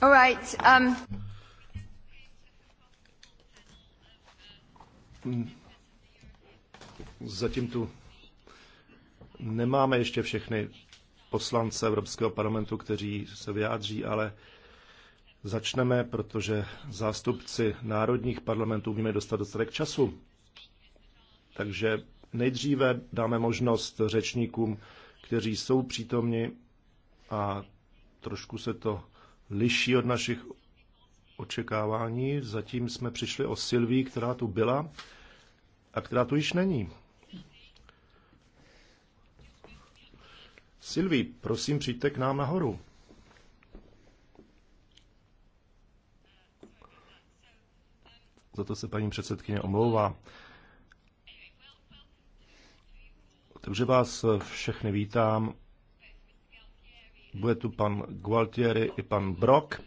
All right, um... Zatím tu nemáme ještě všechny poslance Evropského parlamentu, kteří se vyjádří, ale začneme, protože zástupci národních parlamentů umíme dostat dostatek času. Takže nejdříve dáme možnost řečníkům, kteří jsou přítomni a trošku se to liší od našich očekávání. Zatím jsme přišli o Silví, která tu byla a která tu již není. Silví, prosím, přijďte k nám nahoru. Za to se paní předsedkyně omlouvá. Takže vás všechny vítám bude tu pan Gualtieri i pan Brock,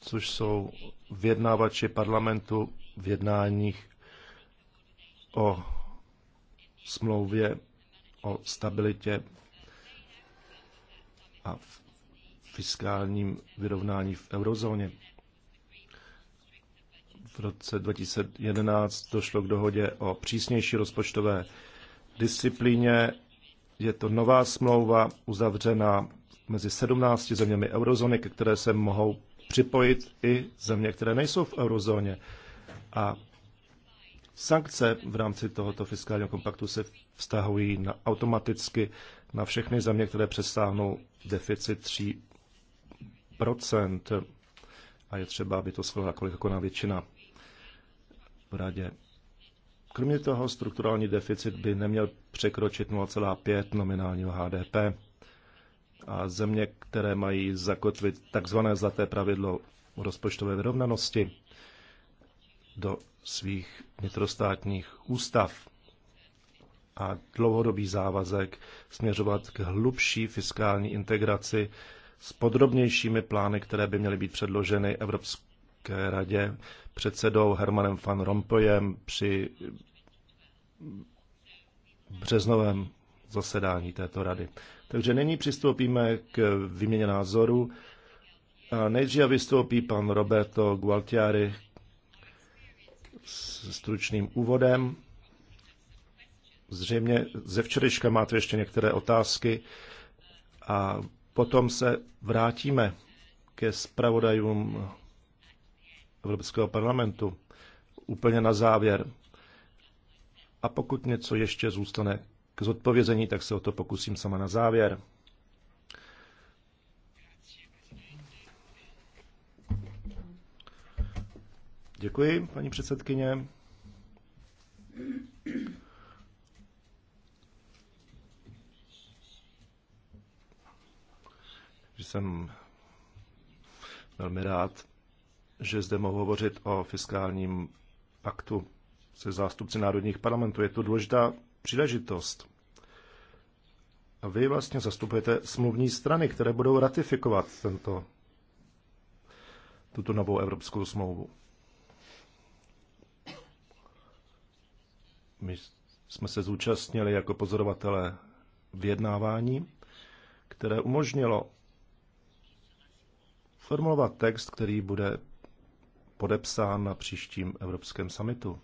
což jsou vyjednávači parlamentu v jednáních o smlouvě o stabilitě a fiskálním vyrovnání v eurozóně. V roce 2011 došlo k dohodě o přísnější rozpočtové disciplíně. Je to nová smlouva uzavřená mezi 17 zeměmi eurozóny, ke které se mohou připojit i země, které nejsou v eurozóně. A sankce v rámci tohoto fiskálního kompaktu se vztahují na, automaticky na všechny země, které přesáhnou deficit 3 a je třeba, aby to schválila kolikakoná většina v radě. Kromě toho strukturální deficit by neměl překročit 0,5 nominálního HDP a země, které mají zakotvit takzvané zlaté pravidlo rozpočtové vyrovnanosti do svých vnitrostátních ústav a dlouhodobý závazek směřovat k hlubší fiskální integraci s podrobnějšími plány, které by měly být předloženy Evropské radě předsedou Hermanem van Rompuyem při březnovém zasedání této rady. Takže nyní přistoupíme k výměně názoru. A nejdříve vystoupí pan Roberto Gualtieri s stručným úvodem. Zřejmě ze včerejška máte ještě některé otázky a potom se vrátíme ke zpravodajům Evropského parlamentu úplně na závěr. A pokud něco ještě zůstane k zodpovězení, tak se o to pokusím sama na závěr. Děkuji, paní předsedkyně. jsem velmi rád, že zde mohu hovořit o fiskálním paktu se zástupci národních parlamentů. Je to důležitá příležitost. A vy vlastně zastupujete smluvní strany, které budou ratifikovat tento, tuto novou evropskou smlouvu. My jsme se zúčastnili jako pozorovatelé vyjednávání, které umožnilo formulovat text, který bude podepsán na příštím Evropském samitu.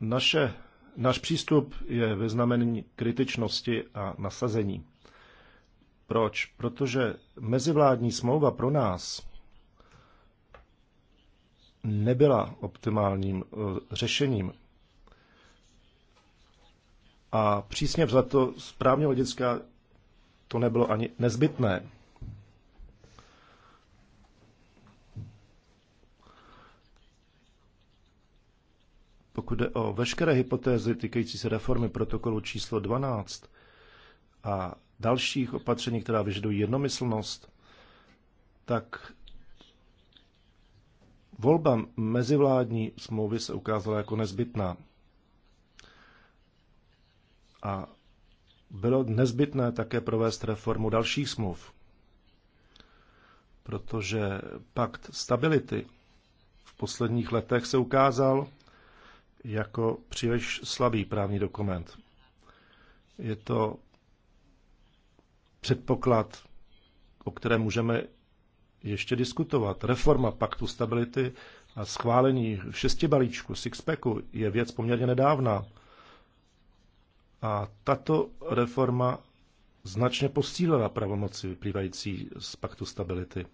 Naše, náš přístup je ve znamení kritičnosti a nasazení. Proč? Protože mezivládní smlouva pro nás nebyla optimálním eh, řešením. A přísně za to správně hlediska to nebylo ani nezbytné. pokud jde o veškeré hypotézy týkající se reformy protokolu číslo 12 a dalších opatření, která vyžadují jednomyslnost, tak volba mezivládní smlouvy se ukázala jako nezbytná. A bylo nezbytné také provést reformu dalších smluv, protože pakt stability v posledních letech se ukázal, jako příliš slabý právní dokument. Je to předpoklad, o kterém můžeme ještě diskutovat. Reforma paktu stability a schválení šesti balíčku, sixpacku, je věc poměrně nedávná. A tato reforma značně posílila pravomoci vyplývající z paktu stability.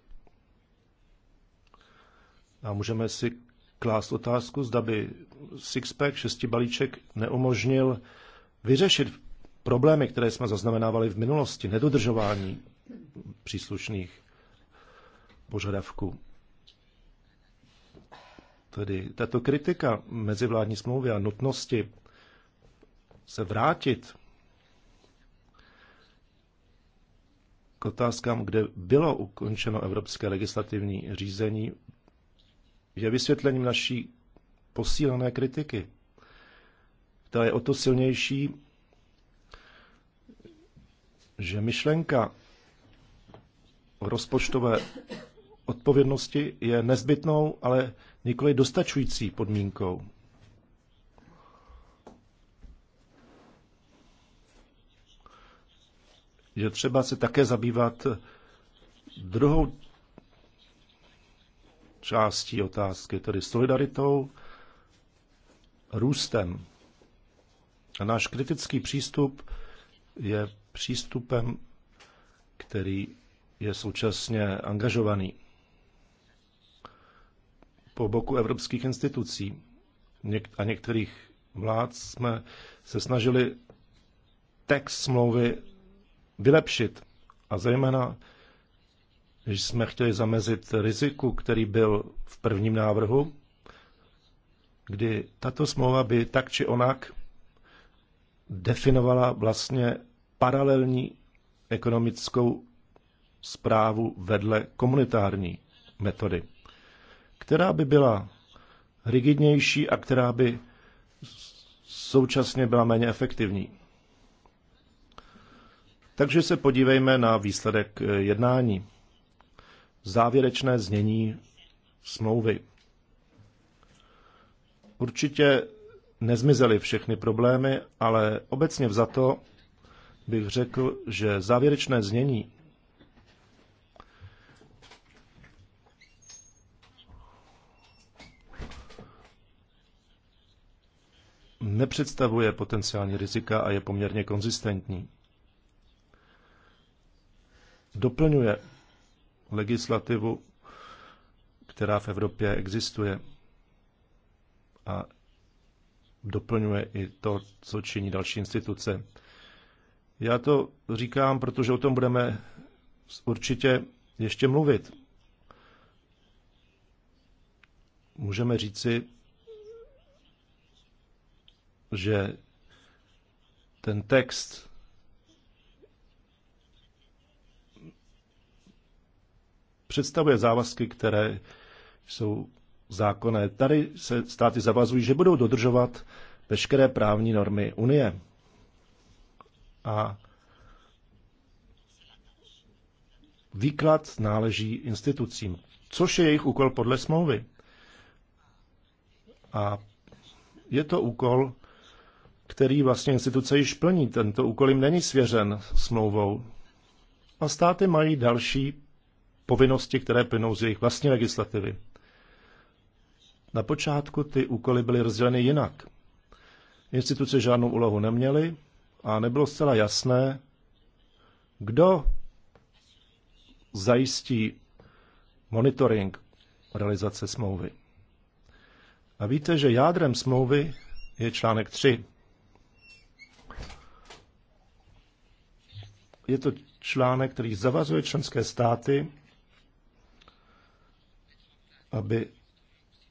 A můžeme si klást otázku, zda by Sixpack, šesti balíček neumožnil vyřešit problémy, které jsme zaznamenávali v minulosti, nedodržování příslušných požadavků. Tedy tato kritika mezivládní smlouvy a nutnosti se vrátit k otázkám, kde bylo ukončeno evropské legislativní řízení je vysvětlením naší posílené kritiky. Ta je o to silnější, že myšlenka rozpočtové odpovědnosti je nezbytnou, ale nikoli dostačující podmínkou. Je třeba se také zabývat druhou částí otázky, tedy solidaritou, růstem. A náš kritický přístup je přístupem, který je současně angažovaný po boku evropských institucí a některých vlád jsme se snažili text smlouvy vylepšit a zejména že jsme chtěli zamezit riziku, který byl v prvním návrhu, kdy tato smlouva by tak či onak definovala vlastně paralelní ekonomickou zprávu vedle komunitární metody, která by byla rigidnější a která by současně byla méně efektivní. Takže se podívejme na výsledek jednání závěrečné znění smlouvy. Určitě nezmizely všechny problémy, ale obecně vzato bych řekl, že závěrečné znění nepředstavuje potenciální rizika a je poměrně konzistentní. Doplňuje legislativu, která v Evropě existuje a doplňuje i to, co činí další instituce. Já to říkám, protože o tom budeme určitě ještě mluvit. Můžeme říci, že ten text představuje závazky, které jsou zákonné. Tady se státy zavazují, že budou dodržovat veškeré právní normy Unie. A výklad náleží institucím, což je jejich úkol podle smlouvy. A je to úkol, který vlastně instituce již plní. Tento úkol jim není svěřen smlouvou. A státy mají další povinnosti, které plynou z jejich vlastní legislativy. Na počátku ty úkoly byly rozděleny jinak. Instituce žádnou úlohu neměly a nebylo zcela jasné, kdo zajistí monitoring realizace smlouvy. A víte, že jádrem smlouvy je článek 3. Je to článek, který zavazuje členské státy, aby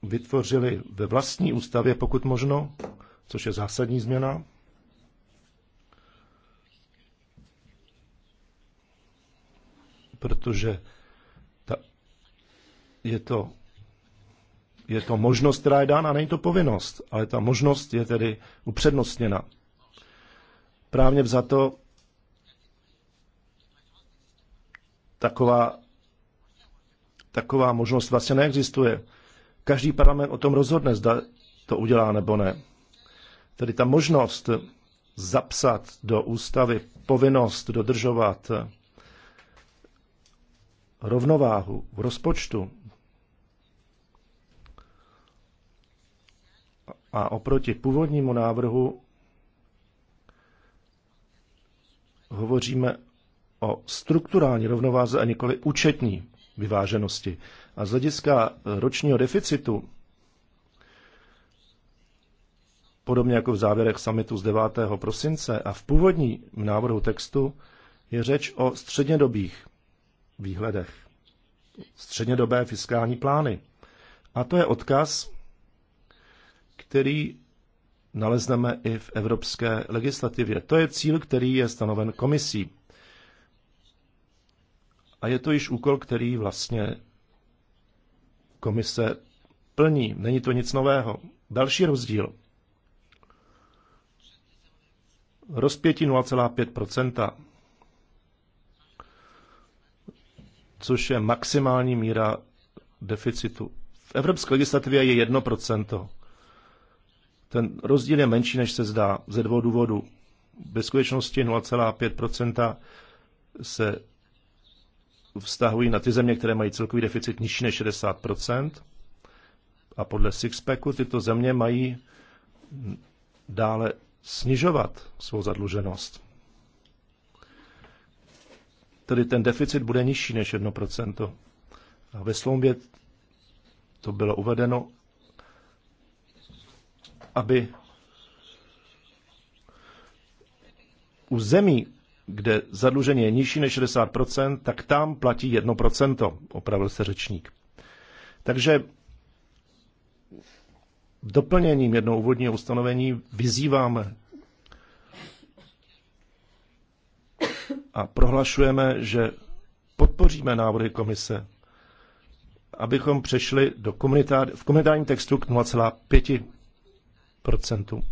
vytvořili ve vlastní ústavě, pokud možno, což je zásadní změna. Protože ta, je, to, je to možnost, která je dána, není to povinnost, ale ta možnost je tedy upřednostněna. Právně vzato taková taková možnost vlastně neexistuje. Každý parlament o tom rozhodne, zda to udělá nebo ne. Tedy ta možnost zapsat do ústavy povinnost dodržovat rovnováhu v rozpočtu a oproti původnímu návrhu hovoříme o strukturální rovnováze a nikoli účetní vyváženosti. A z hlediska eh, ročního deficitu, podobně jako v závěrech summitu z 9. prosince a v původním návrhu textu, je řeč o střednědobých výhledech, střednědobé fiskální plány. A to je odkaz, který nalezneme i v evropské legislativě. To je cíl, který je stanoven komisí. A je to již úkol, který vlastně komise plní. Není to nic nového. Další rozdíl. Rozpětí 0,5%, což je maximální míra deficitu. V evropské legislativě je 1%. Ten rozdíl je menší, než se zdá, ze dvou důvodů. Ve skutečnosti 0,5% se vztahují na ty země, které mají celkový deficit nižší než 60 a podle Sixpacku tyto země mají dále snižovat svou zadluženost. Tedy ten deficit bude nižší než 1%. A ve Slombě to bylo uvedeno, aby u zemí, kde zadlužení je nižší než 60%, tak tam platí 1%, opravil se řečník. Takže doplněním jednoho úvodního ustanovení vyzýváme a prohlašujeme, že podpoříme návrhy komise, abychom přešli do komunitár, v komunitárním textu k 0,5%.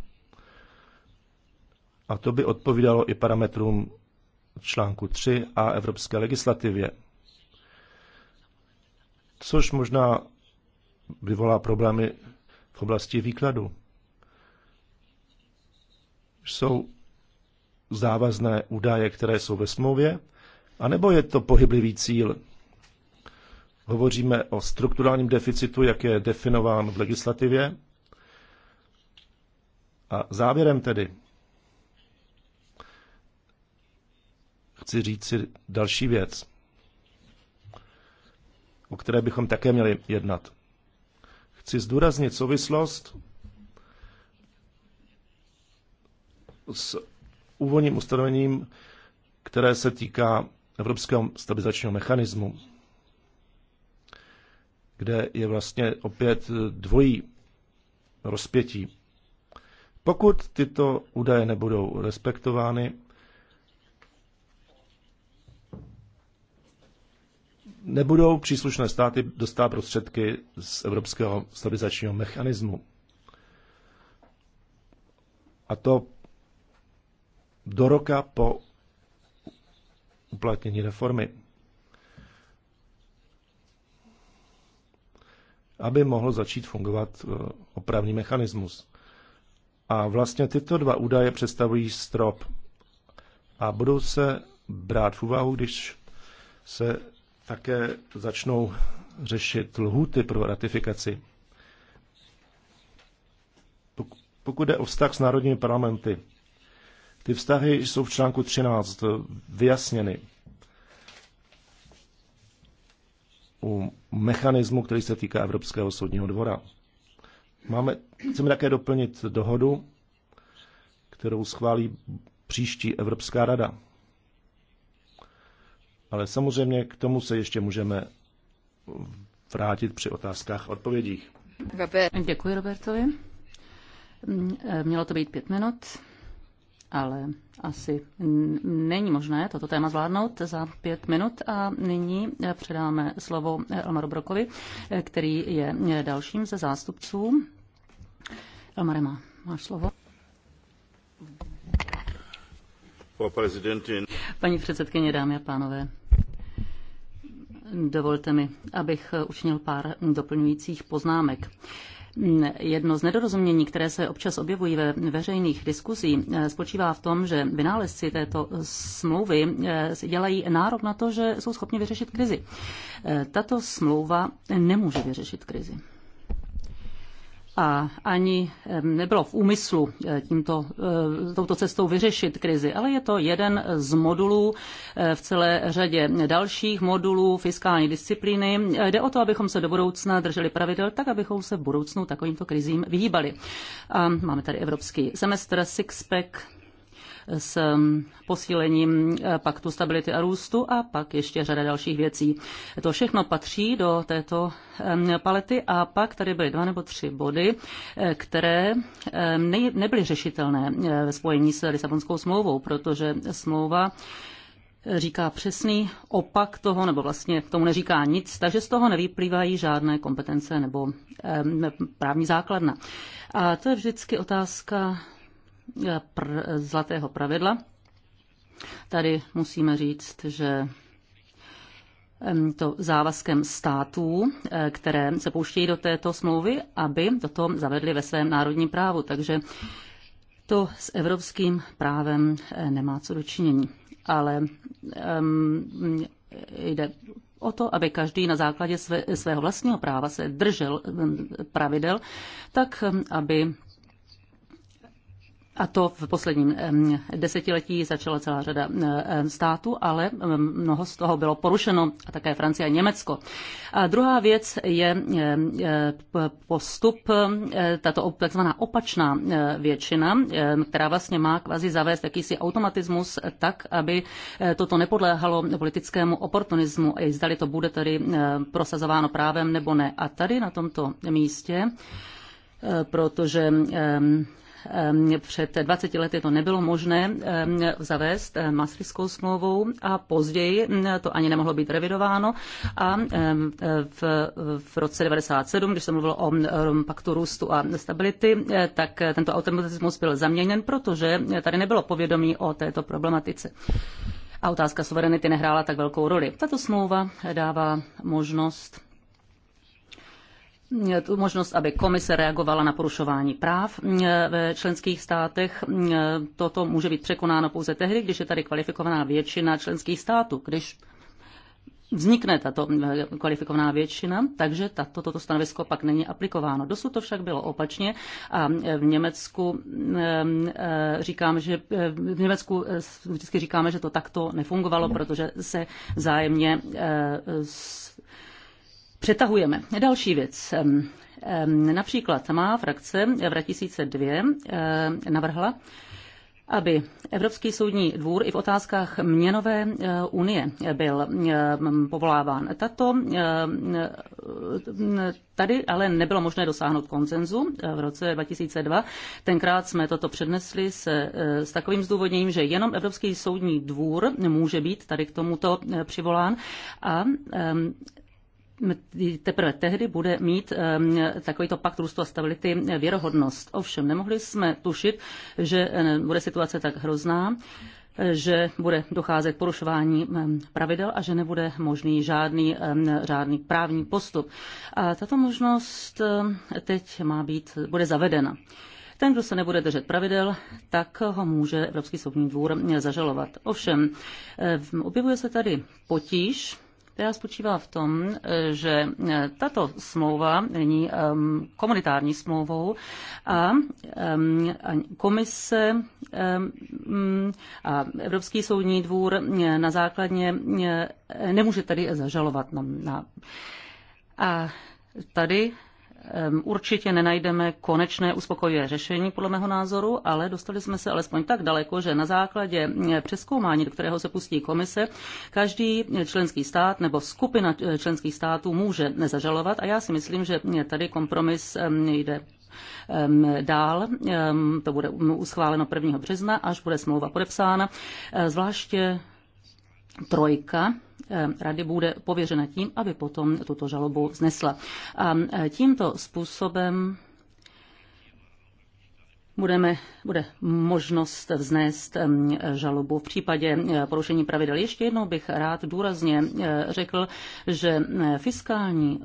A to by odpovídalo i parametrům článku 3 a evropské legislativě. Což možná vyvolá problémy v oblasti výkladu. Jsou závazné údaje, které jsou ve smlouvě, anebo je to pohyblivý cíl? Hovoříme o strukturálním deficitu, jak je definován v legislativě. A závěrem tedy chci říct si další věc, o které bychom také měli jednat. Chci zdůraznit souvislost s úvodním ustanovením, které se týká Evropského stabilizačního mechanismu, kde je vlastně opět dvojí rozpětí. Pokud tyto údaje nebudou respektovány, nebudou příslušné státy dostávat prostředky z Evropského stabilizačního mechanismu. A to do roka po uplatnění reformy. Aby mohl začít fungovat eh, opravný mechanismus. A vlastně tyto dva údaje představují strop a budou se brát v úvahu, když se také začnou řešit lhuty pro ratifikaci. Pokud jde o vztah s národními parlamenty, ty vztahy jsou v článku 13 vyjasněny u mechanismu, který se týká Evropského soudního dvora. Máme, chceme také doplnit dohodu, kterou schválí příští Evropská rada. Ale samozřejmě k tomu se ještě můžeme vrátit při otázkách a odpovědích. Robert. Děkuji Robertovi. Mělo to být pět minut, ale asi není možné toto téma zvládnout za pět minut a nyní předáme slovo Elmaru Brokovi, který je dalším ze zástupců. Elmar, má, máš slovo. Paní předsedkyně, dámy a pánové, Dovolte mi, abych učinil pár doplňujících poznámek. Jedno z nedorozumění, které se občas objevují ve veřejných diskuzí, spočívá v tom, že vynálezci této smlouvy si eh, dělají nárok na to, že jsou schopni vyřešit krizi. Eh, tato smlouva nemůže vyřešit krizi a ani nebylo v úmyslu eh, tímto, eh, touto cestou vyřešit krizi, ale je to jeden z modulů eh, v celé řadě dalších modulů fiskální disciplíny. Jde o to, abychom se do budoucna drželi pravidel tak, abychom se v budoucnu takovýmto krizím vyhýbali. A máme tady evropský semestr, six-pack, s mm, posílením eh, paktu stability a růstu a pak ještě řada dalších věcí. To všechno patří do této mm, palety a pak tady byly dva nebo tři body, eh, které eh, nebyly řešitelné ve spojení s Lisabonskou smlouvou, protože smlouva říká přesný opak toho, nebo vlastně tomu neříká nic, takže z toho nevyplývají žádné kompetence nebo právní základna. A to je vždycky otázka pr- zlatého pravidla. Tady musíme říct, že to závazkem států, e, které se pouštějí do této smlouvy, aby toto zavedli ve svém národním právu. Takže to s evropským právem e, nemá co dočinění. Ale um, jde o to, aby každý na základě své, svého vlastního práva se držel pravidel, tak aby a to v posledním desetiletí začala celá řada států, ale mnoho z toho bylo porušeno, a také Francie a Německo. A druhá věc je e, postup, tato takzvaná opačná většina, která vlastně má kvazi zavést jakýsi automatismus tak, aby e, toto nepodléhalo politickému oportunismu, zdali to bude tedy prosazováno právem nebo ne. A tady na tomto místě e, protože Ehm, před 20 lety to nebylo možné ehm, zavést ehm, masrickou smlouvou a později mm, to ani nemohlo být revidováno. A v, v roce 97, když se mluvilo o paktu růstu a stability, eh, tak tento automatismus byl zaměněn, protože tady nebylo povědomí o této problematice a otázka suverenity nehrála tak velkou roli. Tato smlouva dává možnost tu možnost, aby komise reagovala na porušování práv eh, ve členských státech. Eh, toto může být překonáno pouze tehdy, když je tady kvalifikovaná většina členských států, když vznikne tato eh, kvalifikovaná většina, takže tato, toto stanovisko pak není aplikováno. Dosud to však bylo opačně a v Německu říkám, že v Německu vždycky říkáme, že to takto nefungovalo, protože se vzájemně přetahujeme. Další věc. Například má frakce v 2002 eh, navrhla, aby Evropský soudní dvůr i v otázkách měnové eh, unie byl povoláván. Tato, tady ale nebylo možné dosáhnout koncenzu eh, v roce 2002. Tenkrát jsme toto přednesli se, s takovým zdůvodněním, že jenom Evropský soudní dvůr může být tady k tomuto přivolán a teprve tehdy bude mít takovýto pakt růstu a stability věrohodnost. Ovšem, nemohli jsme tušit, že bude situace tak hrozná že bude docházet k porušování pravidel a že nebude možný žádný, žádný právní postup. A tato možnost teď má být, bude zavedena. Ten, kdo se nebude držet pravidel, tak ho může Evropský soudní dvůr zažalovat. Ovšem, objevuje se tady potíž, která spočívala v tom, eh, že eh, tato smlouva není ehm, komunitární smlouvou a ehm, komise ehm, mm, a Evropský soudní dvůr eh, na základně nemůže tady zažalovat na, na a tady určitě nenajdeme konečné uspokojivé řešení, podle mého názoru, ale dostali jsme se alespoň tak daleko, že na základě mm, přeskoumání, do kterého se pustí komise, každý členský stát nebo skupina e, členských států může nezažalovat a já si myslím, že mm, tady kompromis jde dál. To bude uschváleno mm, 1. března, až bude smlouva podepsána. E, zvláště trojka Eh, rady bude pověřena tím, aby potom tuto žalobu znesla. A eh, tímto způsobem Budeme, bude možnost vznést žalobu v případě eh, porušení pravidel. Ještě jednou bych rád důrazně řekl, že fiskální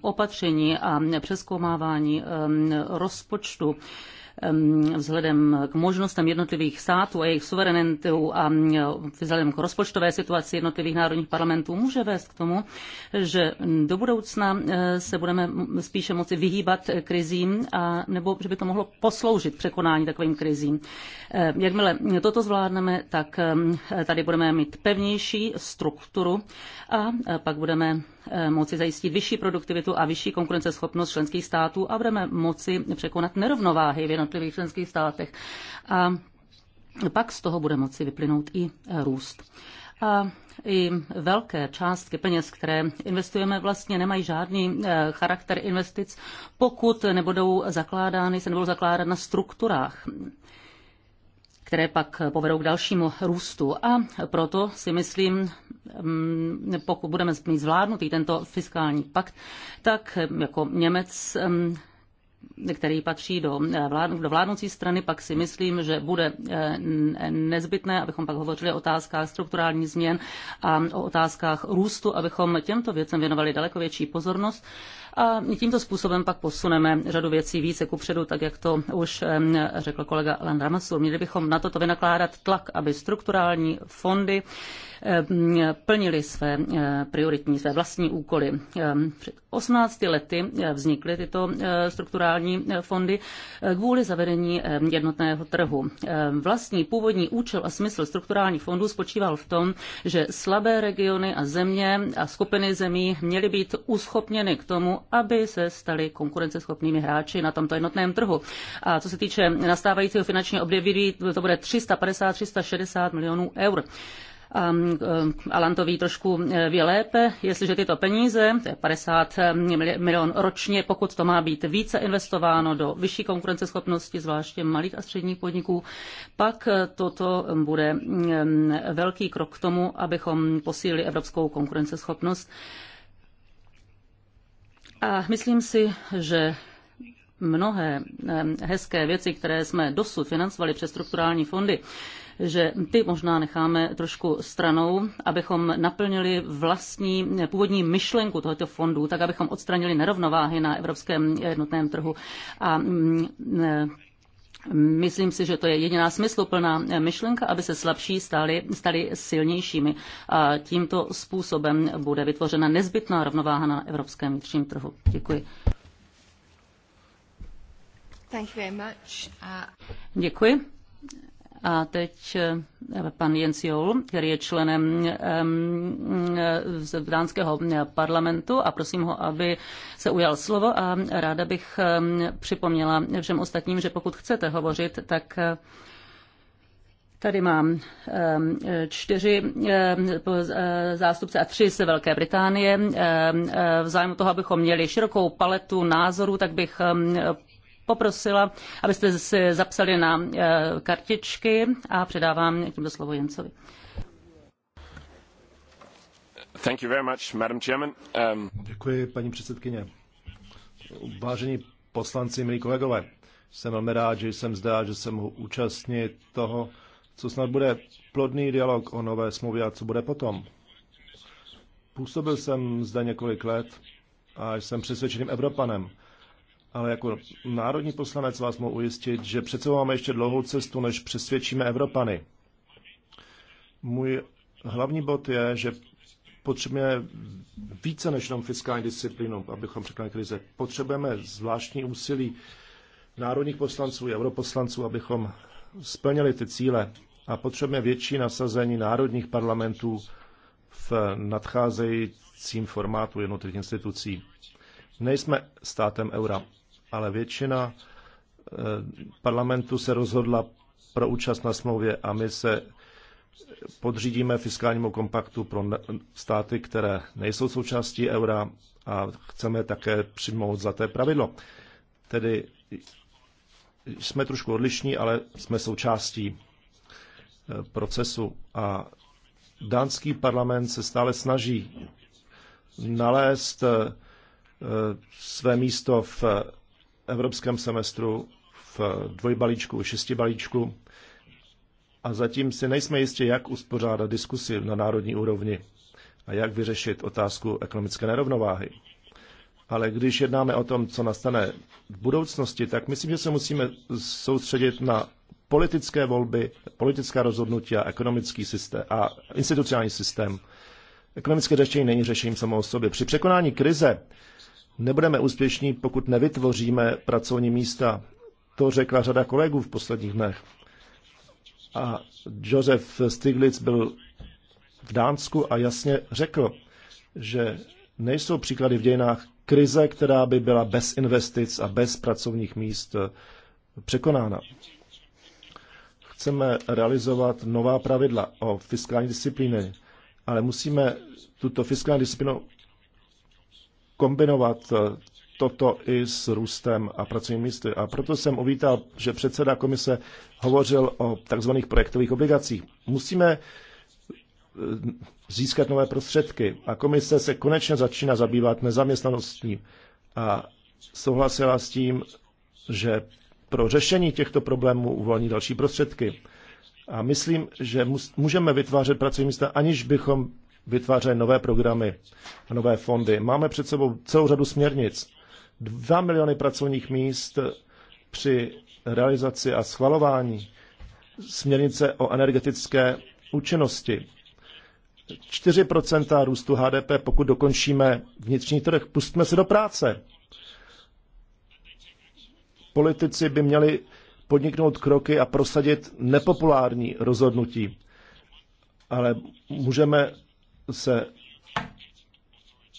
opatření a přeskoumávání rozpočtu vzhledem k možnostem jednotlivých států a jejich suverenitu a vzhledem k rozpočtové situaci jednotlivých národních parlamentů může vést k tomu, že do budoucna eh, se budeme spíše moci vyhýbat krizím, a, nebo že by to mohlo posloužit překonání takovým krizím. Eh, jakmile toto zvládneme, tak tady budeme mít pevnější strukturu a eh, pak budeme Eh, moci zajistit vyšší produktivitu a vyšší konkurenceschopnost členských států a budeme moci překonat nerovnováhy v jednotlivých členských státech. A pak z toho bude moci vyplynout i eh, růst. A i velké částky peněz, které investujeme, vlastně nemají žádný eh, charakter investic, pokud nebudou zakládány, se nebudou zakládat na strukturách které pak povedou k dalšímu růstu. A proto si myslím, mm, pokud budeme mít zvládnutý tento fiskální pakt, tak jako Němec mm, který patří do, vlád, do vládnoucí strany, pak si myslím, že bude eh, nezbytné, abychom pak hovořili o otázkách strukturálních změn a o otázkách růstu, abychom těmto věcem věnovali daleko větší pozornost a tímto způsobem pak posuneme řadu věcí více kupředu, jako tak jak to už řekl kolega Alan Ramasur. Měli bychom na toto vynakládat tlak, aby strukturální fondy plnili své prioritní, své vlastní úkoly. Před 18 lety vznikly tyto strukturální fondy eh, kvůli zavedení jednotného trhu. Vlastní původní účel a smysl strukturálních fondů spočíval v tom, že slabé regiony a země a skupiny zemí měly být uschopněny k tomu, aby se stali konkurenceschopnými hráči na tomto jednotném trhu. A co se týče nastávajícího finančního období, to bude 350-360 milionů eur. Eh, Alan to ví trošku eh, ví lépe, jestliže tyto peníze, to je 50 eh, milion ročně, pokud to má být více investováno do vyšší konkurenceschopnosti, zvláště malých a středních podniků, pak toto bude mm, velký krok k tomu, abychom posílili evropskou konkurenceschopnost a myslím si, že mnohé hezké věci, které jsme dosud financovali přes strukturální fondy, že ty možná necháme trošku stranou, abychom naplnili vlastní eh, původní myšlenku tohoto fondu, tak abychom odstranili nerovnováhy na evropském jednotném trhu. A mm, eh, Myslím si, že to je jediná smysluplná eh, myšlenka, aby se slabší stali, stali silnějšími. A tímto způsobem bude vytvořena nezbytná rovnováha na evropském vnitřním trhu. Děkuji. Thank you very much. Uh... Děkuji. A teď eh, pan Jens Joul, který je členem z dánského parlamentu a prosím ho, aby se ujal slovo a ráda bych připomněla všem ostatním, že pokud chcete hovořit, tak eh, Tady mám čtyři eh, zástupce a tři z Velké Británie. V zájmu toho, abychom měli širokou paletu názorů, tak bych poprosila, abyste si zapsali na eh, kartičky a předávám tímto slovo Jencovi. Thank you very much, Madam Chairman. Um... Děkuji, paní předsedkyně. Vážení poslanci, milí kolegové, jsem velmi rád, že jsem zde že jsem mohu účastnit toho, co snad bude plodný dialog o nové smlouvě a co bude potom. Působil jsem zde několik let a jsem přesvědčeným Evropanem ale jako národní poslanec vás mohu ujistit, že přece máme ještě dlouhou cestu, než přesvědčíme Evropany. Můj hlavní bod je, že potřebujeme více než jenom fiskální disciplínu, abychom překonali krize. Potřebujeme zvláštní úsilí národních poslanců i europoslanců, abychom splnili ty cíle a potřebujeme větší nasazení národních parlamentů v nadcházejícím formátu jednotlivých institucí. Nejsme státem eura, ale většina eh, parlamentu se rozhodla pro účast na smlouvě a my se podřídíme fiskálnímu kompaktu pro státy, které nejsou součástí eura a chceme také přijmout té pravidlo. Tedy jsme trošku odlišní, ale jsme součástí eh, procesu a dánský parlament se stále snaží nalézt eh, své místo v evropském semestru v dvojbalíčku, šestibalíčku a zatím si nejsme jistě, jak uspořádat diskusy na národní úrovni a jak vyřešit otázku ekonomické nerovnováhy. Ale když jednáme o tom, co nastane v budoucnosti, tak myslím, že se musíme soustředit na politické volby, politická rozhodnutí a ekonomický systém a institucionální systém. Ekonomické řešení není řešením samo o sobě. Při překonání krize Nebudeme úspěšní, pokud nevytvoříme pracovní místa. To řekla řada kolegů v posledních dnech. A Josef Stiglitz byl v Dánsku a jasně řekl, že nejsou příklady v dějinách krize, která by byla bez investic a bez pracovních míst překonána. Chceme realizovat nová pravidla o fiskální disciplíně, ale musíme tuto fiskální disciplínu kombinovat eh, toto i s růstem a pracovními místy. A proto jsem uvítal, že předseda komise hovořil o takzvaných projektových obligacích. Musíme eh, získat nové prostředky a komise se konečně začíná zabývat nezaměstnaností a souhlasila s tím, že pro řešení těchto problémů uvolní další prostředky. A myslím, že můžeme vytvářet pracovní místa, aniž bychom vytvářejí nové programy a nové fondy. Máme před sebou celou řadu směrnic. dva miliony pracovních míst při realizaci a schvalování směrnice o energetické účinnosti. 4% růstu HDP, pokud dokončíme vnitřní trh, pustme se do práce. Politici by měli podniknout kroky a prosadit nepopulární rozhodnutí. Ale můžeme se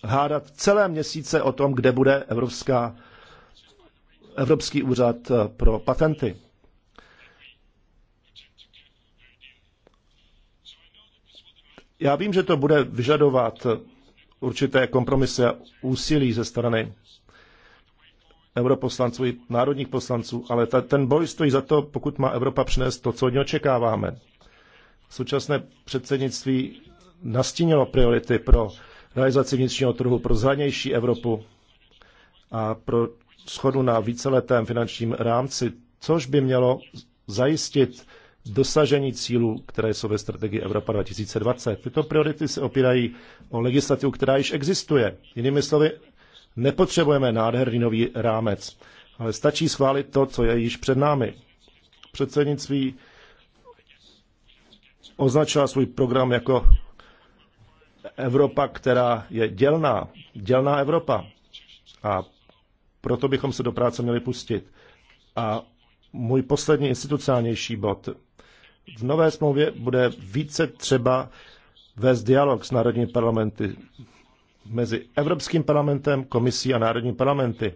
hádat celé měsíce o tom, kde bude Evropská, Evropský úřad eh, pro patenty. Já vím, že to bude vyžadovat určité kompromisy a úsilí ze strany europoslanců i národních poslanců, ale ta, ten boj stojí za to, pokud má Evropa přinést to, co od něj očekáváme. Současné předsednictví nastínilo priority pro realizaci vnitřního trhu pro zranější Evropu a pro schodu na víceletém finančním rámci, což by mělo zajistit dosažení cílů, které jsou ve strategii Evropa 2020. Tyto priority se opírají o legislativu, která již existuje. Jinými slovy, nepotřebujeme nádherný nový rámec, ale stačí schválit to, co je již před námi. Předsednictví označila svůj program jako Evropa, která je dělná, dělná Evropa. A proto bychom se do práce měli pustit. A můj poslední institucionálnější bod. V nové smlouvě bude více třeba vést dialog s národními parlamenty mezi Evropským parlamentem, komisí a národními parlamenty.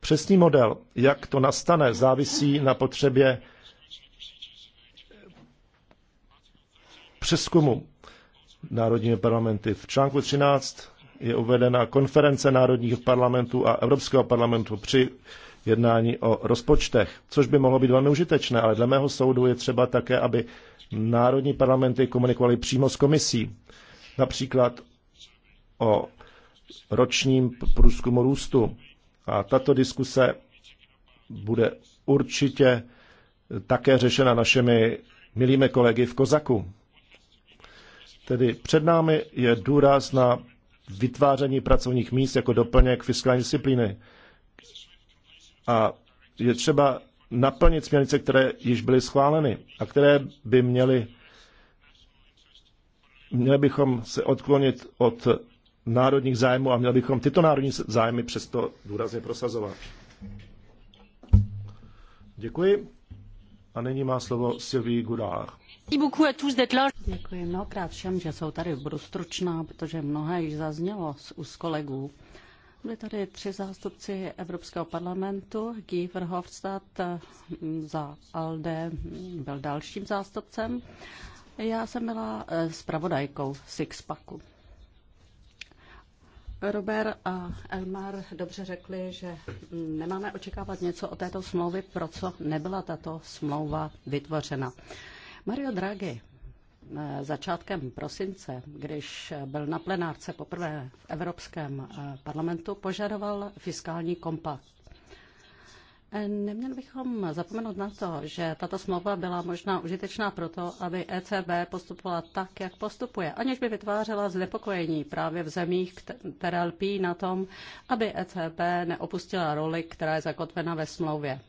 Přesný model, jak to nastane, závisí na potřebě přeskumu národními parlamenty. V článku 13 je uvedena konference národních parlamentů a Evropského parlamentu při jednání o rozpočtech, což by mohlo být velmi užitečné, ale dle mého soudu je třeba také, aby národní parlamenty komunikovaly přímo s komisí. Například o ročním průzkumu růstu. A tato diskuse bude určitě také řešena našimi milými kolegy v Kozaku. Tedy před námi je důraz na vytváření pracovních míst jako doplněk fiskální disciplíny. A je třeba naplnit směrnice, které již byly schváleny a které by měly měli bychom se odklonit od národních zájmů a měli bychom tyto národní zájmy přesto důrazně prosazovat. Děkuji. A nyní má slovo Sylvie Goudard. Děkuji mnohokrát všem, že jsou tady. Budu stručná, protože mnohé již zaznělo z úst kolegů. Byli tady tři zástupci Evropského parlamentu. Guy Verhofstadt mm, za ALDE mm, byl dalším zástupcem. Já jsem byla eh, zpravodajkou Sixpacku. Robert a Elmar dobře řekli, že mm, nemáme očekávat něco o této smlouvy, pro co nebyla tato smlouva vytvořena. Mario Draghi eh, začátkem prosince, když byl na plenárce poprvé v Evropském eh, parlamentu, požadoval fiskální kompakt. Eh, neměli bychom zapomenout na to, že tato smlouva byla možná užitečná proto, aby ECB postupovala tak, jak postupuje, aniž by vytvářela znepokojení právě v zemích, které lpí na tom, aby ECB neopustila roli, která je zakotvena ve smlouvě.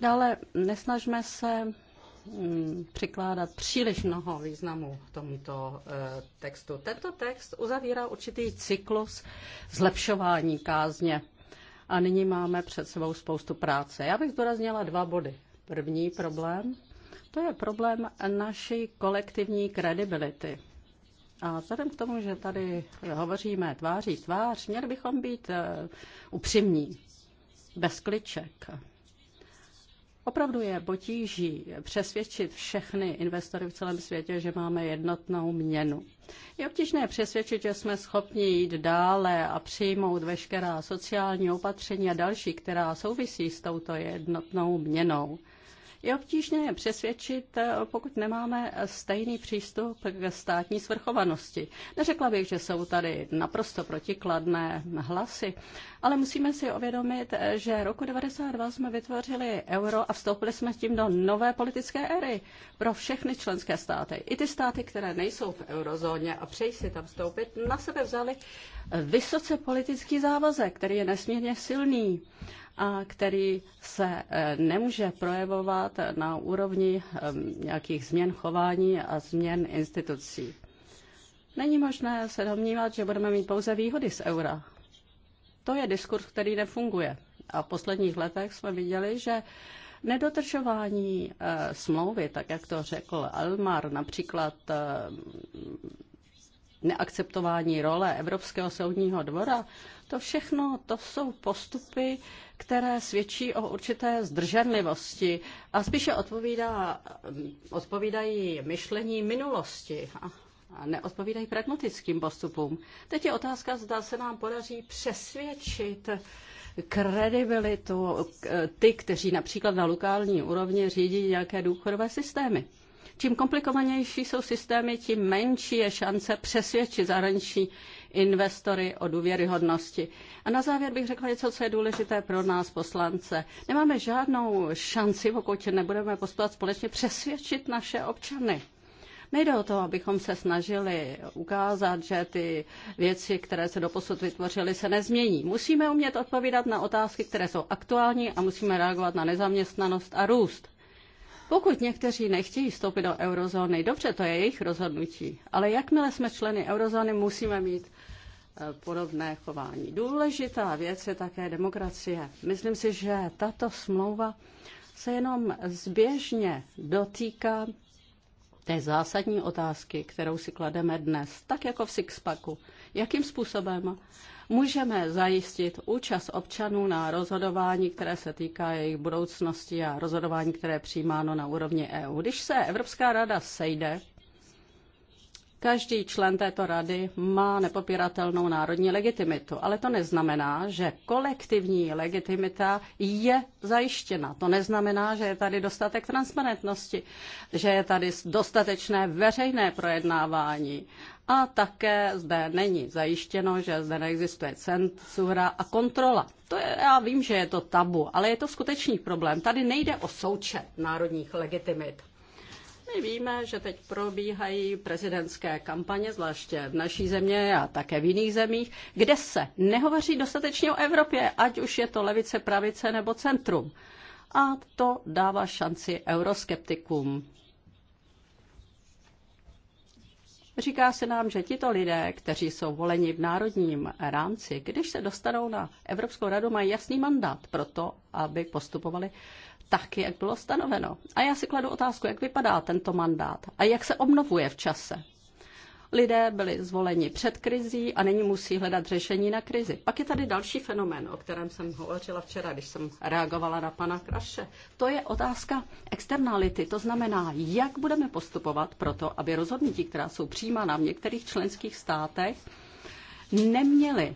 Dále nesnažme se mm, přikládat příliš mnoho významu tomuto e, textu. Tento text uzavírá určitý cyklus zlepšování kázně. A nyní máme před sebou spoustu práce. Já bych zdůraznila dva body. První problém, to je problém naší kolektivní kredibility. A vzhledem k tomu, že tady hovoříme tváří tvář, měli bychom být e, upřímní, bez kliček. Opravdu je potíží přesvědčit všechny investory v celém světě, že máme jednotnou měnu. Je obtížné přesvědčit, že jsme schopni jít dále a přijmout veškerá sociální opatření a další, která souvisí s touto jednotnou měnou. Je obtížné je přesvědčit, eh, pokud nemáme stejný přístup k státní svrchovanosti. Neřekla bych, že jsou tady naprosto protikladné hlasy, ale musíme si uvědomit, eh, že roku 92 jsme vytvořili euro a vstoupili jsme s tím do nové politické éry pro všechny členské státy. I ty státy, které nejsou v eurozóně a přejí si tam vstoupit, na sebe vzali vysoce politický závazek, který je nesmírně silný a který se eh, nemůže projevovat na úrovni eh, nějakých změn chování a změn institucí. Není možné se domnívat, že budeme mít pouze výhody z eura. To je diskurs, který nefunguje. A v posledních letech jsme viděli, že nedotržování e, eh, smlouvy, tak jak to řekl Elmar, například e, neakceptování role Evropského soudního dvora, to všechno to jsou postupy, které svědčí o určité zdrženlivosti a spíše odpovídá, odpovídají myšlení minulosti a neodpovídají pragmatickým postupům. Teď je otázka, zda se nám podaří přesvědčit kredibilitu ty, kteří například na lokální úrovni řídí nějaké důchodové systémy. Čím komplikovanější jsou systémy, tím menší je šance přesvědčit zahraniční investory, o důvěryhodnosti. A na závěr bych řekla něco, co je důležité pro nás poslance. Nemáme žádnou šanci, pokud nebudeme postupovat společně, přesvědčit naše občany. Nejde o to, abychom se snažili ukázat, že ty věci, které se doposud vytvořily, se nezmění. Musíme umět odpovídat na otázky, které jsou aktuální a musíme reagovat na nezaměstnanost a růst. Pokud někteří nechtějí vstoupit do eurozóny, dobře, to je jejich rozhodnutí, ale jakmile jsme členy eurozóny, musíme mít podobné chování. Důležitá věc je také demokracie. Myslím si, že tato smlouva se jenom zběžně dotýká té zásadní otázky, kterou si klademe dnes, tak jako v Sixpacku. Jakým způsobem můžeme zajistit účast občanů na rozhodování, které se týká jejich budoucnosti a rozhodování, které je přijímáno na úrovni EU? Když se Evropská rada sejde, Každý člen této rady má nepopiratelnou národní legitimitu, ale to neznamená, že kolektivní legitimita je zajištěna. To neznamená, že je tady dostatek transparentnosti, že je tady dostatečné veřejné projednávání. A také zde není zajištěno, že zde neexistuje cenzura a kontrola. To je, já vím, že je to tabu, ale je to skutečný problém. Tady nejde o součet národních legitimit. My víme, že teď probíhají prezidentské kampaně, zvláště v naší země a také v jiných zemích, kde se nehovoří dostatečně o Evropě, ať už je to levice, pravice nebo centrum. A to dává šanci euroskeptikům. Říká se nám, že tito lidé, kteří jsou voleni v národním rámci, když se dostanou na Evropskou radu, mají jasný mandát pro to, aby postupovali tak, jak bylo stanoveno. A já si kladu otázku, jak vypadá tento mandát a jak se obnovuje v čase. Lidé byli zvoleni před krizí a nyní musí hledat řešení na krizi. Pak je tady další fenomén, o kterém jsem hovořila včera, když jsem reagovala na pana Kraše. To je otázka externality, to znamená, jak budeme postupovat pro to, aby rozhodnutí, která jsou přijímána v některých členských státech, neměly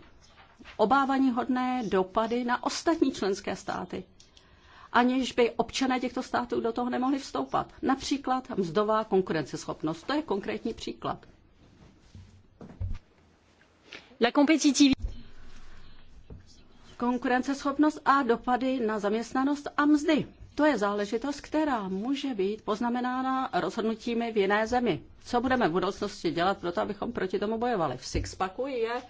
obávaní hodné dopady na ostatní členské státy aniž by občané těchto států do toho nemohli vstoupat. Například mzdová konkurenceschopnost. To je konkrétní příklad. La konkurenceschopnost a dopady na zaměstnanost a mzdy. To je záležitost, která může být poznamenána rozhodnutími v jiné zemi. Co budeme v budoucnosti dělat pro to, abychom proti tomu bojovali? V Sixpacku je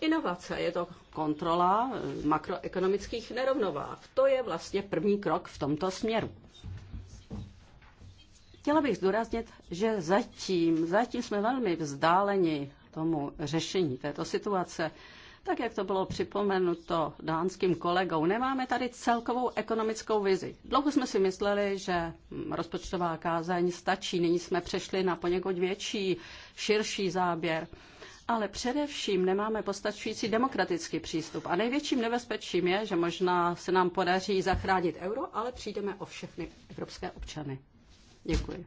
Inovace je to kontrola eh, makroekonomických nerovnovách. To je vlastně první krok v tomto směru. Chtěla bych zdůraznit, že zatím, zatím jsme velmi vzdáleni tomu řešení této situace. Tak, jak to bylo připomenuto dánským kolegou, nemáme tady celkovou ekonomickou vizi. Dlouho jsme si mysleli, že hm, rozpočtová kázeň stačí, nyní jsme přešli na poněkud větší, širší záběr ale především nemáme postačující demokratický přístup. A největším nebezpečím je, že možná se nám podaří zachránit euro, ale přijdeme o všechny evropské občany. Děkuji.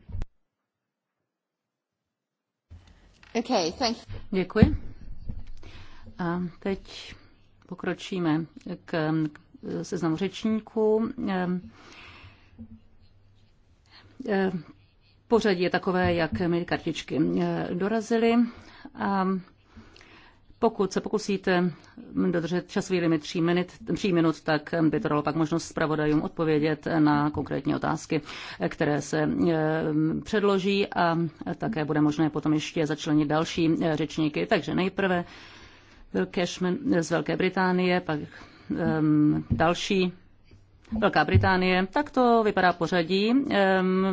Okay, thank you. Děkuji. A teď pokročíme k seznamu řečníků. E, e, pořadí je takové, jak mi kartičky e, dorazily. Pokud se pokusíte dodržet časový limit tří, minut, tří minut, tak by to dalo pak možnost zpravodajům odpovědět na konkrétní otázky, které se eh, předloží a také bude možné potom ještě začlenit další eh, řečníky. Takže nejprve Bill Cashman z Velké Británie, pak um, další Velká Británie, tak to vypadá pořadí,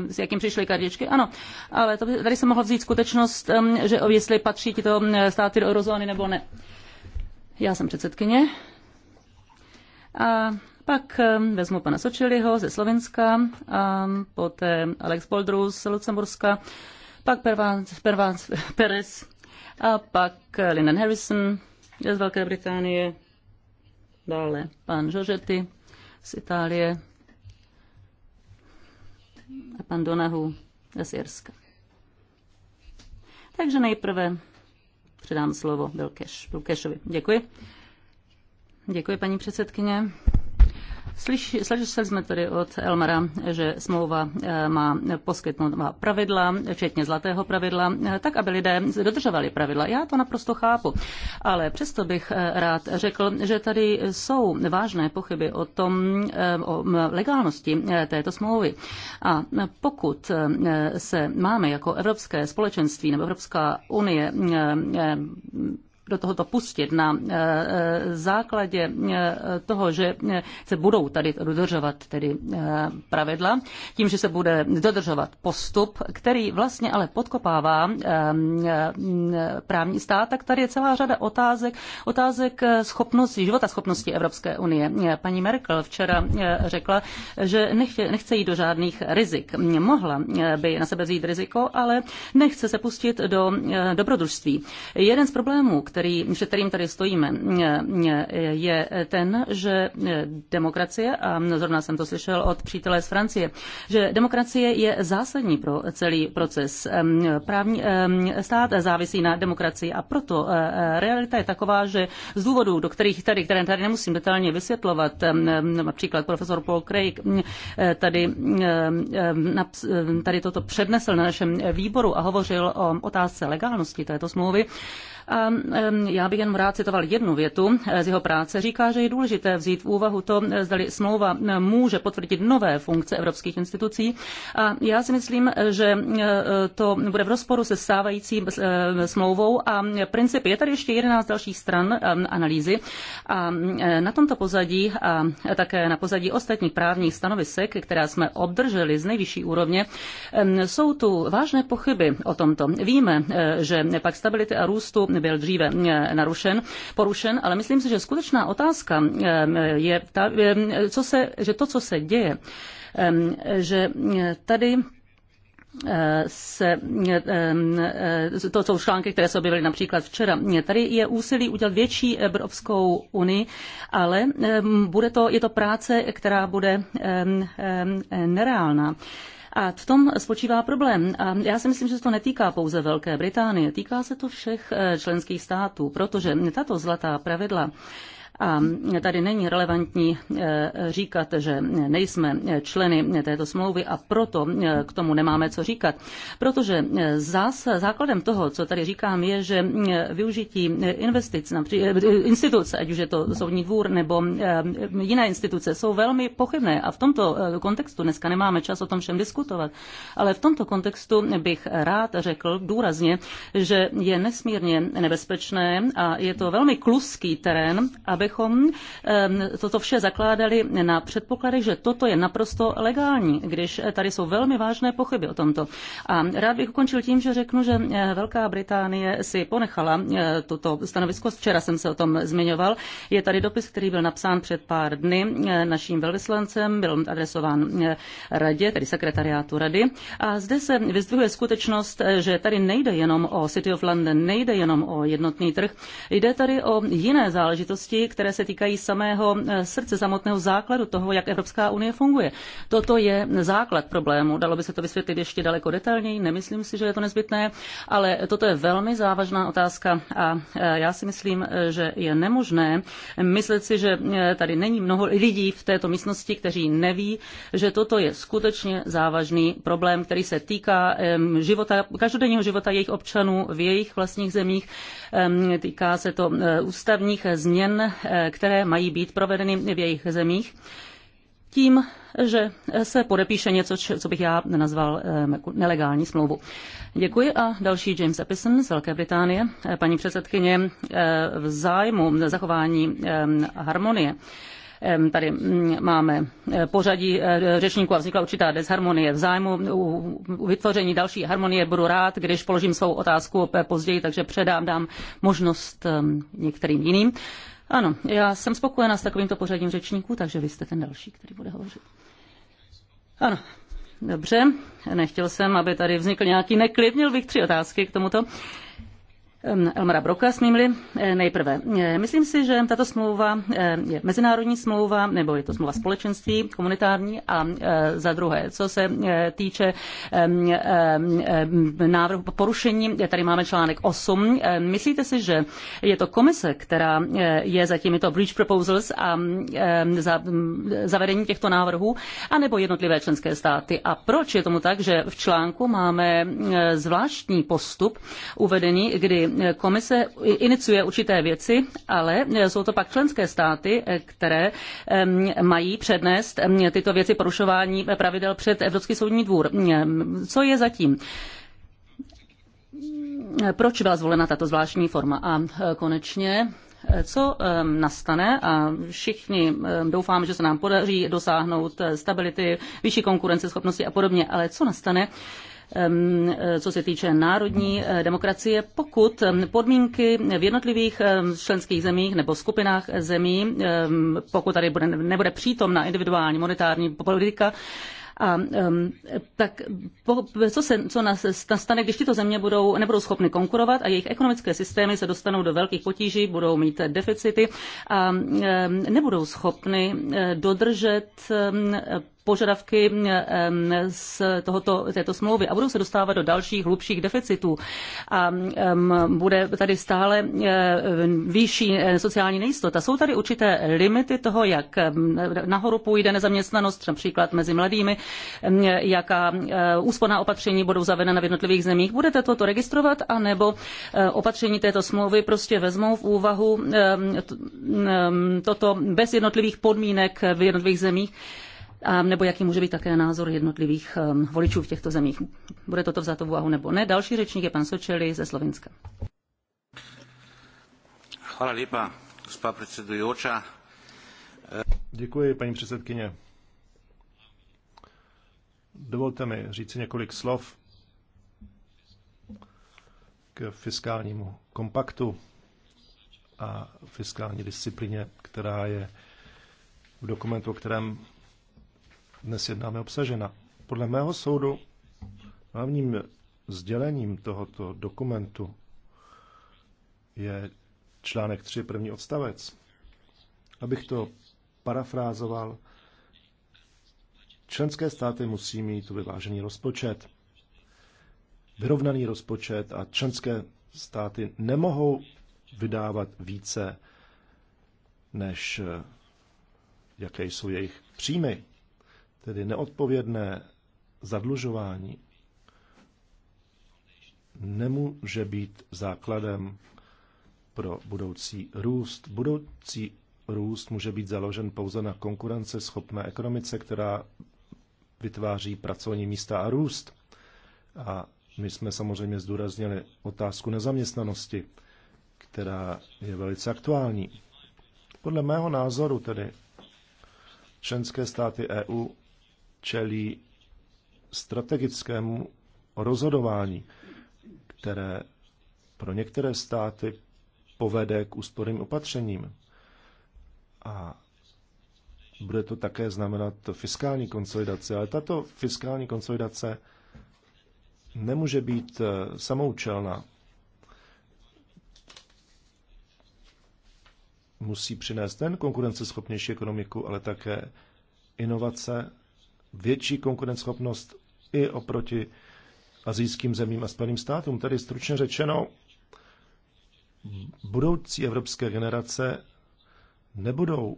s jakým přišly kartičky. Ano, ale to, tady se mohla vzít skutečnost, že jestli patří tyto státy do eurozóny nebo ne. Já jsem předsedkyně. A pak vezmu pana Sočiliho ze Slovenska, a poté Alex Boldru z Lucemburska, pak Pervans, Pervans, Perez a pak Lyndon Harrison z Velké Británie, dále pan Žožety z Itálie a pan Donahu z Jirska. Takže nejprve předám slovo Bilkeš. Bilkešovi. Děkuji. Děkuji, paní předsedkyně. Slyšeli jsme tedy od Elmara, že smlouva eh, má poskytnout má pravidla, včetně zlatého pravidla, eh, tak, aby lidé dodržovali pravidla. Já to naprosto chápu, ale přesto bych eh, rád řekl, že tady jsou vážné pochyby o tom, o legálnosti této smlouvy. A pokud se máme jako Evropské společenství nebo Evropská unie do tohoto pustit na eh, eh, základě eh, toho, že se budou tady dodržovat tedy pravidla, tím, že se bude dodržovat postup, který vlastně ale podkopává právní stát, tak tady je celá řada otázek, otázek schopnosti, života schopnosti Evropské unie. Paní Merkel včera řekla, že nechce, nechce jít do žádných rizik. Mohla by na sebe vzít riziko, ale nechce se pustit do dobrodružství. Jeden z problémů, který, před kterým tady stojíme, je ten, že demokracie, a zrovna jsem to slyšel od přítele z Francie, že demokracie je zásadní pro celý proces. Právní stát závisí na demokracii a proto e, e, realita je taková, že z důvodů, do kterých tady, které tady nemusím detailně vysvětlovat, například profesor Paul Craig e, tady, tady toto přednesl na našem výboru a hovořil o otázce legálnosti této smlouvy, a já bych jen rád citoval jednu větu z jeho práce. Říká, že je důležité vzít v úvahu to, zda smlouva může potvrdit nové funkce evropských institucí. A já si myslím, že to bude v rozporu se stávající smlouvou a princip je tady ještě 11 dalších stran analýzy. A na tomto pozadí a také na pozadí ostatních právních stanovisek, která jsme obdrželi z nejvyšší úrovně, jsou tu vážné pochyby o tomto. Víme, eh, že pak stability a růstu byl dříve eh, narušen, porušen, ale myslím si, že skutečná otázka eh, je, ta, eh, co se, že to, co se děje, že tady se, to jsou články, které se objevily například včera. Tady je úsilí udělat větší Evropskou unii, ale bude to, je to práce, která bude nereálná. A v tom spočívá problém. A já si myslím, že se to netýká pouze Velké Británie, týká se to všech eh, členských států, protože tato zlatá pravidla a tady není relevantní eh, říkat, že nejsme členy této smlouvy a proto eh, k tomu nemáme co říkat. Protože eh, zás, základem toho, co tady říkám, je, že využití investic, například instituce, ať už je to soudní dvůr nebo jiné instituce, jsou velmi pochybné a v tomto kontextu dneska nemáme čas o tom všem diskutovat, ale v tomto kontextu bych rád řekl důrazně, že je nesmírně nebezpečné a je to velmi kluský terén, aby abychom toto vše zakládali na předpokladech, že toto je naprosto legální, když tady jsou velmi vážné pochyby o tomto. A rád bych ukončil tím, že řeknu, že eh, Velká Británie si ponechala eh, toto stanovisko. Včera jsem se o tom zmiňoval. Je tady dopis, který byl napsán před pár dny eh, naším velvyslancem, byl adresován radě, tedy sekretariátu rady. A zde se vyzdvihuje skutečnost, že tady nejde jenom o City of London, nejde jenom o jednotný trh, jde tady o jiné záležitosti, které se týkají samého eh, srdce, samotného základu toho, jak Evropská unie funguje. Toto je základ problému. Dalo by se to vysvětlit ještě daleko detailněji, nemyslím si, že je to nezbytné, ale toto je velmi závažná otázka a eh, já si myslím, eh, že je nemožné myslet si, že tady není mnoho lidí v této místnosti, kteří neví, že toto je skutečně závažný problém, který se týká života, každodenního života jejich občanů v jejich vlastních zemích. Týká se to ústavních změn které mají být provedeny v jejich zemích, tím, že se podepíše něco, co bych já nazval eh, nelegální smlouvu. Děkuji a další James Epison z Velké Británie. Eh, paní předsedkyně, eh, v zájmu zachování harmonie tady mm, máme pořadí řečníků a vznikla určitá desharmonie. V zájmu u vytvoření další harmonie budu rád, když položím svou otázku později, takže předám, dám možnost některým jiným. Ano, já jsem spokojená s takovýmto pořadím řečníků, takže vy jste ten další, který bude hovořit. Ano, dobře. Nechtěl jsem, aby tady vznikl nějaký neklid. Měl bych tři otázky k tomuto. Elmara Broka, smím-li eh, nejprve. Eh, myslím si, že tato smlouva eh, je mezinárodní smlouva, nebo je to smlouva společenství, komunitární a za druhé, co se týče návrhu porušení, tady máme článek 8. Myslíte si, že je to komise, která je za těmito breach proposals a za zavedení těchto návrhů, anebo jednotlivé členské státy? A proč je tomu tak, že v článku máme zvláštní postup uvedený, kdy komise iniciuje určité věci, ale jsou to pak členské státy, které mají přednést tyto věci porušování pravidel před Evropský soudní dvůr. Co je zatím? Proč byla zvolena tato zvláštní forma? A e, konečně e, co nastane a všichni doufáme, že se nám podaří dosáhnout e, stability, vyšší konkurenceschopnosti a podobně, ale co nastane, Eh, co se týče národní eh, demokracie, pokud podmínky v jednotlivých členských zemích nebo skupinách zemí, pokud tady bude, nebude přítomna individuální monetární politika, a um, tak po, co, se, co stane, když tyto země budou, nebudou schopny konkurovat a jejich ekonomické systémy se dostanou do velkých potíží, budou mít deficity a um, nebudou schopny eh, dodržet um, požadavky eh, z tohoto, této smlouvy a budou se dostávat do dalších hlubších deficitů a bude tady stále eh, výšší eh, sociální nejistota. Jsou tady určité limity toho, jak nahoru půjde nezaměstnanost, například mezi mladými, jaká úsporná opatření budou zavedena v jednotlivých zemích. Budete toto registrovat, anebo opatření této smlouvy prostě vezmou v úvahu toto bez jednotlivých podmínek v jednotlivých zemích? Ehm, nebo jaký může být také názor jednotlivých ehm, voličů v těchto zemích. Bude toto vzato v úvahu nebo ne? Další řečník je pan Sočeli ze Slovenska. Hvala lepa, gospa predsedujoča. Děkuji, paní předsedkyně. Dovolte mi říci několik slov k fiskálnímu kompaktu a fiskální disciplíně, která je v dokumentu, o kterém dnes jednáme obsažena. Podle mého soudu hlavním sdělením tohoto dokumentu je článek 3, první odstavec. Abych to parafrázoval, členské státy musí mít vyvážený rozpočet, vyrovnaný rozpočet a členské státy nemohou vydávat více, než eh, jaké jsou jejich příjmy tedy neodpovědné zadlužování, nemůže být základem pro budoucí růst. Budoucí růst může být založen pouze na konkurenceschopné ekonomice, která vytváří pracovní místa a růst. A my jsme samozřejmě zdůraznili otázku nezaměstnanosti, která je velice aktuální. Podle mého názoru tedy členské státy EU čelí strategickému rozhodování, které pro některé státy povede k úsporným opatřením. A bude to také znamenat fiskální konsolidace. Ale tato fiskální konsolidace nemůže být eh, samoučelná. Musí přinést ten konkurenceschopnější ekonomiku, ale také inovace větší konkurenceschopnost i oproti azijským zemím a Spojeným státům. Tedy stručně řečeno, budoucí evropské generace nebudou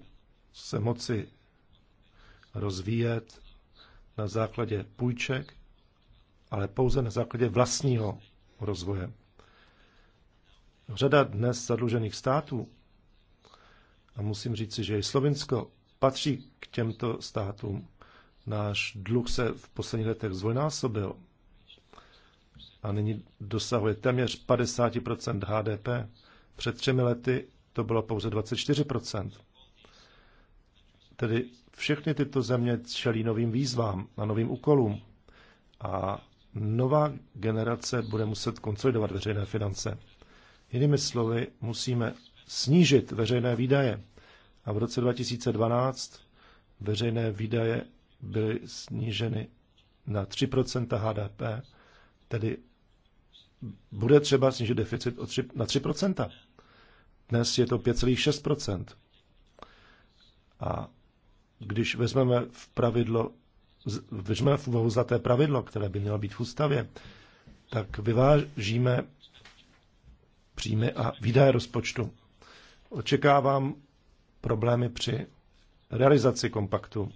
se moci rozvíjet na základě půjček, ale pouze na základě vlastního rozvoje. Řada dnes zadlužených států, a musím říci, že i Slovinsko patří k těmto státům, Náš dluh se v posledních letech zvojnásobil a nyní dosahuje téměř 50 HDP. Před třemi lety to bylo pouze 24 Tedy všechny tyto země čelí novým výzvám a novým úkolům. A nová generace bude muset konsolidovat veřejné finance. Jinými slovy, musíme snížit veřejné výdaje. A v roce 2012 veřejné výdaje byly sníženy na 3 HDP, tedy bude třeba snížit deficit o 3, na 3 Dnes je to 5,6 A když vezmeme v pravidlo, vezmeme v úvahu zlaté pravidlo, které by mělo být v ústavě, tak vyvážíme příjmy a výdaje rozpočtu. Očekávám problémy při realizaci kompaktu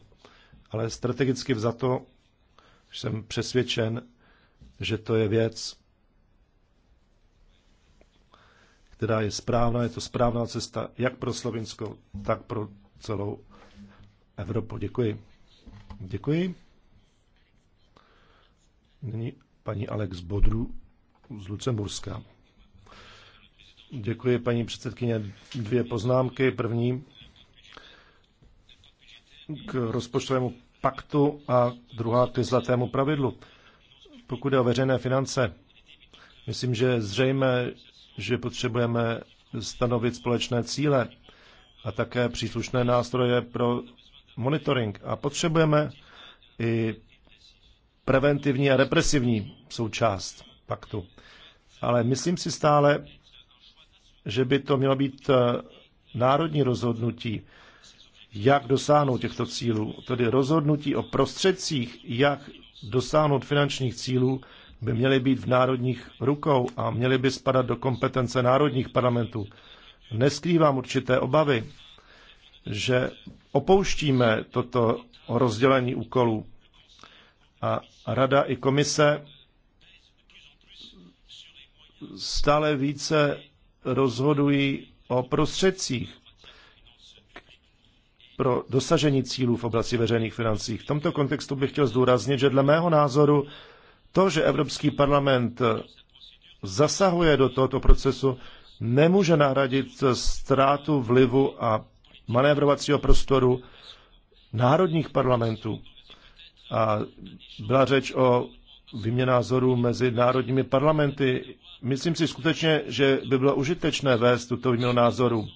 ale strategicky vzato jsem přesvědčen, že to je věc, která je správná, je to správná cesta jak pro Slovinsko, tak pro celou Evropu. Děkuji. Děkuji. Nyní paní Alex Bodru z Lucemburska. Děkuji, paní předsedkyně. Dvě poznámky. První k rozpočtovému paktu a druhá k zlatému pravidlu. Pokud je o veřejné finance, myslím, že je zřejmé, že potřebujeme stanovit společné cíle a také příslušné nástroje pro monitoring. A potřebujeme i preventivní a represivní součást paktu. Ale myslím si stále, že by to mělo být eh, národní rozhodnutí jak dosáhnout těchto cílů. Tedy rozhodnutí o prostředcích, jak dosáhnout finančních cílů, by měly být v národních rukou a měly by spadat do kompetence národních parlamentů. Neskrývám určité obavy, že opouštíme toto rozdělení úkolů a Rada i komise stále více rozhodují o prostředcích pro dosažení cílů v oblasti veřejných financí. V tomto kontextu bych chtěl zdůraznit, že dle mého názoru to, že Evropský parlament zasahuje do tohoto procesu, nemůže nahradit ztrátu vlivu a manévrovacího prostoru národních parlamentů. A byla řeč o výměně názorů mezi národními parlamenty. Myslím si skutečně, že by bylo užitečné vést tuto výměnu názorů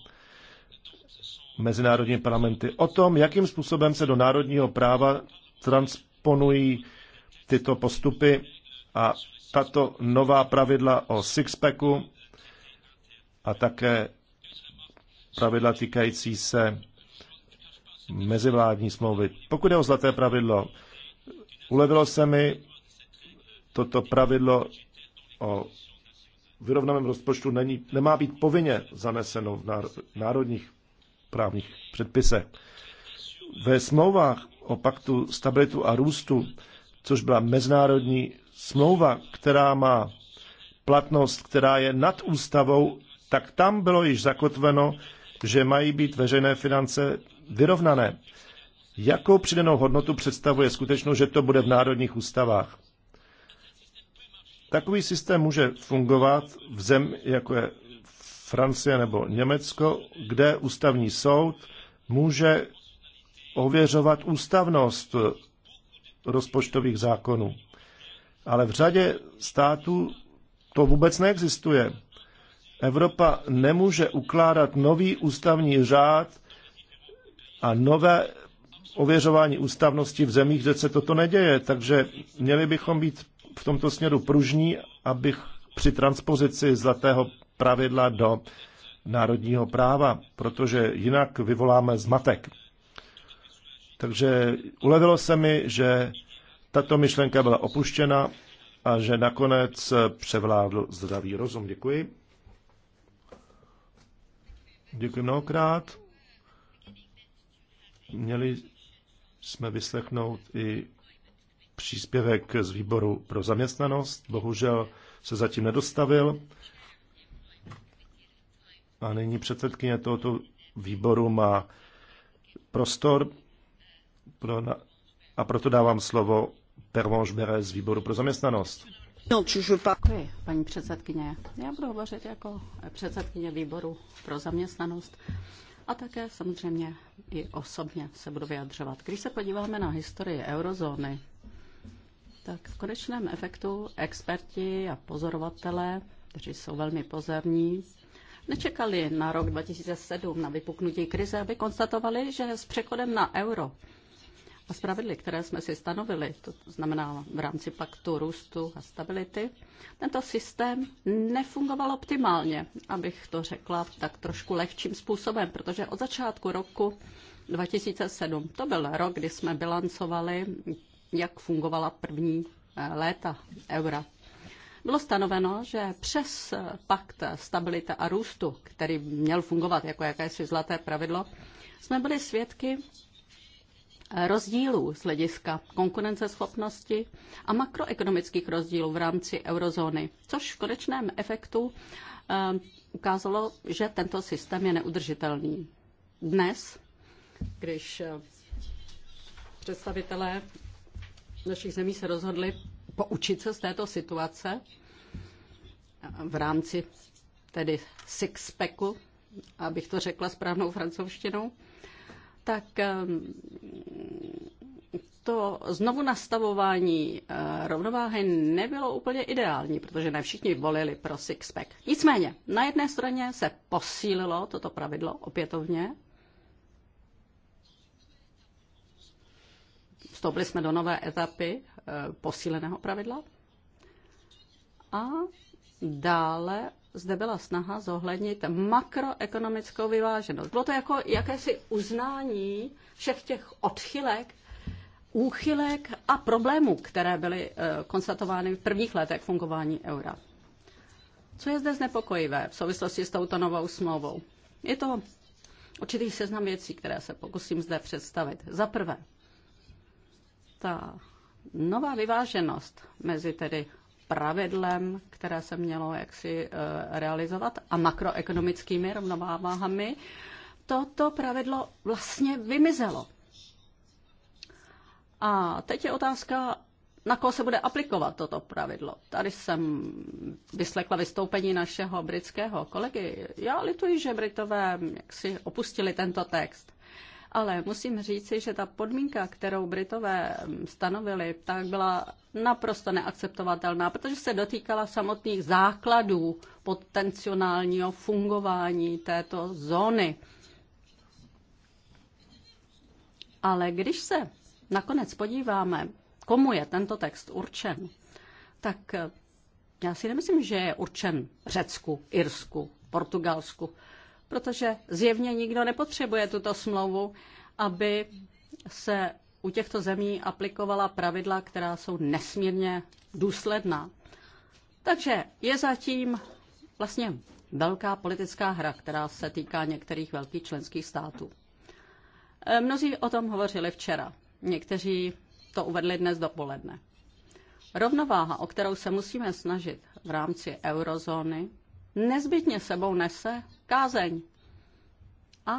mezinárodní parlamenty o tom, jakým způsobem se do národního práva transponují tyto postupy a tato nová pravidla o sixpacku a také pravidla týkající se mezivládní smlouvy. Pokud je o zlaté pravidlo, ulevilo se mi toto pravidlo o vyrovnaném rozpočtu není, nemá být povinně zaneseno v národních právních předpisech. Ve smlouvách o paktu stabilitu a růstu, což byla mezinárodní smlouva, která má platnost, která je nad ústavou, tak tam bylo již zakotveno, že mají být veřejné finance vyrovnané. Jakou přidanou hodnotu představuje skutečnost, že to bude v národních ústavách? Takový systém může fungovat v zemi, jako je Francie nebo Německo, kde ústavní soud může ověřovat ústavnost rozpočtových zákonů. Ale v řadě států to vůbec neexistuje. Evropa nemůže ukládat nový ústavní řád a nové ověřování ústavnosti v zemích, kde se toto neděje. Takže měli bychom být v tomto směru pružní, abych při transpozici zlatého pravidla do národního práva, protože jinak vyvoláme zmatek. Takže ulevilo se mi, že tato myšlenka byla opuštěna a že nakonec převládl zdravý rozum. Děkuji. Děkuji mnohokrát. Měli jsme vyslechnout i příspěvek z výboru pro zaměstnanost. Bohužel se zatím nedostavil. A nyní předsedkyně tohoto výboru má prostor pro na... a proto dávám slovo Pervanche Bere z výboru pro zaměstnanost. No, Děkuji, paní předsedkyně. Já budu hovořit jako předsedkyně výboru pro zaměstnanost a také samozřejmě i osobně se budu vyjadřovat. Když se podíváme na historii eurozóny, tak v konečném efektu experti a pozorovatelé, kteří jsou velmi pozorní, nečekali na rok 2007, na vypuknutí krize, aby konstatovali, že s přechodem na euro a s pravidly, které jsme si stanovili, to znamená v rámci paktu růstu a stability, tento systém nefungoval optimálně, abych to řekla tak trošku lehčím způsobem, protože od začátku roku 2007, to byl rok, kdy jsme bilancovali, jak fungovala první eh, léta eura bylo stanoveno, že přes pakt stabilita a růstu, který měl fungovat jako jakési zlaté pravidlo, jsme byli svědky rozdílů z hlediska konkurenceschopnosti a makroekonomických rozdílů v rámci eurozóny, což v konečném efektu eh, ukázalo, že tento systém je neudržitelný. Dnes, když eh, představitelé našich zemí se rozhodli poučit se z této situace v rámci tedy packu, abych to řekla správnou francouzštinou, tak ehm, to znovu nastavování eh, rovnováhy nebylo úplně ideální, protože ne všichni volili pro pack. Nicméně, na jedné straně se posílilo toto pravidlo opětovně, vstoupili jsme do nové etapy eh, posíleného pravidla. A dále zde byla snaha zohlednit makroekonomickou vyváženost. Bylo to jako jakési uznání všech těch odchylek, úchylek a problémů, které byly eh, konstatovány v prvních letech fungování eura. Co je zde znepokojivé v souvislosti s touto novou smlouvou? Je to určitý seznam věcí, které se pokusím zde představit. Za prvé, ta nová vyváženost mezi tedy pravidlem, které se mělo jaksi e, realizovat, a makroekonomickými rovnováhami, toto pravidlo vlastně vymizelo. A teď je otázka, na koho se bude aplikovat toto pravidlo. Tady jsem vyslekla vystoupení našeho britského kolegy. Já lituji, že Britové jaksi opustili tento text ale musím říci, že ta podmínka, kterou Britové stanovili, tak byla naprosto neakceptovatelná, protože se dotýkala samotných základů potenciálního fungování této zóny. Ale když se nakonec podíváme, komu je tento text určen, tak já si nemyslím, že je určen Řecku, Irsku, Portugalsku protože zjevně nikdo nepotřebuje tuto smlouvu, aby se u těchto zemí aplikovala pravidla, která jsou nesmírně důsledná. Takže je zatím vlastně velká politická hra, která se týká některých velkých členských států. E, mnozí o tom hovořili včera, někteří to uvedli dnes dopoledne. Rovnováha, o kterou se musíme snažit v rámci eurozóny, nezbytně sebou nese kázeň. A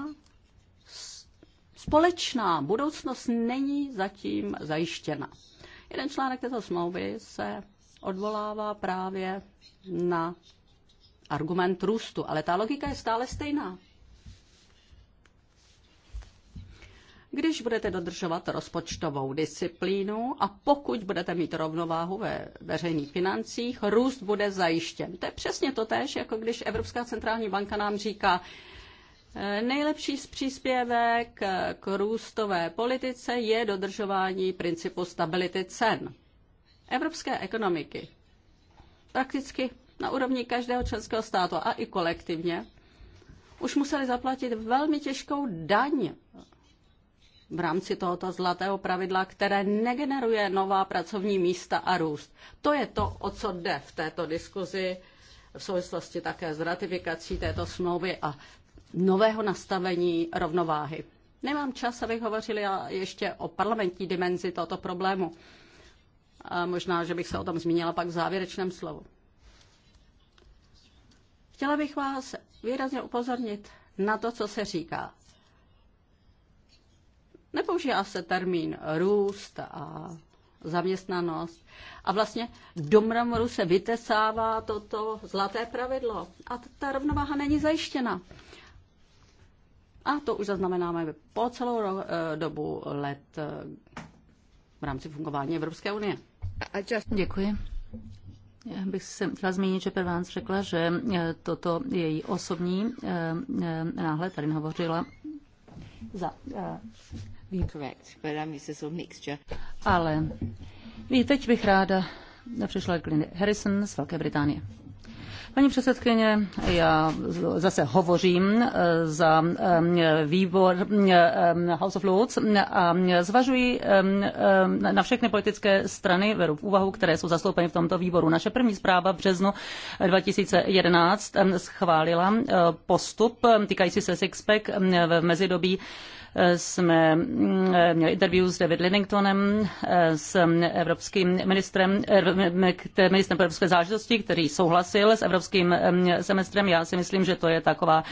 společná budoucnost není zatím zajištěna. Jeden článek této smlouvy se odvolává právě na argument růstu, ale ta logika je stále stejná. když budete dodržovat rozpočtovou disciplínu a pokud budete mít rovnováhu ve veřejných financích, růst bude zajištěn. To je přesně to tež, jako když Evropská centrální banka nám říká, eh, Nejlepší příspěvek eh, k růstové politice je dodržování principu stability cen evropské ekonomiky. Prakticky na úrovni každého členského státu a i kolektivně už museli zaplatit velmi těžkou daň v rámci tohoto zlatého pravidla, které negeneruje nová pracovní místa a růst. To je to, o co jde v této diskuzi v souvislosti také s ratifikací této smlouvy a nového nastavení rovnováhy. Nemám čas, abych hovořila ještě o parlamentní dimenzi tohoto problému. A možná, že bych se o tom zmínila pak v závěrečném slovu. Chtěla bych vás výrazně upozornit na to, co se říká. Nepoužívá se termín růst a zaměstnanost. A vlastně do mramoru se vytesává toto zlaté pravidlo. A ta rovnováha není zajištěna. A to už zaznamenáme po celou eh, dobu let eh, v rámci fungování Evropské unie. Děkuji. Já bych se chtěla zmínit, že Pervánc řekla, že eh, toto je její osobní náhled, tady hovořila za ale teď bych ráda přišla k Lindy Harrison z Velké Británie. Paní předsedkyně, já zase hovořím eh, za eh, výbor eh, House of Lords a zvažuji na všechny politické strany, veru v úvahu, které jsou zastoupeny v tomto výboru. Naše první zpráva v březnu 2011 schválila postup týkající se Sixpack v mezidobí jsme mm, měli interview s David Linningtonem, eh, s mm, evropským ministrem, eh, ministrem pro evropské záležitosti, který souhlasil s evropským mm, semestrem. Já si myslím, že to je taková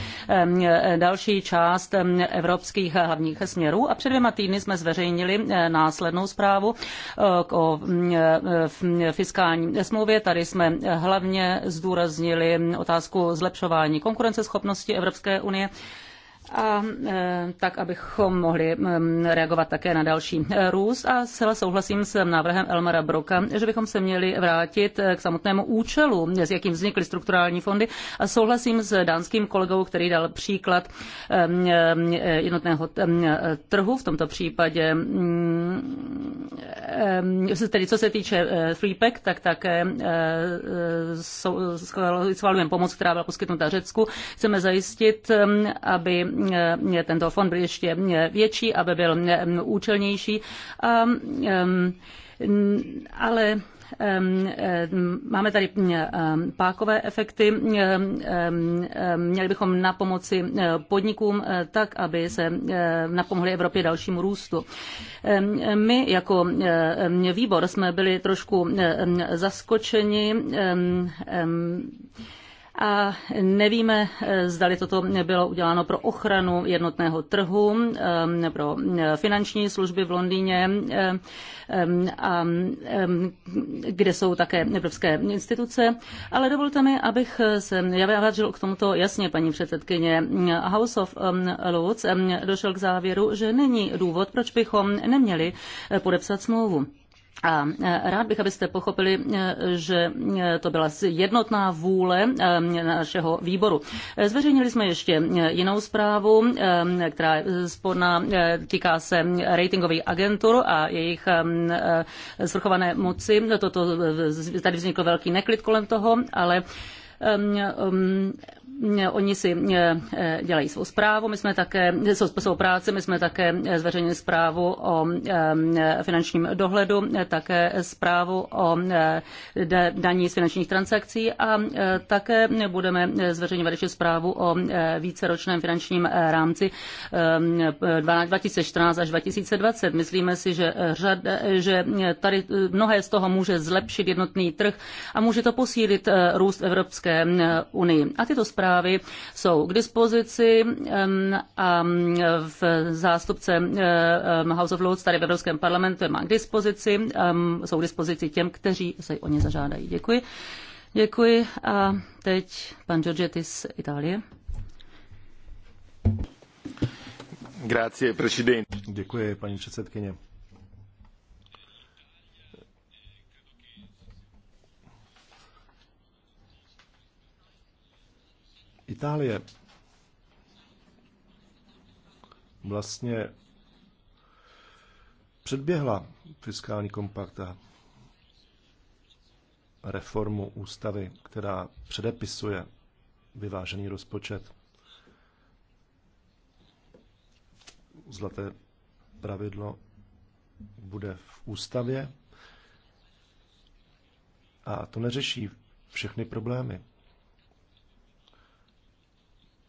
další část evropských hlavních směrů. A před dvěma týdny jsme zveřejnili eh, následnou zprávu o fiskální smlouvě. Tady jsme hlavně zdůraznili otázku zlepšování konkurenceschopnosti Evropské unie a e, tak, abychom mohli reagovat také na další e, růst. A zcela souhlasím s návrhem Elmara Broka, že bychom se měli vrátit e, k samotnému účelu, s jakým vznikly strukturální fondy. A souhlasím s dánským kolegou, který dal příklad jednotného trhu, v tomto případě, tedy co se týče FreePack, tak také schvalujeme pomoc, která byla poskytnuta Řecku. Chceme zajistit, aby Eh, tento fond byl ještě větší, aby byl eh, účelnější. ale eh, Máme tady pákové efekty. Měli bychom na pomoci podnikům tak, aby se napomohli Evropě dalšímu růstu. My jako výbor jsme byli trošku zaskočeni a nevíme, eh, zdali toto bylo uděláno pro ochranu jednotného trhu, eh, pro eh, finanční služby v Londýně, a, kde jsou také evropské instituce. Ale dovolte mi, abych se já vyjádřil k tomuto jasně, paní předsedkyně. House of Lords došel k závěru, že není důvod, proč bychom neměli podepsat smlouvu a e, rád bych, abyste pochopili, e, že e, to byla jednotná vůle našeho výboru. Zveřejnili jsme ještě jinou zprávu, která je sporná, týká se ratingových agentur a jejich svrchované moci. Toto, tady vznikl velký neklid kolem toho, ale Oni si eh, eh, dělají svou zprávu, my jsme také, svou, svou práci, my jsme také zveřejnili zprávu o eh, finančním dohledu, také zprávu o daní z finančních transakcí a také budeme zveřejňovat ještě zprávu o víceročném finančním rámci 2014 až 2020. Myslíme si, že, řad, že tady mnohé z toho může zlepšit jednotný trh a může to posílit růst Evropské unii. A tyto zprávy zprávy jsou k dispozici a v zástupce House of Lords tady v Evropském parlamentu má k dispozici. Jsou k dispozici těm, kteří se o ně zažádají. Děkuji. Děkuji. A teď pan Giorgetti z Itálie. Grazie, Děkuji, paní předsedkyně. Itálie vlastně předběhla fiskální kompakt a reformu ústavy, která předepisuje vyvážený rozpočet. Zlaté pravidlo bude v ústavě a to neřeší všechny problémy.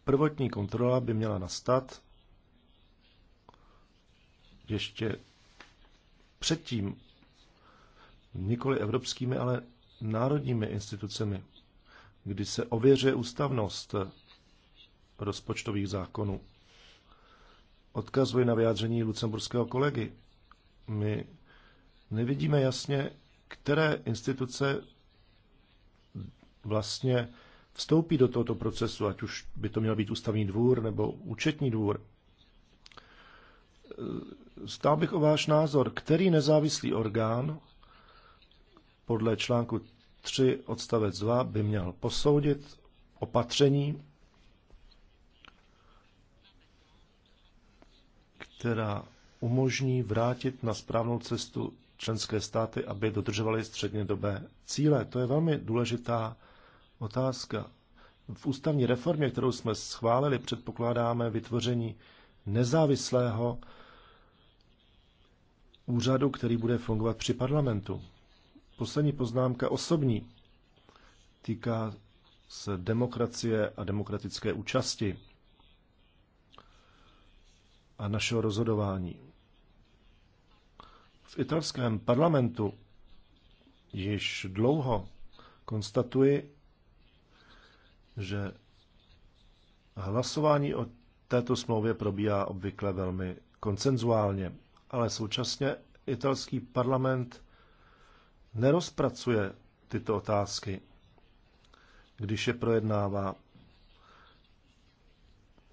Prvotní kontrola by měla nastat ještě předtím, nikoli evropskými, ale národními institucemi, kdy se ověřuje ústavnost rozpočtových zákonů. Odkazuji na vyjádření lucemburského kolegy. My nevidíme jasně, které instituce vlastně vstoupí do tohoto procesu, ať už by to měl být ústavní dvůr nebo účetní dvůr. Stál bych o váš názor, který nezávislý orgán podle článku 3 odstavec 2 by měl posoudit opatření, která umožní vrátit na správnou cestu členské státy, aby dodržovaly střednědobé cíle. To je velmi důležitá Otázka. V ústavní reformě, kterou jsme schválili, předpokládáme vytvoření nezávislého úřadu, který bude fungovat při parlamentu. Poslední poznámka osobní týká se demokracie a demokratické účasti a našeho rozhodování. V italském parlamentu již dlouho konstatuji, že hlasování o této smlouvě probíhá obvykle velmi koncenzuálně, ale současně italský parlament nerozpracuje tyto otázky, když je projednává.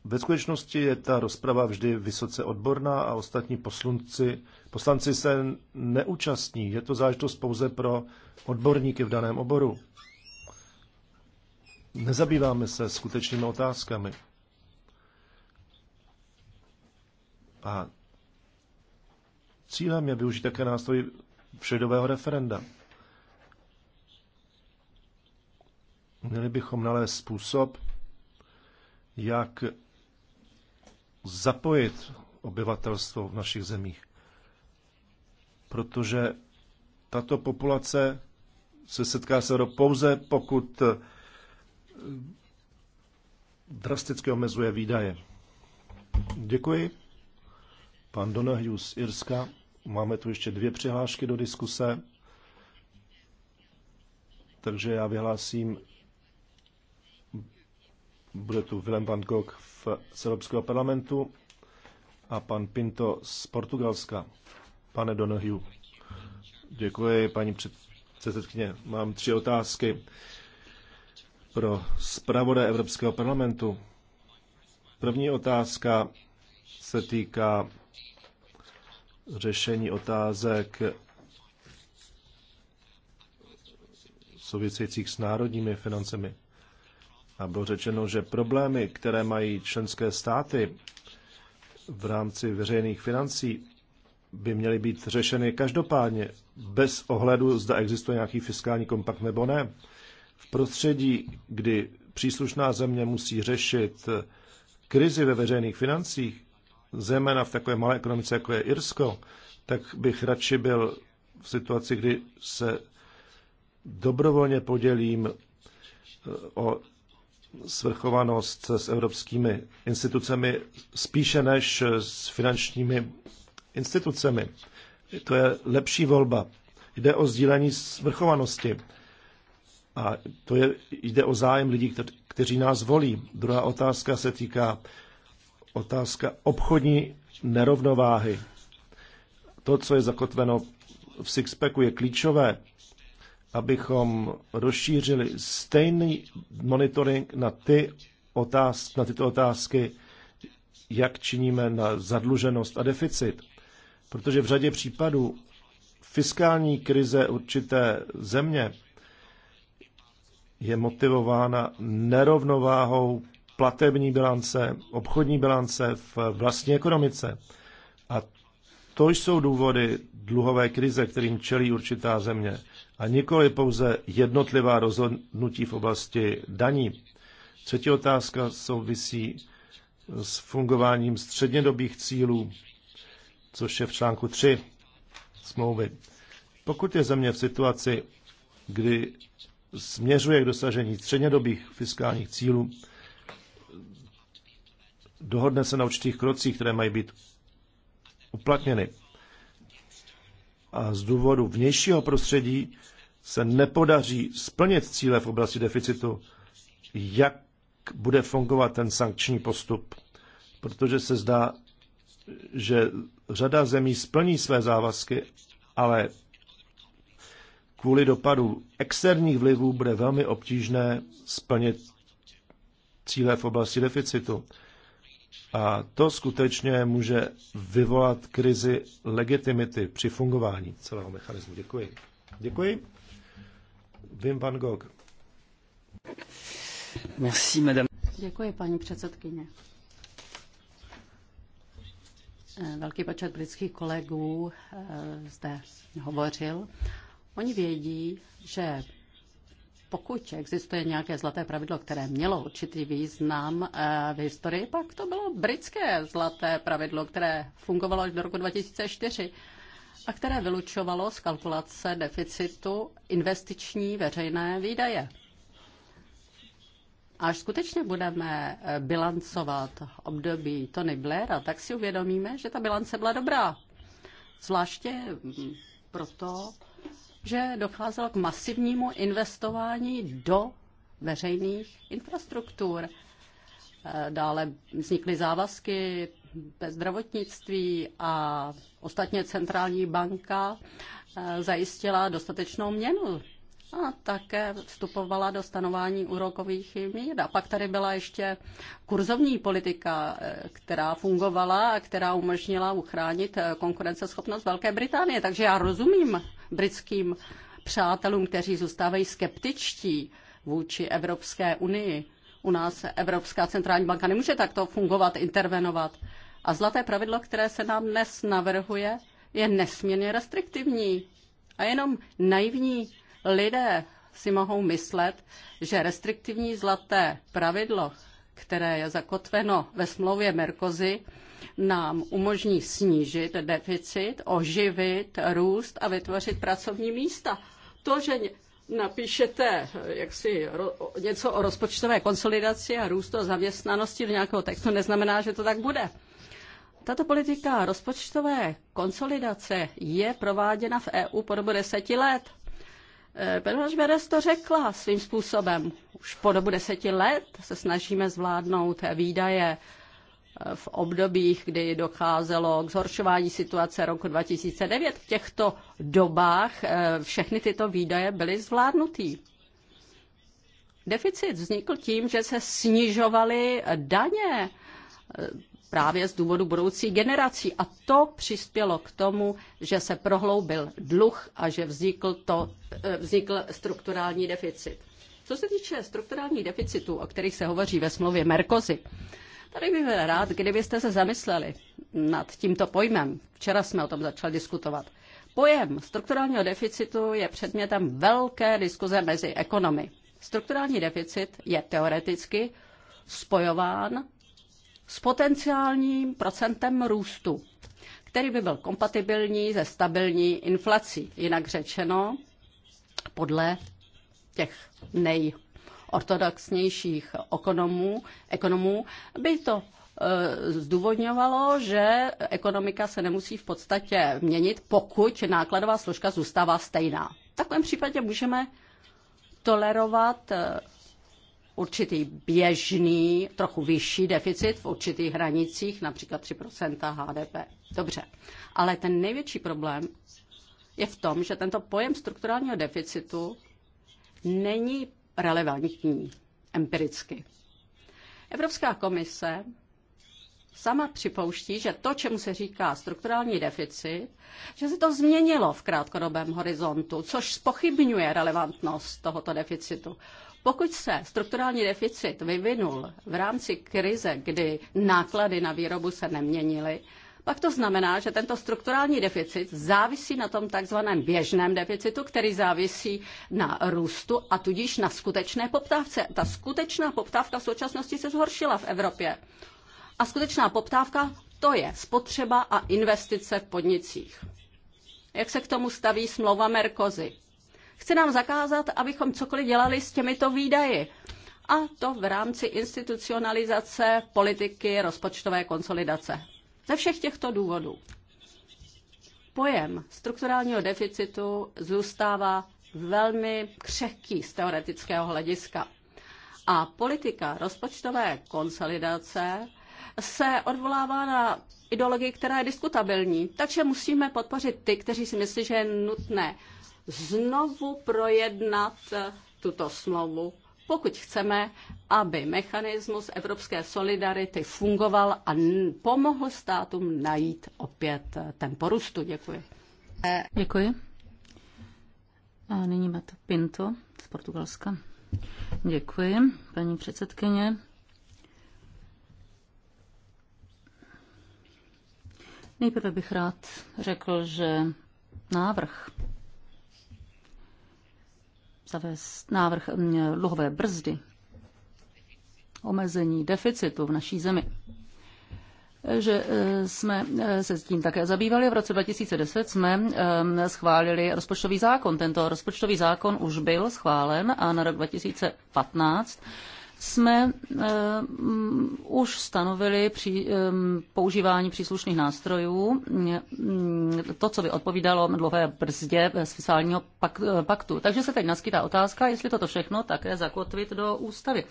Ve skutečnosti je ta rozprava vždy vysoce odborná a ostatní poslanci, poslanci se neúčastní. Je to záležitost pouze pro odborníky v daném oboru nezabýváme se skutečnými otázkami. A cílem je využít také nástroj všedového referenda. Měli bychom nalézt způsob, jak zapojit obyvatelstvo v našich zemích. Protože tato populace se setká s Evropou pouze, pokud drasticky omezuje výdaje. Děkuji. Pan Donahue z Irska. Máme tu ještě dvě přihlášky do diskuse. Takže já vyhlásím, bude tu Willem van Gogh z Evropského parlamentu a pan Pinto z Portugalska. Pane Donahue. Děkuji, paní předsedkyně. Mám tři otázky pro zpravodaje Evropského parlamentu. První otázka se týká řešení otázek souvisejících s národními financemi. A bylo řečeno, že problémy, které mají členské státy v rámci veřejných financí, by měly být řešeny každopádně, bez ohledu, zda existuje nějaký fiskální kompakt nebo ne. V prostředí, kdy příslušná země musí řešit krizi ve veřejných financích, zejména v takové malé ekonomice, jako je Irsko, tak bych radši byl v situaci, kdy se dobrovolně podělím eh, o svrchovanost s evropskými institucemi spíše než s finančními institucemi. To je lepší volba. Jde o sdílení svrchovanosti. A to je, jde o zájem lidí, kteří nás volí. Druhá otázka se týká otázka obchodní nerovnováhy. To, co je zakotveno v Sixpacku, je klíčové, abychom rozšířili stejný monitoring na, ty otázky, na tyto otázky, jak činíme na zadluženost a deficit. Protože v řadě případů fiskální krize určité země je motivována nerovnováhou platební bilance, obchodní bilance v vlastní ekonomice. A to jsou důvody dluhové krize, kterým čelí určitá země. A nikoli pouze jednotlivá rozhodnutí v oblasti daní. Třetí otázka souvisí s fungováním střednědobých cílů, což je v článku 3 smlouvy. Pokud je země v situaci, kdy směřuje k dosažení střednědobých fiskálních cílů. Dohodne se na určitých krocích, které mají být uplatněny. A z důvodu vnějšího prostředí se nepodaří splnit cíle v oblasti deficitu, jak bude fungovat ten sankční postup, protože se zdá, že řada zemí splní své závazky, ale kvůli dopadu externích vlivů bude velmi obtížné splnit cíle v oblasti deficitu. A to skutečně může vyvolat krizi legitimity při fungování celého mechanismu. Děkuji. Děkuji. Vím van Gogh. Merci, madame. Děkuji, paní předsedkyně. Velký počet britských kolegů eh, zde hovořil Oni vědí, že pokud existuje nějaké zlaté pravidlo, které mělo určitý význam eh, v historii, pak to bylo britské zlaté pravidlo, které fungovalo až do roku 2004 a které vylučovalo z kalkulace deficitu investiční veřejné výdaje. Až skutečně budeme eh, bilancovat období Tony Blaira, tak si uvědomíme, že ta bilance byla dobrá. Zvláště mm, proto, že docházelo k masivnímu investování do veřejných infrastruktur. Dále vznikly závazky ve zdravotnictví a ostatně centrální banka eh, zajistila dostatečnou měnu a také vstupovala do stanování úrokových mír. A pak tady byla ještě kurzovní politika, eh, která fungovala a která umožnila uchránit eh, konkurenceschopnost Velké Británie. Takže já rozumím britským přátelům, kteří zůstávají skeptičtí vůči Evropské unii. U nás Evropská centrální banka nemůže takto fungovat, intervenovat. A zlaté pravidlo, které se nám dnes navrhuje, je nesmírně restriktivní. A jenom naivní Lidé si mohou myslet, že restriktivní zlaté pravidlo, které je zakotveno ve smlouvě Merkozy, nám umožní snížit deficit, oživit růst a vytvořit pracovní místa. To, že napíšete eh, jak si, ro, něco o rozpočtové konsolidaci a růstu a zaměstnanosti do nějakého textu, neznamená, že to tak bude. Tato politika rozpočtové konsolidace je prováděna v EU po dobu deseti let. Eh, Pervanš Beres to řekla svým způsobem. Už po dobu deseti let se snažíme zvládnout výdaje eh, v obdobích, kdy docházelo k zhoršování situace roku 2009. V těchto dobách eh, všechny tyto výdaje byly zvládnutý. Deficit vznikl tím, že se snižovaly daně právě z důvodu budoucí generací. A to přispělo k tomu, že se prohloubil dluh a že vznikl, to, eh, vznikl strukturální deficit. Co se týče strukturálních deficitů, o kterých se hovoří ve smlouvě Merkozy, tady bych byl rád, kdybyste se zamysleli nad tímto pojmem. Včera jsme o tom začali diskutovat. Pojem strukturálního deficitu je předmětem velké diskuze mezi ekonomy. Strukturální deficit je teoreticky spojován s potenciálním procentem růstu, který by byl kompatibilní se stabilní inflací. Jinak řečeno, podle těch nejortodoxnějších ekonomů, ekonomů by to e, zdůvodňovalo, že ekonomika se nemusí v podstatě měnit, pokud nákladová složka zůstává stejná. V takovém případě můžeme tolerovat e, určitý běžný, trochu vyšší deficit v určitých hranicích, například 3 HDP. Dobře, ale ten největší problém je v tom, že tento pojem strukturálního deficitu není relevantní empiricky. Evropská komise sama připouští, že to, čemu se říká strukturální deficit, že se to změnilo v krátkodobém horizontu, což spochybňuje relevantnost tohoto deficitu. Pokud se strukturální deficit vyvinul v rámci krize, kdy náklady na výrobu se neměnily, pak to znamená, že tento strukturální deficit závisí na tom takzvaném běžném deficitu, který závisí na růstu a tudíž na skutečné poptávce. Ta skutečná poptávka v současnosti se zhoršila v Evropě. A skutečná poptávka to je spotřeba a investice v podnicích. Jak se k tomu staví smlouva Merkozy? chce nám zakázat, abychom cokoliv dělali s těmito výdaji. A to v rámci institucionalizace politiky rozpočtové konsolidace. Ze všech těchto důvodů. Pojem strukturálního deficitu zůstává velmi křehký z teoretického hlediska. A politika rozpočtové konsolidace se odvolává na ideologii, která je diskutabilní. Takže musíme podpořit ty, kteří si myslí, že je nutné znovu projednat tuto smlouvu, pokud chceme, aby mechanismus evropské solidarity fungoval a pomohl státům najít opět ten porustu. Děkuji. Děkuji. A nyní máte Pinto z Portugalska. Děkuji, paní předsedkyně. Nejprve bych rád řekl, že návrh zavést návrh mm, dluhové brzdy, omezení deficitu v naší zemi že e, jsme e, se s tím také zabývali. V roce 2010 jsme e, schválili rozpočtový zákon. Tento rozpočtový zákon už byl schválen a na rok 2015 jsme eh, mm, už stanovili při eh, používání příslušných nástrojů mm, to, co by odpovídalo dlouhé brzdě z fiskálního eh, paktu. Takže se teď naskytá otázka, jestli toto všechno také zakotvit do ústavy.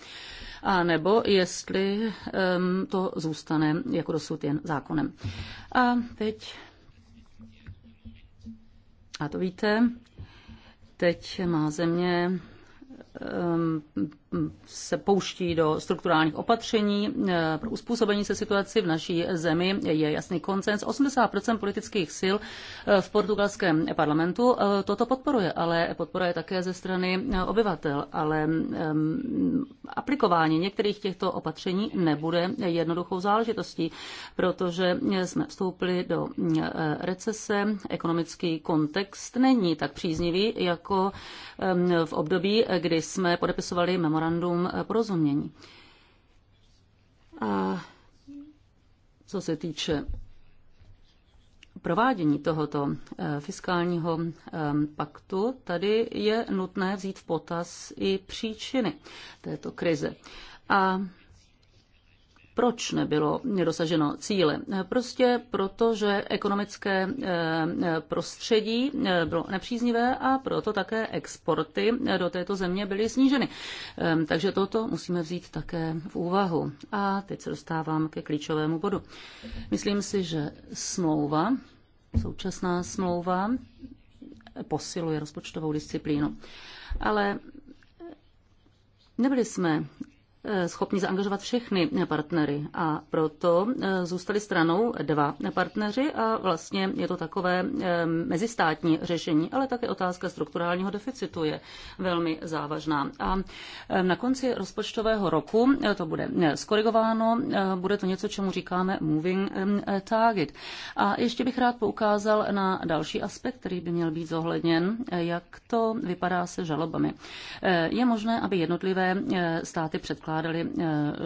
A nebo jestli ehm, to zůstane jako dosud jen zákonem. A teď a to víte, teď má země ehm, Mm, se pouští do strukturálních opatření eh, pro uspůsobení se situaci v naší zemi. Je jasný koncens. 80% politických sil eh, v portugalském parlamentu eh, toto podporuje, ale podporuje také ze strany obyvatel. Ale ehm, aplikování některých těchto opatření nebude jednoduchou záležitostí, protože jsme vstoupili do recese. Ekonomický kontext není tak příznivý jako ehm, v období, kdy jsme podepisovali memorandum memorandum eh, porozumění. A co se týče provádění tohoto eh, fiskálního eh, paktu, tady je nutné vzít v potaz i příčiny této krize. A proč nebylo dosaženo cíle? Prostě proto, že ekonomické eh, prostředí eh, bylo nepříznivé a proto také exporty eh, do této země byly sníženy. Ehm, takže toto musíme vzít také v úvahu. A teď se dostávám ke klíčovému bodu. Myslím si, že smlouva, současná smlouva, posiluje rozpočtovou disciplínu. Ale nebyli jsme schopni zaangažovat všechny partnery a proto eh, zůstali stranou dva partneři a vlastně je to takové eh, mezistátní řešení, ale také otázka strukturálního deficitu je velmi závažná. A eh, na konci rozpočtového roku to bude skorigováno, bude to něco, čemu říkáme moving target. A ještě bych rád poukázal na další aspekt, který by měl být zohledněn, jak to vypadá se žalobami. Je možné, aby jednotlivé státy předkládaly předkládali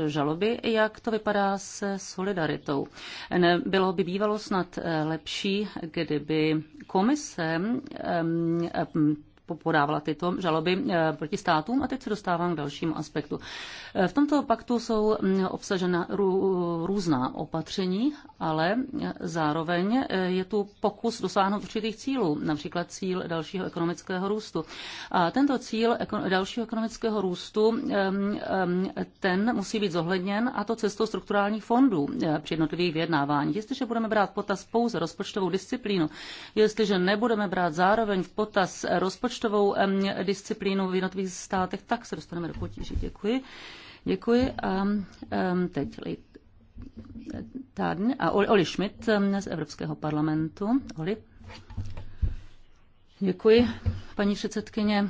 eh, žaloby. Jak to vypadá se solidaritou? Bylo by bývalo snad eh, lepší, kdyby komise podávala tyto žaloby eh, proti státům. A teď se dostávám k dalšímu aspektu. Eh, v tomto paktu jsou mm, obsažena různá opatření, ale eh, zároveň je tu pokus dosáhnout určitých cílů, například cíl dalšího ekonomického růstu. A tento cíl dalšího ekonomického růstu, mm, mm, ten musí být zohledněn a to cestou strukturálních fondů při jednotlivých vyjednávání. Jestliže budeme brát potaz pouze rozpočtovou disciplínu, jestliže nebudeme brát zároveň v potaz rozpočtovou rozpočtovou disciplínu v jednotlivých státech, tak se dostaneme do potíží. Děkuji. Děkuji. A teď tady, a Oli Schmidt z Evropského parlamentu. Oli. Děkuji, paní předsedkyně.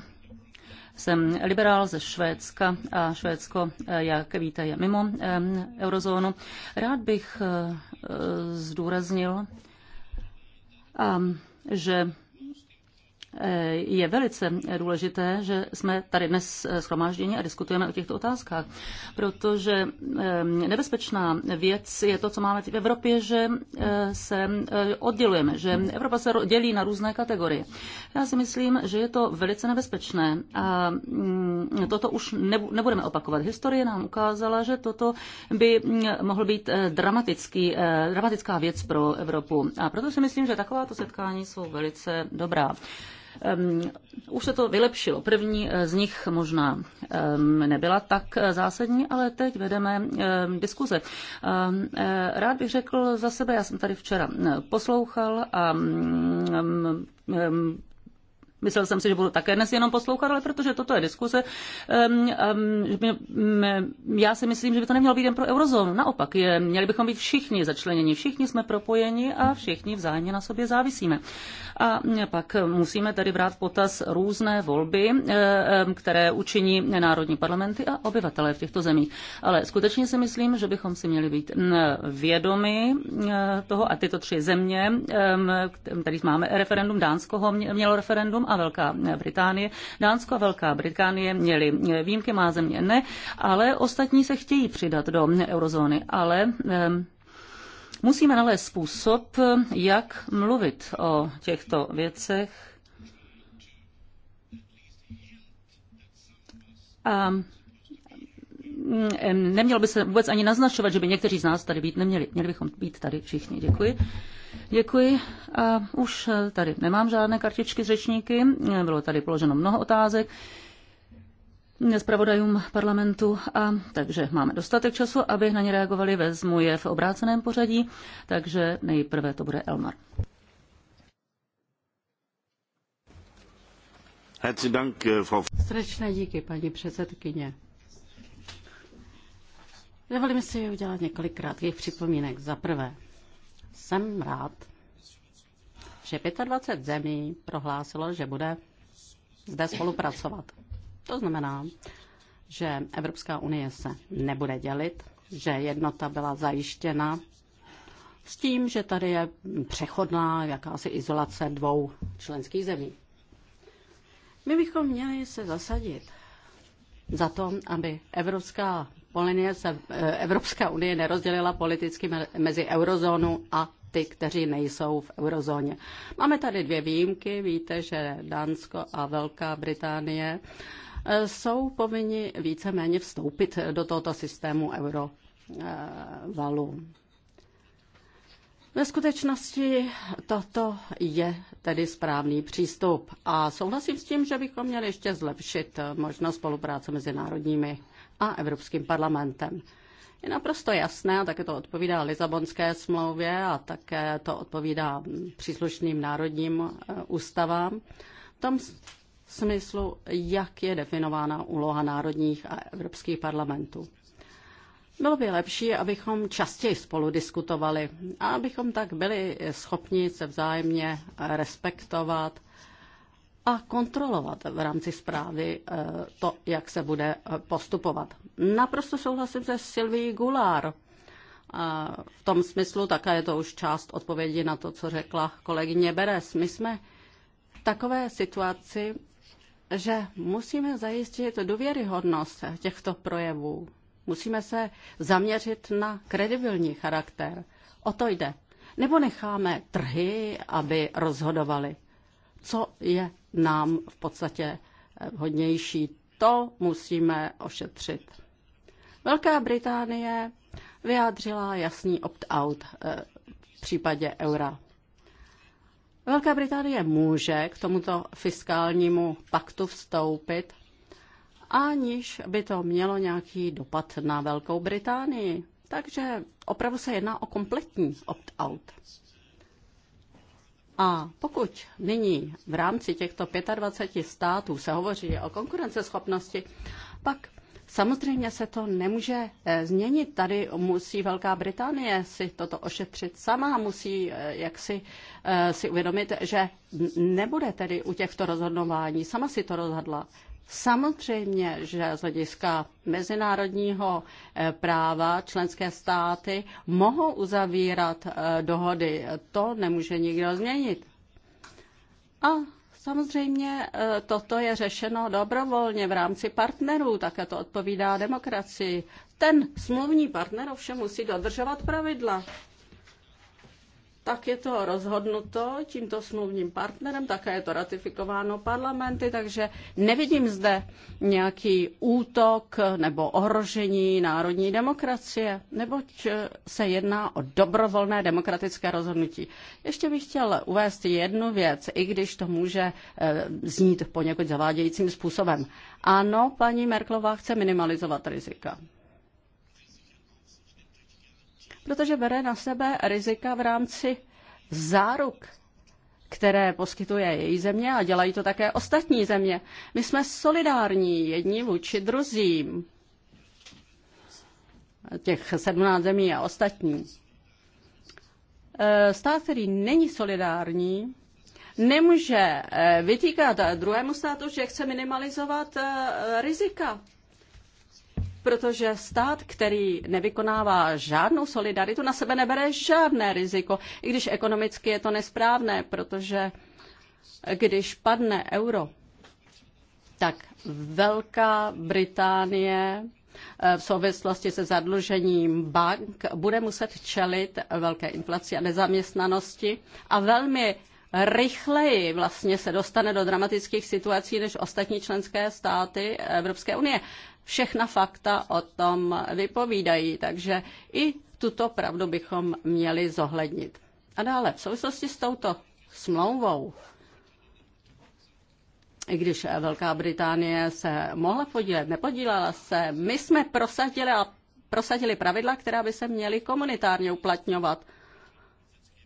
Jsem liberál ze Švédska a Švédsko, eh, jak víte, je mimo eurozónu. Rád bych eh, zdůraznil, že je velice důležité, že jsme tady dnes schromážděni a diskutujeme o těchto otázkách, protože eh, nebezpečná věc je to, co máme v Evropě, že eh, se eh, oddělujeme, že Evropa se dělí na různé kategorie. Já si myslím, že je to velice nebezpečné a mm, toto už nebudeme opakovat. Historie nám ukázala, že toto by mm, mohl být dramatický, dramatická věc pro Evropu. A proto si myslím, že takováto setkání jsou velice dobrá. Ehm, už se to vylepšilo. První eh, z nich možná ehm, nebyla tak eh, zásadní, ale teď vedeme ehm, diskuze. Eh, rád bych řekl za sebe, já jsem tady včera poslouchal a mm, Myslel jsem si, že budu také dnes jenom poslouchat, ale protože toto je diskuze, já si myslím, že by to nemělo být jen pro eurozónu. Naopak, je, měli bychom být všichni začleněni, všichni jsme propojeni a všichni vzájemně na sobě závisíme. A pak musíme tedy brát potaz různé volby, které učiní národní parlamenty a obyvatelé v těchto zemích. Ale skutečně si myslím, že bychom si měli být vědomi toho a tyto tři země, tady máme referendum, Dánsko ho mělo referendum a Velká Británie. Dánsko a Velká Británie měly výjimky, má země ne, ale ostatní se chtějí přidat do eurozóny. Ale ehm, musíme nalézt způsob, jak mluvit o těchto věcech. A Mm, nemělo by se vůbec ani naznačovat, že by někteří z nás tady být neměli. Měli bychom být tady všichni. Děkuji. Děkuji. A už eh, tady nemám žádné kartičky z řečníky. Eh, bylo tady položeno mnoho otázek mm, zpravodajům parlamentu, a, takže máme dostatek času, aby na ně reagovali. Vezmu je v obráceném pořadí, takže nejprve to bude Elmar. Eh, Srdečné díky, paní předsedkyně. Dovolím si udělat několik krátkých připomínek. Za prvé, jsem rád, že 25 zemí prohlásilo, že bude zde spolupracovat. To znamená, že Evropská unie se nebude dělit, že jednota byla zajištěna s tím, že tady je přechodná jakási izolace dvou členských zemí. My bychom měli se zasadit za to, aby Evropská Polinie se eh, Evropská unie nerozdělila politicky mezi eurozónu a ty, kteří nejsou v eurozóně. Máme tady dvě výjimky. Víte, že Dánsko a Velká Británie eh, jsou povinni víceméně vstoupit do tohoto systému eurovalu. Ve skutečnosti toto je tedy správný přístup a souhlasím s tím, že bychom měli ještě zlepšit možnost spolupráce mezi národními a Evropským parlamentem. Je naprosto jasné, a také to odpovídá Lisabonské smlouvě a také to odpovídá příslušným národním e, ústavám, v tom smyslu, jak je definována úloha národních a evropských parlamentů. Bylo by lepší, abychom častěji spolu diskutovali a abychom tak byli schopni se vzájemně respektovat a kontrolovat v rámci zprávy eh, to, jak se bude eh, postupovat. Naprosto souhlasím se Sylvie Gulár. Eh, v tom smyslu také je to už část odpovědi na to, co řekla kolegyně Beres. My jsme v takové situaci, že musíme zajistit důvěryhodnost těchto projevů. Musíme se zaměřit na kredibilní charakter. O to jde. Nebo necháme trhy, aby rozhodovali co je nám v podstatě eh, hodnější. To musíme ošetřit. Velká Británie vyjádřila jasný opt-out eh, v případě eura. Velká Británie může k tomuto fiskálnímu paktu vstoupit, aniž by to mělo nějaký dopad na Velkou Británii. Takže opravdu se jedná o kompletní opt-out. A pokud nyní v rámci těchto 25 států se hovoří o konkurenceschopnosti, pak samozřejmě se to nemůže eh, změnit. Tady musí Velká Británie si toto ošetřit sama, musí eh, jaksi eh, si uvědomit, že nebude tedy u těchto rozhodování. Sama si to rozhodla. Samozřejmě, že z hlediska mezinárodního eh, práva členské státy mohou uzavírat eh, dohody. To nemůže nikdo změnit. A samozřejmě eh, toto je řešeno dobrovolně v rámci partnerů, také to odpovídá demokracii. Ten smluvní partner ovšem musí dodržovat pravidla tak je to rozhodnuto tímto smluvním partnerem, také je to ratifikováno parlamenty, takže nevidím zde nějaký útok nebo ohrožení národní demokracie, neboť eh, se jedná o dobrovolné demokratické rozhodnutí. Ještě bych chtěl uvést jednu věc, i když to může eh, znít poněkud zavádějícím způsobem. Ano, paní Merklová chce minimalizovat rizika protože bere na sebe rizika v rámci záruk, které poskytuje její země a dělají to také ostatní země. My jsme solidární jedni vůči druzím, těch 17 zemí a ostatní. E, stát, který není solidární, nemůže e, vytýkat druhému státu, že chce minimalizovat e, rizika protože stát, který nevykonává žádnou solidaritu, na sebe nebere žádné riziko, i když ekonomicky je to nesprávné, protože když padne euro, tak Velká Británie eh, v souvislosti se zadlužením bank bude muset čelit velké inflaci a nezaměstnanosti a velmi rychleji vlastně se dostane do dramatických situací než ostatní členské státy Evropské unie. Všechna fakta o tom vypovídají, takže i tuto pravdu bychom měli zohlednit. A dále, v souvislosti s touto smlouvou, i když Velká Británie se mohla podílet, nepodílela se, my jsme prosadili a prosadili pravidla, která by se měly komunitárně uplatňovat.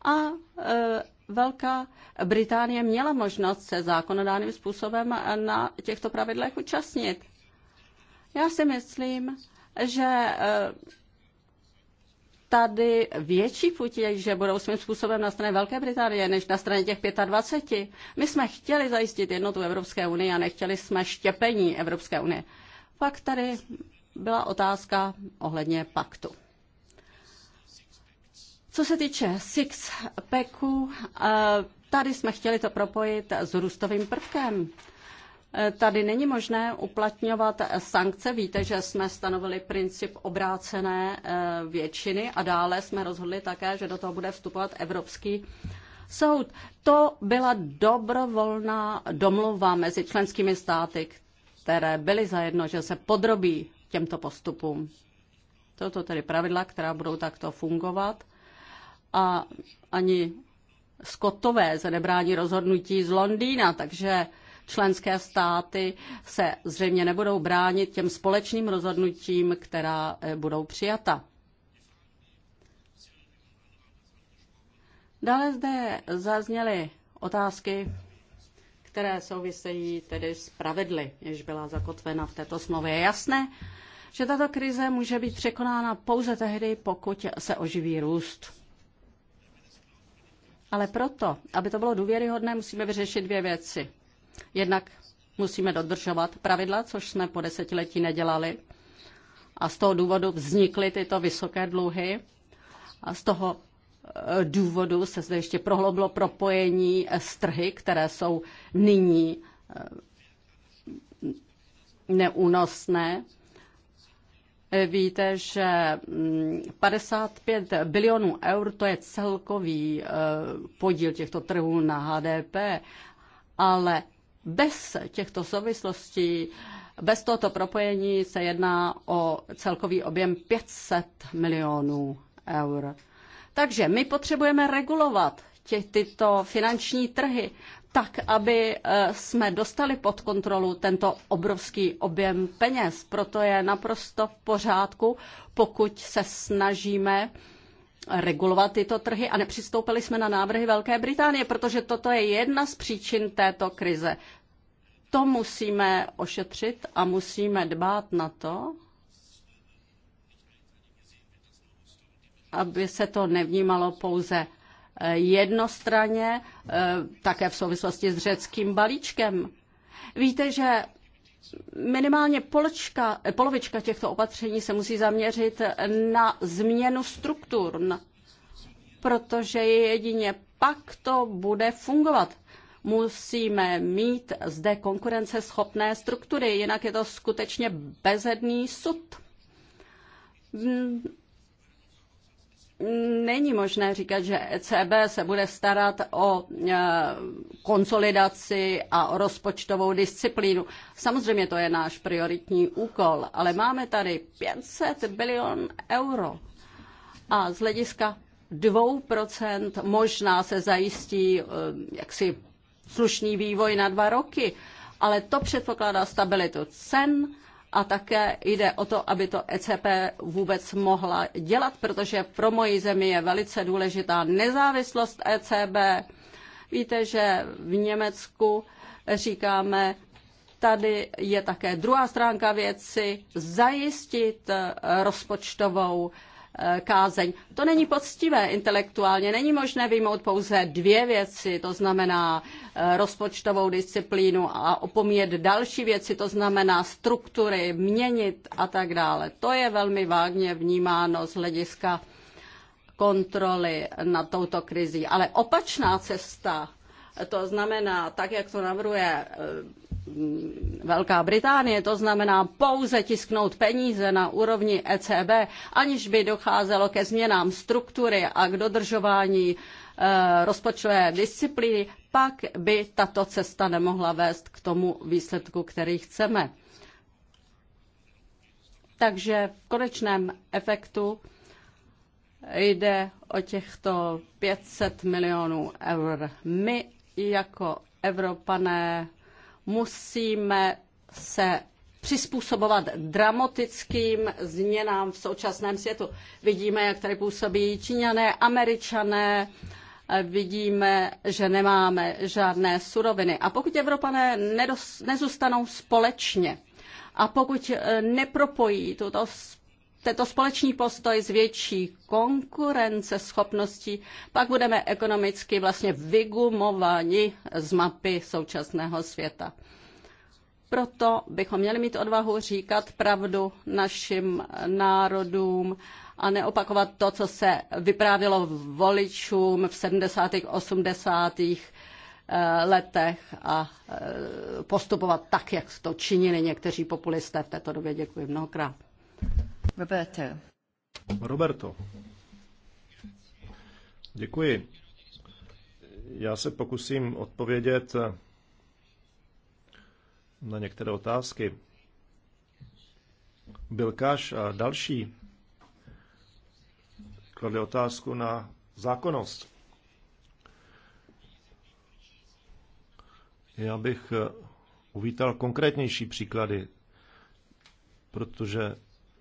A e, Velká Británie měla možnost se zákonodárným způsobem na těchto pravidlech účastnit. Já si myslím, že e, tady větší futí, že budou svým způsobem na straně Velké Británie, než na straně těch 25. My jsme chtěli zajistit jednotu Evropské unie a nechtěli jsme štěpení Evropské unie. Pak tady byla otázka ohledně paktu. Co se týče six packu, e, tady jsme chtěli to propojit s růstovým prvkem. Tady není možné uplatňovat sankce. Víte, že jsme stanovili princip obrácené eh, většiny a dále jsme rozhodli také, že do toho bude vstupovat Evropský soud. To byla dobrovolná domluva mezi členskými státy, které byly zajedno, že se podrobí těmto postupům. Toto tedy pravidla, která budou takto fungovat. A ani skotové se nebrání rozhodnutí z Londýna, takže členské státy se zřejmě nebudou bránit těm společným rozhodnutím, která eh, budou přijata. Dále zde zazněly otázky, které souvisejí tedy s pravidly, jež byla zakotvena v této smlouvě. Je jasné, že tato krize může být překonána pouze tehdy, pokud se oživí růst. Ale proto, aby to bylo důvěryhodné, musíme vyřešit dvě věci. Jednak musíme dodržovat pravidla, což jsme po desetiletí nedělali. A z toho důvodu vznikly tyto vysoké dluhy. A z toho eh, důvodu se zde ještě prohloblo propojení eh, s trhy, které jsou nyní eh, neúnosné. Víte, že 55 mm, bilionů eur to je celkový podíl těchto trhů na HDP, ale bez těchto souvislostí, bez tohoto propojení se jedná o celkový objem 500 milionů eur. Takže my potřebujeme regulovat tě, tyto finanční trhy tak, aby e, jsme dostali pod kontrolu tento obrovský objem peněz. Proto je naprosto v pořádku, pokud se snažíme regulovat tyto trhy a nepřistoupili jsme na návrhy Velké Británie, protože toto je jedna z příčin této krize. To musíme ošetřit a musíme dbát na to, aby se to nevnímalo pouze eh, jednostranně, eh, také v souvislosti s řeckým balíčkem. Víte, že minimálně poločka, polovička těchto opatření se musí zaměřit na změnu struktur, protože jedině pak to bude fungovat. Musíme mít zde konkurenceschopné struktury, jinak je to skutečně bezedný sud není možné říkat, že ECB se bude starat o e, konsolidaci a o rozpočtovou disciplínu. Samozřejmě to je náš prioritní úkol, ale máme tady 500 bilion euro a z hlediska 2% možná se zajistí e, jaksi slušný vývoj na dva roky, ale to předpokládá stabilitu cen, a také jde o to, aby to ECP vůbec mohla dělat, protože pro moji zemi je velice důležitá nezávislost ECB. Víte, že v Německu říkáme, tady je také druhá stránka věci, zajistit eh, rozpočtovou Eh, kázeň. To není poctivé intelektuálně. Není možné vyjmout pouze dvě věci, to znamená eh, rozpočtovou disciplínu a opomíjet další věci, to znamená struktury, měnit a tak dále. To je velmi vágně vnímáno z hlediska kontroly nad touto krizí. Ale opačná cesta, to znamená, tak jak to navrhuje eh, Velká Británie, to znamená pouze tisknout peníze na úrovni ECB, aniž by docházelo ke změnám struktury a k dodržování eh, rozpočtové disciplíny, pak by tato cesta nemohla vést k tomu výsledku, který chceme. Takže v konečném efektu jde o těchto 500 milionů eur. My jako Evropané musíme se přizpůsobovat dramatickým změnám v současném světu. Vidíme, jak tady působí Číňané, Američané, vidíme, že nemáme žádné suroviny. A pokud Evropané nedos, nezůstanou společně a pokud nepropojí tuto tento společný postoj s větší konkurenceschopností, pak budeme ekonomicky vlastně vygumováni z mapy současného světa. Proto bychom měli mít odvahu říkat pravdu našim národům a neopakovat to, co se vyprávělo voličům v 70. a 80. letech a eh, postupovat tak, jak to činili někteří populisté v této době. Děkuji mnohokrát. Roberto. Roberto. Děkuji. Já se pokusím odpovědět na některé otázky. Bilkaš a další kladli otázku na zákonnost. Já bych uvítal konkrétnější příklady, protože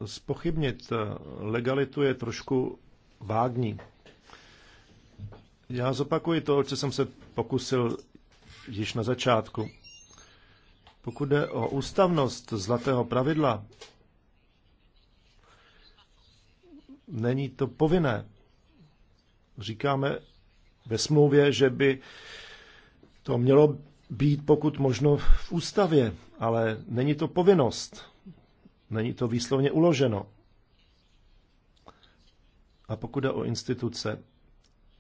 spochybnit eh, legalitu je trošku vágní. Já zopakuji to, co jsem se pokusil již na začátku. Pokud jde o ústavnost zlatého pravidla, není to povinné. Říkáme ve smlouvě, že by to mělo být pokud možno v ústavě, ale není to povinnost. Není to výslovně uloženo. A pokud jde o instituce,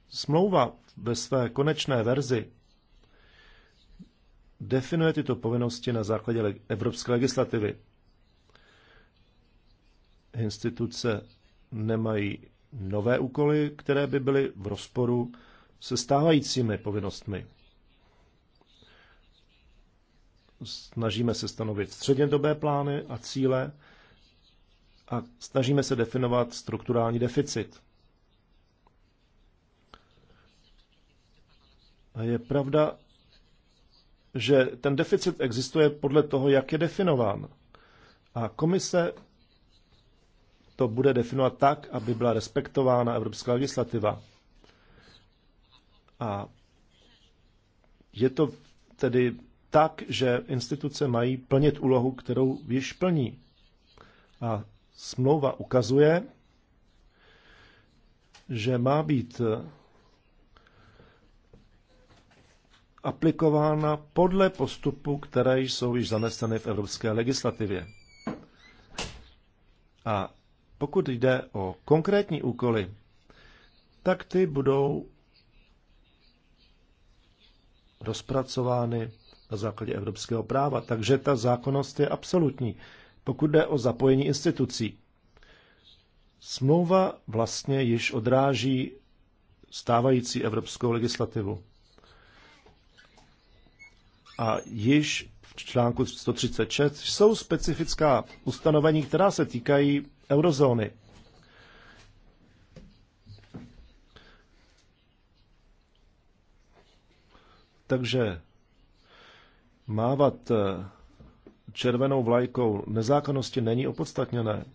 smlouva ve své konečné verzi definuje tyto povinnosti na základě evropské legislativy. Instituce nemají nové úkoly, které by byly v rozporu se stávajícími povinnostmi snažíme se stanovit střednědobé plány a cíle a snažíme se definovat strukturální deficit. A je pravda, že ten deficit existuje podle toho, jak je definován. A komise to bude definovat tak, aby byla respektována evropská legislativa. A je to tedy tak, že instituce mají plnit úlohu, kterou již plní. A smlouva ukazuje, že má být eh, aplikována podle postupu, které jsou již zaneseny v evropské legislativě. A pokud jde o konkrétní úkoly, tak ty budou rozpracovány na základě evropského práva. Takže ta zákonnost je absolutní. Pokud jde o zapojení institucí, smlouva vlastně již odráží stávající evropskou legislativu. A již v článku 136 jsou specifická ustanovení, která se týkají eurozóny. Takže Mávat eh, červenou vlajkou nezákonnosti není opodstatněné.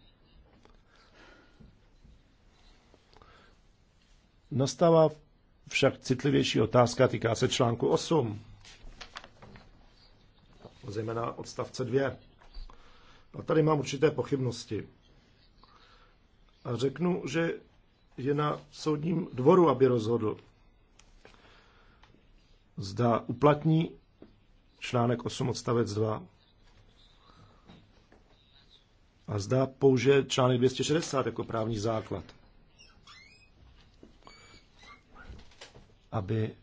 Nastává však citlivější otázka, týká se článku 8, zejména odstavce 2. A tady mám určité pochybnosti. A řeknu, že je na soudním dvoru, aby rozhodl, zda uplatní článek 8 odstavec 2. A zda použije článek 260 jako právní základ, aby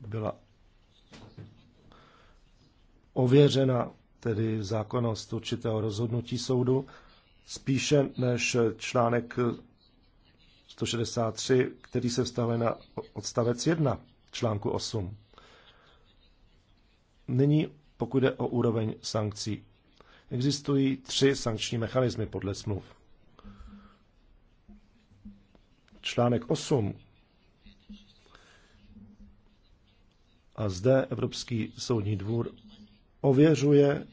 byla ověřena tedy zákonnost určitého rozhodnutí soudu, spíše než článek 163, který se vztahuje na odstavec 1 článku 8. Nyní, pokud jde o úroveň sankcí. Existují tři sankční mechanismy podle smluv. Článek 8. A zde Evropský soudní dvůr ověřuje,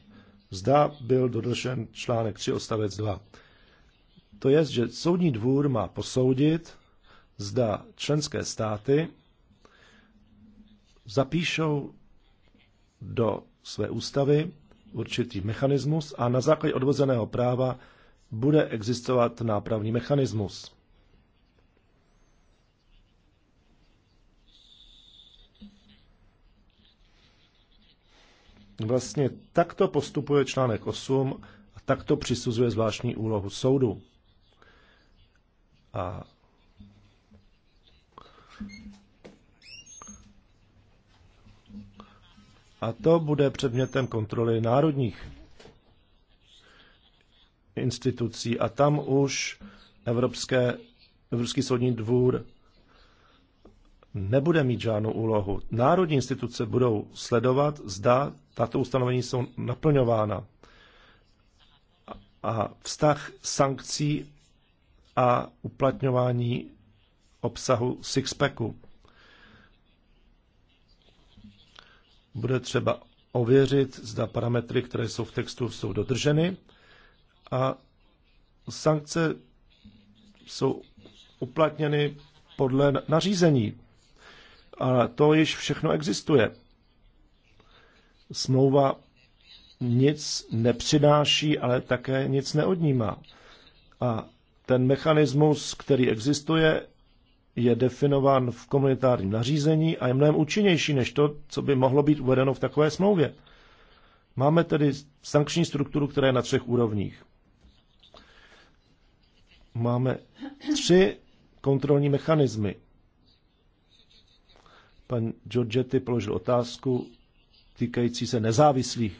zda byl dodržen článek 3 odstavec 2. To je, že soudní dvůr má posoudit, zda členské státy zapíšou do své ústavy určitý mechanismus a na základě odvozeného práva bude existovat nápravní mechanismus. Vlastně takto postupuje článek 8 a takto přisuzuje zvláštní úlohu soudu. A A to bude předmětem kontroly národních institucí. A tam už Evropské, Evropský soudní dvůr nebude mít žádnou úlohu. Národní instituce budou sledovat, zda tato ustanovení jsou naplňována. A vztah sankcí a uplatňování obsahu Sixpacku. Bude třeba ověřit, zda parametry, které jsou v textu, jsou dodrženy a sankce jsou uplatněny podle nařízení. A to již všechno existuje. Smlouva nic nepřináší, ale také nic neodnímá. A ten mechanismus, který existuje, je definován v komunitárním nařízení a je mnohem účinnější než to, co by mohlo být uvedeno v takové smlouvě. Máme tedy sankční strukturu, která je na třech úrovních. Máme tři kontrolní mechanismy. Pan Giorgetti položil otázku týkající se nezávislých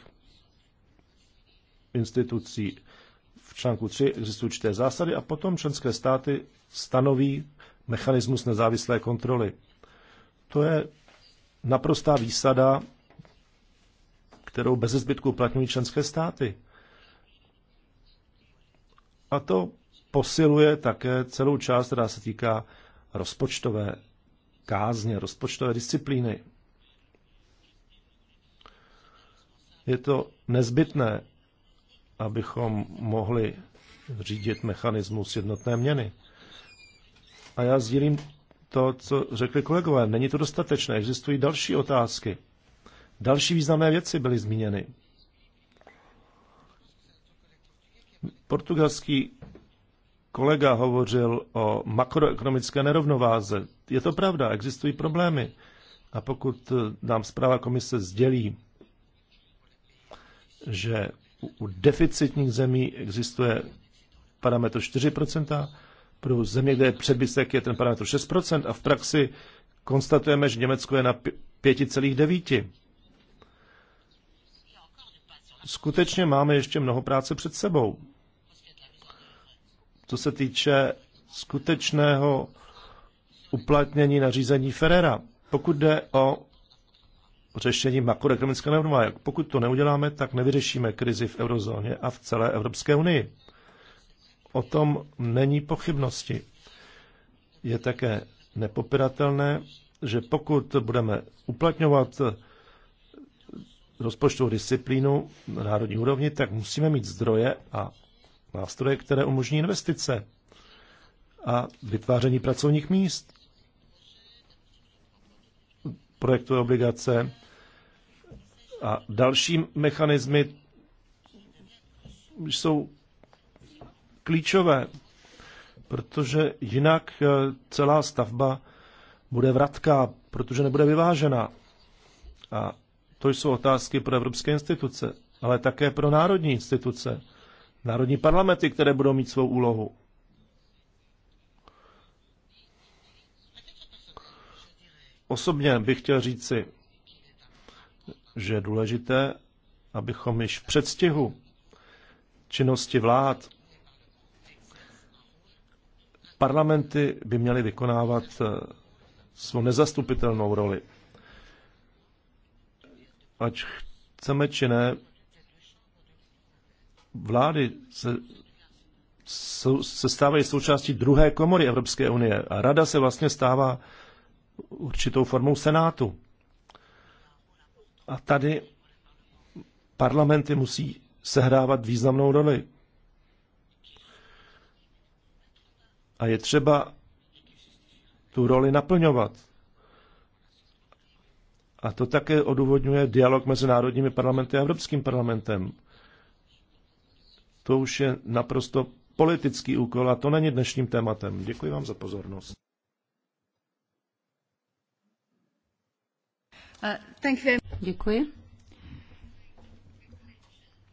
institucí. V článku 3 existují určité zásady a potom členské státy stanoví mechanismus nezávislé kontroly. To je naprostá výsada, kterou bez zbytku uplatňují členské státy. A to posiluje také celou část, která se týká rozpočtové kázně, rozpočtové disciplíny. Je to nezbytné, abychom mohli řídit mechanismus jednotné měny. A já sdílím to, co řekli kolegové. Není to dostatečné, existují další otázky. Další významné věci byly zmíněny. Portugalský kolega hovořil o makroekonomické nerovnováze. Je to pravda, existují problémy. A pokud eh, nám zpráva komise sdělí, že u deficitních zemí existuje parametr pro země, kde je přebytek, je ten parametr 6% a v praxi konstatujeme, že Německo je na 5,9. Skutečně máme ještě mnoho práce před sebou. Co se týče skutečného uplatnění nařízení Ferrera, pokud jde o řešení makroekonomické nerovnováhy. Pokud to neuděláme, tak nevyřešíme krizi v eurozóně a v celé Evropské unii. O tom není pochybnosti. Je také nepopiratelné, že pokud budeme uplatňovat rozpočtovou disciplínu na národní úrovni, tak musíme mít zdroje a nástroje, které umožní investice a vytváření pracovních míst, projektové obligace a další mechanismy jsou klíčové, protože jinak eh, celá stavba bude vratká, protože nebude vyvážená. A to jsou otázky pro evropské instituce, ale také pro národní instituce, národní parlamenty, které budou mít svou úlohu. Osobně bych chtěl říci, že je důležité, abychom již v předstihu činnosti vlád Parlamenty by měly vykonávat eh, svou nezastupitelnou roli. Ať chceme či ne, vlády se, se stávají součástí druhé komory Evropské unie a rada se vlastně stává určitou formou senátu. A tady parlamenty musí sehrávat významnou roli. A je třeba tu roli naplňovat. A to také odůvodňuje dialog mezi národními parlamenty a Evropským parlamentem. To už je naprosto politický úkol a to není dnešním tématem. Děkuji vám za pozornost. Uh, Děkuji.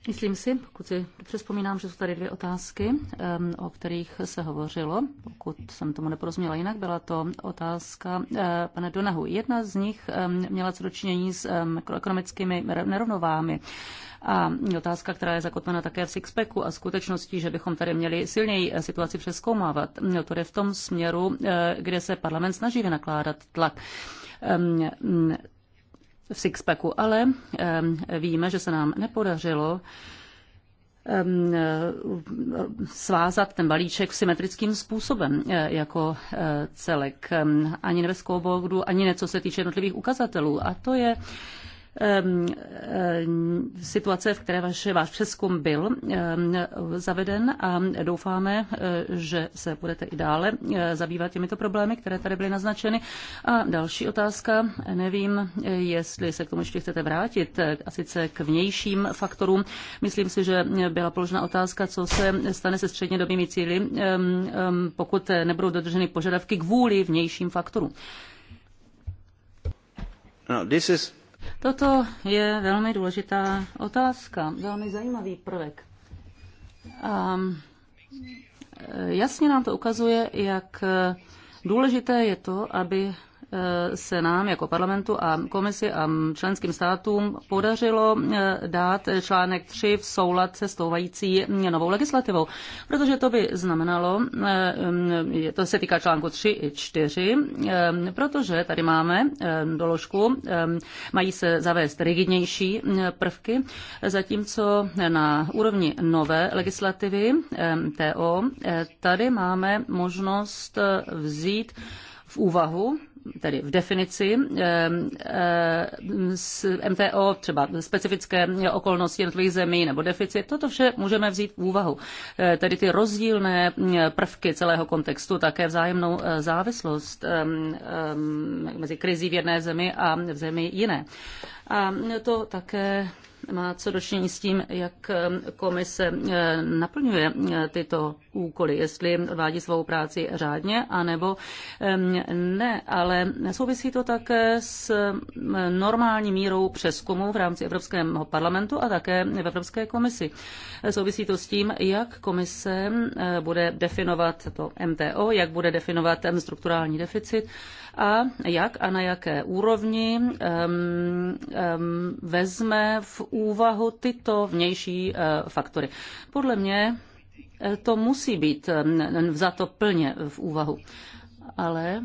Myslím si, pokud si dobře vzpomínám, že jsou tady dvě otázky, o kterých se hovořilo. Pokud jsem tomu neporozuměla jinak, byla to otázka eh, pana Donahu. Jedna z nich měla co dočinění s ekonomickými nerovnovámi. A otázka, která je zakotvena také v Sixpacku a skutečností, že bychom tady měli silněji eh, situaci přeskoumávat, no, to je v tom směru, eh, kde se parlament snaží vynakládat tlak v Sixpacku, ale víme, že se nám nepodařilo svázat ten balíček symetrickým způsobem e, jako e, celek. Ani ve ani ne co se týče jednotlivých ukazatelů. A to je situace, v které vaše váš přeskum byl zaveden a doufáme, eh, že se budete i dále eh, zabývat těmito problémy, které tady byly naznačeny. A další otázka, nevím, jestli se k tomu ještě chcete vrátit, eh, a sice k vnějším faktorům. Myslím si, že byla položena otázka, co se stane se střednědobými cíly, pokud nebudou dodrženy požadavky kvůli vnějším faktorům. No, this is Toto je velmi důležitá otázka, velmi zajímavý prvek. A e, jasně nám to ukazuje, jak e, důležité je to, aby se nám jako parlamentu a komisi a členským státům podařilo eh, dát článek 3 v soulad se stouvající novou legislativou. Protože to by znamenalo, eh, to se týká článku 3 i 4, eh, protože tady máme doložku, mají se zavést rigidnější prvky, zatímco na úrovni nové legislativy TO tady máme možnost vzít v úvahu tedy v definici z eh, eh, MTO, třeba specifické okolnosti jednotlivých zemí nebo deficit, toto vše můžeme vzít v úvahu. Eh, tedy ty rozdílné prvky celého kontextu, také vzájemnou závislost mezi krizí v jedné zemi a v zemi jiné. A to také má co dočinění s tím, jak eh, komise eh, naplňuje eh, tyto úkoly, jestli odvádí svou práci řádně, anebo ehm, ne, ale souvisí to také s normální mírou přeskumu v rámci Evropského parlamentu a také v Evropské komisi. Souvisí to s tím, jak komise bude definovat to MTO, jak bude definovat ten strukturální deficit, a jak a na jaké úrovni um, um, vezme v úvahu tyto vnější uh, faktory. Podle mě eh, to musí být vzato plně v úvahu. Ale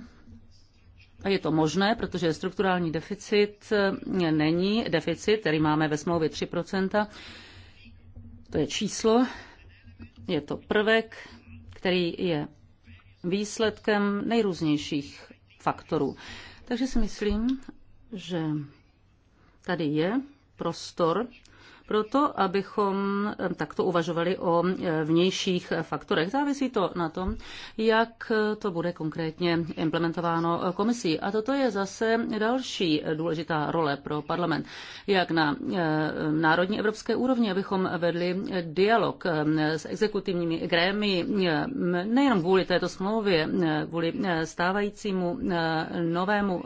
a je to možné, protože strukturální deficit eh, není deficit, který máme ve smlouvě 3%. To je číslo, je to prvek, který je výsledkem nejrůznějších faktorů. Takže si myslím, že tady je prostor proto abychom eh, takto uvažovali o eh, vnějších eh, faktorech. Závisí to na tom, jak to bude konkrétně implementováno komisí. A toto je zase další důležitá role pro parlament, jak na národní evropské úrovni, abychom vedli dialog s exekutivními grémy, nejenom kvůli této smlouvě, kvůli stávajícímu novému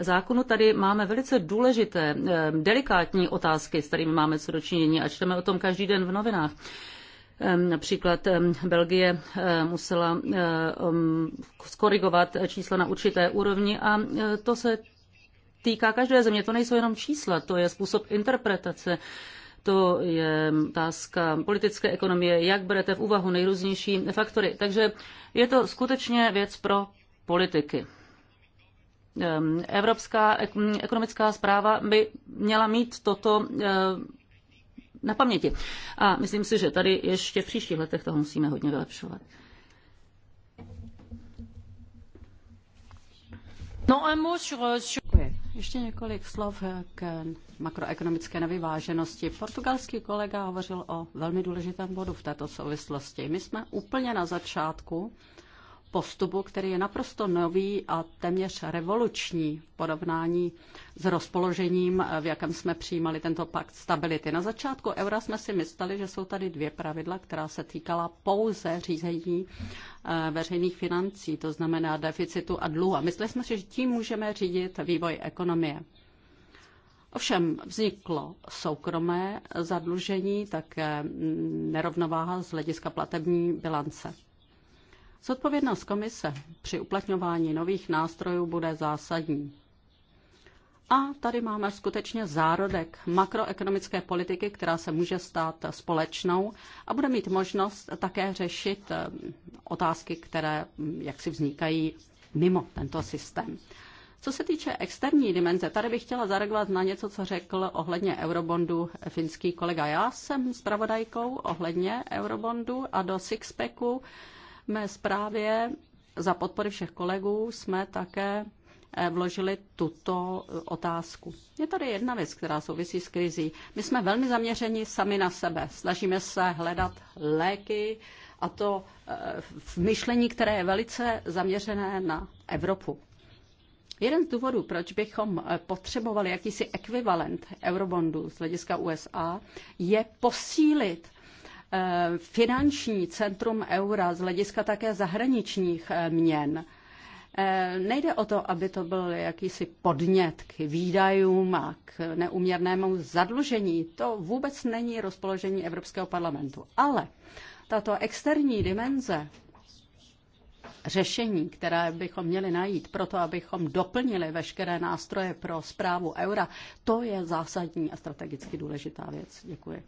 zákonu. Tady máme velice důležité, delikátní otázky kterými máme co dočinění a čteme o tom každý den v novinách. Například Belgie musela skorigovat čísla na určité úrovni a e, to se týká každé země. To nejsou jenom čísla, to je způsob interpretace to je otázka politické ekonomie, jak berete v úvahu nejrůznější faktory. Takže je to skutečně věc pro politiky. Ehm, evropská mm, ekonomická zpráva by měla mít toto ehm, na paměti. A myslím si, že tady ještě v příštích letech toho musíme hodně vylepšovat. No a euh, Ještě několik slov eh, k makroekonomické nevyváženosti. Portugalský kolega hovořil o velmi důležitém bodu v této souvislosti. My jsme úplně na začátku postupu, který je naprosto nový a téměř revoluční v porovnání s rozpoložením, v jakém jsme přijímali tento pakt stability. Na začátku eura jsme si mysleli, že jsou tady dvě pravidla, která se týkala pouze řízení eh, veřejných financí, to znamená deficitu a dluhu. A mysleli jsme si, že tím můžeme řídit vývoj ekonomie. Ovšem vzniklo soukromé zadlužení, také eh, nerovnováha z hlediska platební bilance. Zodpovědnost komise při uplatňování nových nástrojů bude zásadní. A tady máme skutečně zárodek makroekonomické politiky, která se může stát společnou a bude mít možnost také řešit eh, otázky, které hm, jaksi vznikají mimo tento systém. Co se týče externí dimenze, tady bych chtěla zareagovat na něco, co řekl ohledně eurobondu finský kolega. Já jsem zpravodajkou ohledně eurobondu a do Sixpacku mé zprávě za podpory všech kolegů jsme také eh, vložili tuto eh, otázku. Je tady jedna věc, která souvisí s krizí. My jsme velmi zaměřeni sami na sebe. Snažíme se hledat léky a to eh, v myšlení, které je velice zaměřené na Evropu. Jeden z důvodů, proč bychom potřebovali jakýsi ekvivalent eurobondů z hlediska USA, je posílit Eh, finanční centrum eura z hlediska také zahraničních eh, měn. Eh, nejde o to, aby to byl jakýsi podnět k výdajům a k neuměrnému zadlužení. To vůbec není rozpoložení Evropského parlamentu. Ale tato externí dimenze řešení, které bychom měli najít pro to, abychom doplnili veškeré nástroje pro zprávu eura, to je zásadní a strategicky důležitá věc. Děkuji.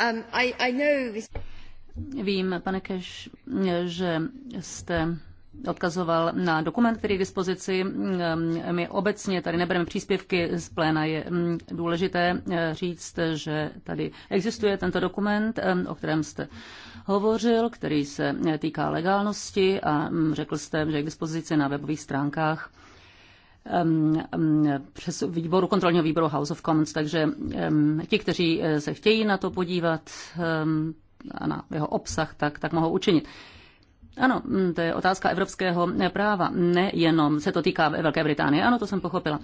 Um, Vím, pane Keš, že jste odkazoval na dokument, který je k dispozici. Um, my obecně tady nebereme příspěvky z pléna. Je um, důležité uh, říct, že tady existuje tento dokument, o kterém jste hovořil, který se uh, týká legálnosti a řekl jste, že je k dispozici na webových stránkách Um, um, přes výboru, kontrolního výboru House of Commons, takže um, ti, kteří eh, se chtějí na to podívat a na jeho obsah, tak, tak mohou učinit. Ano, mm, to je otázka evropského práva. Nejenom se to týká Velké Británie. Ano, to jsem pochopila.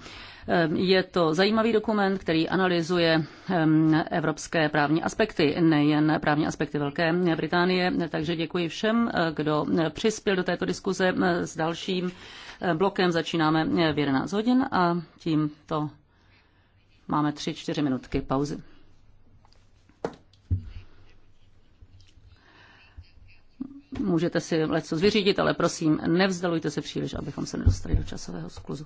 Ehm, je to zajímavý dokument, který analyzuje ehm, evropské právní aspekty, nejen právní aspekty Velké Británie. Takže děkuji všem, eh, kdo přispěl do této diskuze eh, s dalším eh, blokem. Začínáme v 11 hodin a tímto máme 3-4 minutky pauzy. můžete si leco vyřídit, ale prosím, nevzdalujte se příliš, abychom se nedostali do časového skluzu.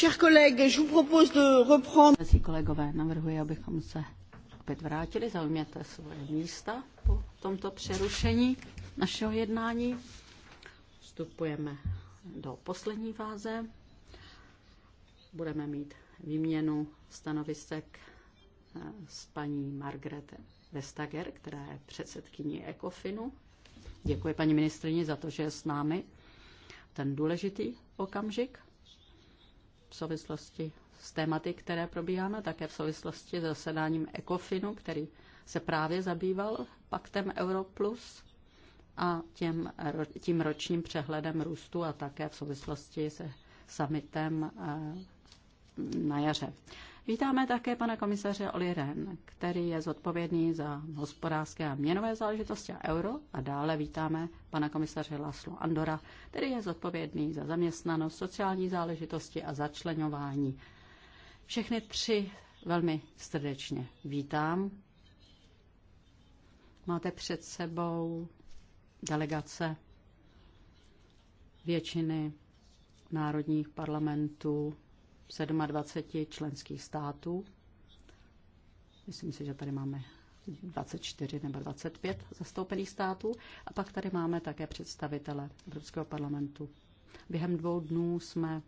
Chers kolegové, navrhuji, abychom se opět vrátili. Zaujměte svoje místa po tomto přerušení našeho jednání. Vstupujeme do poslední fáze. Budeme mít výměnu stanovisek eh, s paní Margaret Vestager, která je předsedkyní ECOFINu. Děkuji paní ministrině za to, že je s námi ten důležitý okamžik v souvislosti s tématy, které probíháme, také v souvislosti s zasedáním ECOFINu, který se právě zabýval paktem Euro plus a těm, tím ročním přehledem růstu a také v souvislosti se summitem eh, na jaře. Vítáme také pana komisaře Ren, který je zodpovědný za hospodářské a měnové záležitosti a euro a dále vítáme pana komisaře Laslo Andora, který je zodpovědný za zaměstnanost, sociální záležitosti a začlenování. Všechny tři velmi srdečně vítám. Máte před sebou delegace většiny národních parlamentů 27 členských států. Myslím si, že tady máme 24 nebo 25 zastoupených států. A pak tady máme také představitele Evropského parlamentu. Během dvou dnů jsme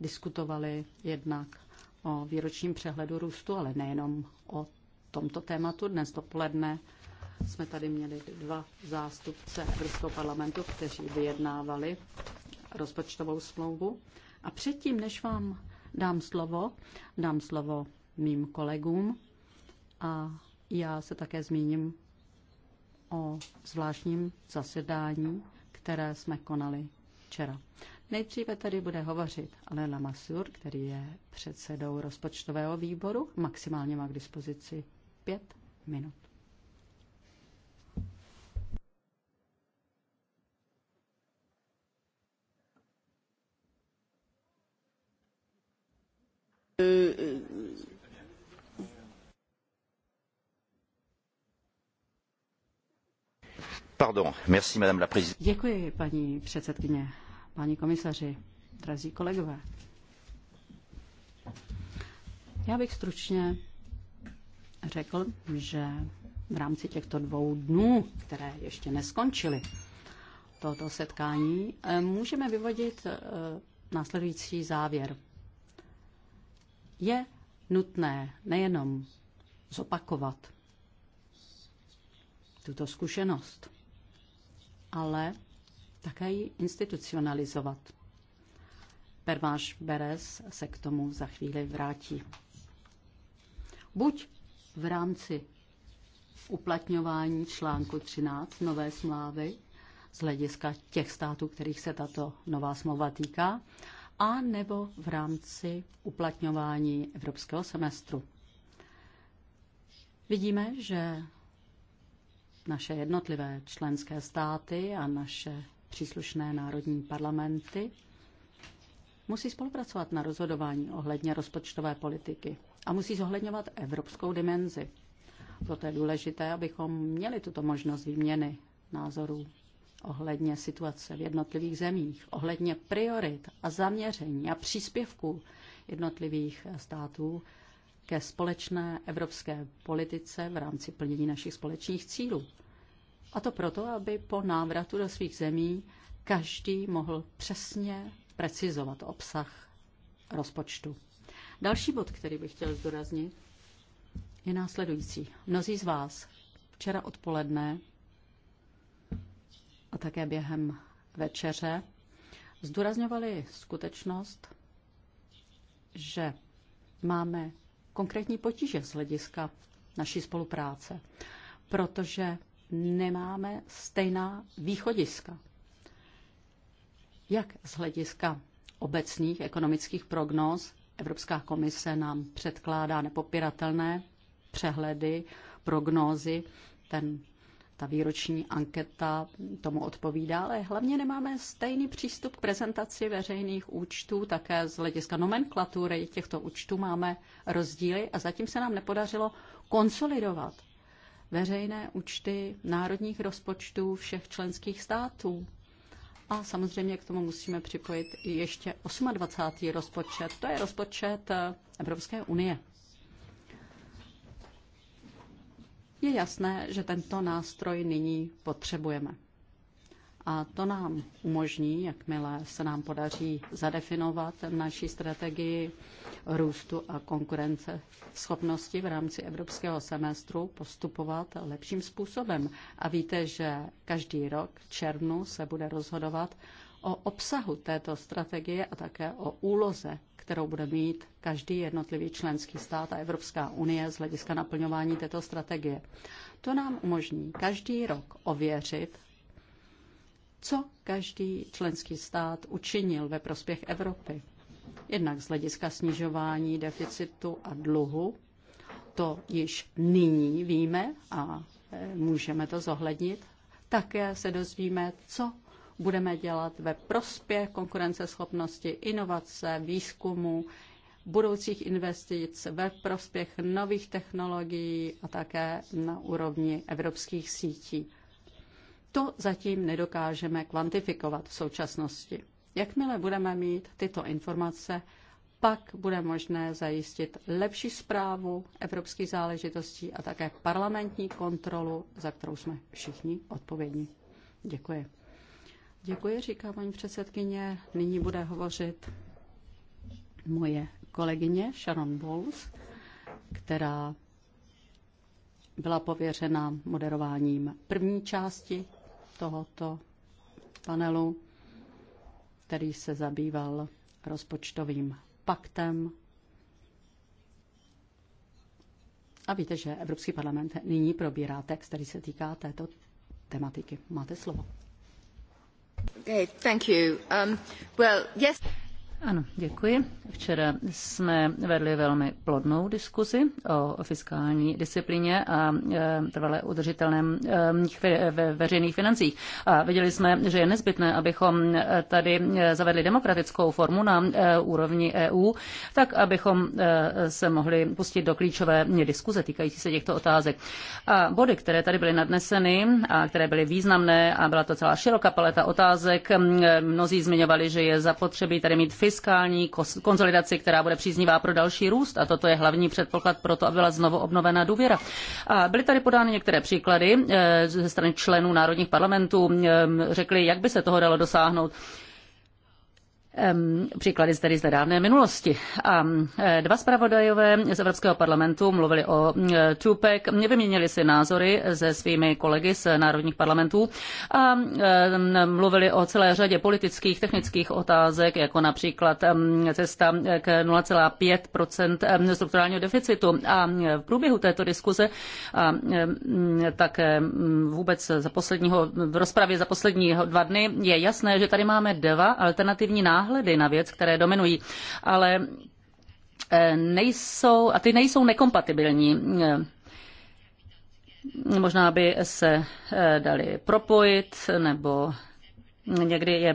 diskutovali jednak o výročním přehledu růstu, ale nejenom o tomto tématu. Dnes dopoledne jsme tady měli dva zástupce Evropského parlamentu, kteří vyjednávali rozpočtovou smlouvu. A předtím, než vám dám slovo, dám slovo mým kolegům a já se také zmíním o zvláštním zasedání, které jsme konali včera. Nejdříve tady bude hovořit Alena Masur, který je předsedou rozpočtového výboru. Maximálně má k dispozici pět minut. Děkuji, paní předsedkyně, páni komisaři, drazí kolegové. Já bych stručně řekl, že v rámci těchto dvou dnů, které ještě neskončily, tohoto setkání, můžeme vyvodit eh, následující závěr. Je nutné nejenom zopakovat tuto zkušenost, ale také ji institucionalizovat. Perváš Beres se k tomu za chvíli vrátí. Buď v rámci uplatňování článku 13 nové smlávy z hlediska těch států, kterých se tato nová smlouva týká, a nebo v rámci uplatňování evropského semestru. Vidíme, že naše jednotlivé členské státy a naše příslušné národní parlamenty musí spolupracovat na rozhodování ohledně rozpočtové politiky a musí zohledňovat evropskou dimenzi. Proto je důležité, abychom měli tuto možnost výměny názorů ohledně situace v jednotlivých zemích, ohledně priorit a zaměření a příspěvků jednotlivých států ke společné evropské politice v rámci plnění našich společných cílů. A to proto, aby po návratu do svých zemí každý mohl přesně precizovat obsah rozpočtu. Další bod, který bych chtěl zdůraznit, je následující. Mnozí z vás včera odpoledne a také během večeře zdůrazňovali skutečnost, že máme konkrétní potíže z hlediska naší spolupráce, protože nemáme stejná východiska. Jak z hlediska obecných ekonomických prognóz Evropská komise nám předkládá nepopiratelné přehledy, prognózy. Ten ta výroční anketa tomu odpovídá, ale hlavně nemáme stejný přístup k prezentaci veřejných účtů, také z hlediska nomenklatury těchto účtů máme rozdíly a zatím se nám nepodařilo konsolidovat veřejné účty národních rozpočtů všech členských států. A samozřejmě k tomu musíme připojit i ještě 28. rozpočet. To je rozpočet Evropské unie. je jasné, že tento nástroj nyní potřebujeme. A to nám umožní, jakmile se nám podaří zadefinovat naší strategii růstu a konkurence schopnosti v rámci evropského semestru postupovat lepším způsobem. A víte, že každý rok v červnu se bude rozhodovat o obsahu této strategie a také o úloze, kterou bude mít každý jednotlivý členský stát a Evropská unie z hlediska naplňování této strategie. To nám umožní každý rok ověřit, co každý členský stát učinil ve prospěch Evropy. Jednak z hlediska snižování deficitu a dluhu, to již nyní víme a eh, můžeme to zohlednit. Také se dozvíme, co budeme dělat ve prospěch konkurenceschopnosti, inovace, výzkumu, budoucích investic ve prospěch nových technologií a také na úrovni evropských sítí. To zatím nedokážeme kvantifikovat v současnosti. Jakmile budeme mít tyto informace, pak bude možné zajistit lepší zprávu evropských záležitostí a také parlamentní kontrolu, za kterou jsme všichni odpovědní. Děkuji. Děkuji, říká paní předsedkyně. Nyní bude hovořit moje kolegyně Sharon Bowles, která byla pověřena moderováním první části tohoto panelu, který se zabýval rozpočtovým paktem. A víte, že Evropský parlament nyní probírá text, který se týká této tematiky. Máte slovo. Okay, thank you. Um, well, yes. Ano, děkuji. Včera jsme vedli velmi plodnou diskuzi o fiskální disciplíně a e, trvalé udržitelném e, ve veřejných financích. A viděli jsme, že je nezbytné, abychom tady e, zavedli demokratickou formu na úrovni EU, tak abychom se mohli pustit do klíčové diskuze týkající se těchto otázek. A body, které tady byly nadneseny a které byly významné a byla to celá široká paleta otázek, mnozí zmiňovali, že je zapotřebí tady mít fiskální fiskální konsolidaci, která bude příznivá pro další růst a toto je hlavní předpoklad pro to, aby byla znovu obnovena důvěra. A byly tady podány některé příklady eh, ze strany členů národních parlamentů, eh, řekli, jak by se toho dalo dosáhnout příklady tedy z nedávné minulosti. A dva zpravodajové z Evropského parlamentu mluvili o Tupac, vyměnili si názory se svými kolegy z národních parlamentů a mluvili o celé řadě politických, technických otázek, jako například cesta k 0,5 strukturálního deficitu. A v průběhu této diskuze a také vůbec za posledního, v rozpravě za posledního dva dny je jasné, že tady máme dva alternativní názory náhledy na věc, které dominují, ale eh, nejsou, a ty nejsou nekompatibilní eh, možná by se eh, dali propojit nebo někdy je,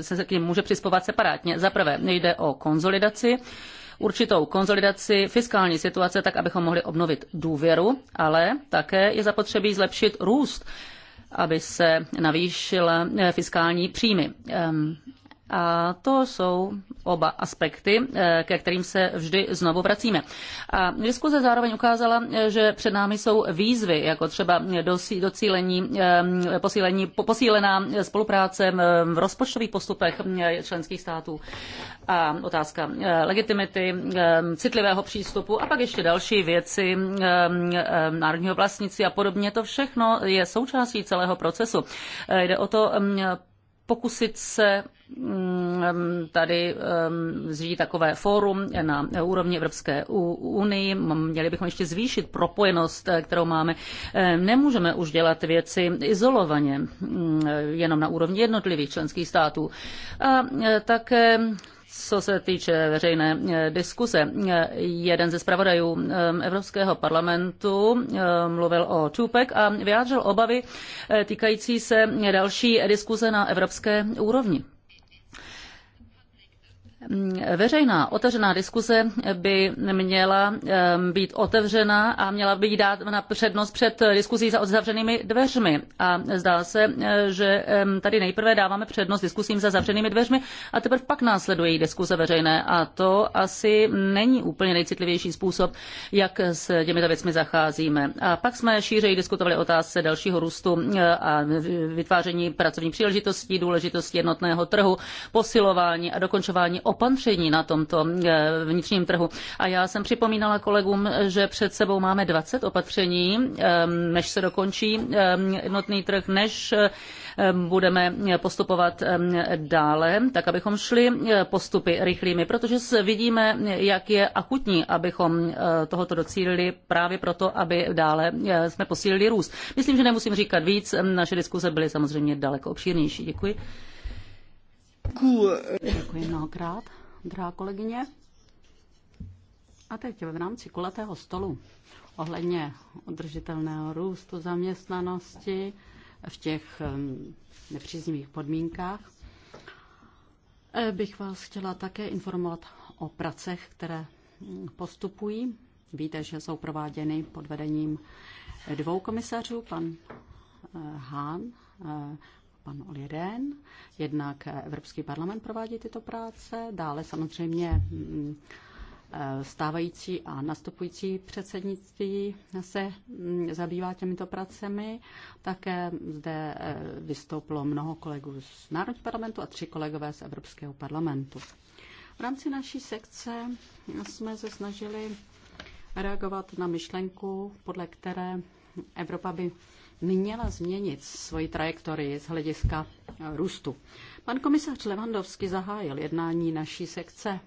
se k ním může přispovat separátně. Za prvé nejde o konzolidaci, určitou konzolidaci fiskální situace, tak abychom mohli obnovit důvěru, ale také je zapotřebí zlepšit růst, aby se navýšila fiskální příjmy. Ehm, a to jsou oba aspekty, eh, ke kterým se vždy znovu vracíme. A diskuze zároveň ukázala, eh, že před námi jsou výzvy, jako třeba docílení, eh, posílení, posílená spolupráce v rozpočtových postupech členských států a otázka legitimity, citlivého přístupu a pak ještě další věci národního vlastnictví a podobně. To všechno je součástí celého procesu. Jde o to mm, pokusit se mm, tady mm, zřídit takové fórum na úrovni Evropské unii. Měli bychom ještě zvýšit propojenost, eh, kterou máme. Eh, nemůžeme už dělat věci izolovaně, mm, jenom na úrovni jednotlivých členských států. A eh, také co se týče veřejné eh, diskuse, eh, jeden ze zpravodajů eh, Evropského parlamentu mluvil o čupek a vyjádřil obavy týkající se další diskuse na evropské úrovni. Veřejná otevřená diskuze by měla být otevřená a měla by dát na přednost před diskuzí za zavřenými dveřmi. A zdá se, eh, že tady nejprve dáváme přednost diskusím za zavřenými dveřmi a teprve pak následují diskuze veřejné. A to asi není úplně nejcitlivější způsob, jak s těmito věcmi zacházíme. A pak jsme šířeji diskutovali otázce dalšího růstu eh, a vytváření pracovních příležitostí, důležitosti jednotného trhu, posilování a dokončování opatření na tomto eh, vnitřním trhu. A já jsem připomínala kolegům, že před sebou máme 20 opatření, ehm, než se dokončí ehm, jednotný trh, než ehm, budeme postupovat dále, tak abychom šli eh, postupy rychlými, protože vidíme, jak je akutní, abychom eh, tohoto docílili právě proto, aby dále jsme posílili růst. Myslím, že nemusím říkat víc, naše diskuze byly samozřejmě daleko obšírnější. Děkuji. Děkuji mnohokrát, drahá kolegyně. A teď v rámci kulatého stolu ohledně udržitelného růstu zaměstnanosti v těch nepříznivých podmínkách eh, bych vás chtěla také informovat o pracech, které hm, postupují. Víte, že jsou prováděny pod vedením dvou komisařů, pan Hán. Eh, pan Olirén. Jednak Evropský parlament provádí tyto práce, dále samozřejmě mm, eh, stávající a nastupující předsednictví se mm, zabývá těmito pracemi. Také zde eh, vystoupilo mnoho kolegů z Národního parlamentu a tři kolegové z Evropského parlamentu. V rámci naší sekce jsme se snažili reagovat na myšlenku, podle které Evropa by měla změnit svoji trajektorii z hlediska eh, růstu. Pan komisař Levandovský zahájil jednání naší sekce.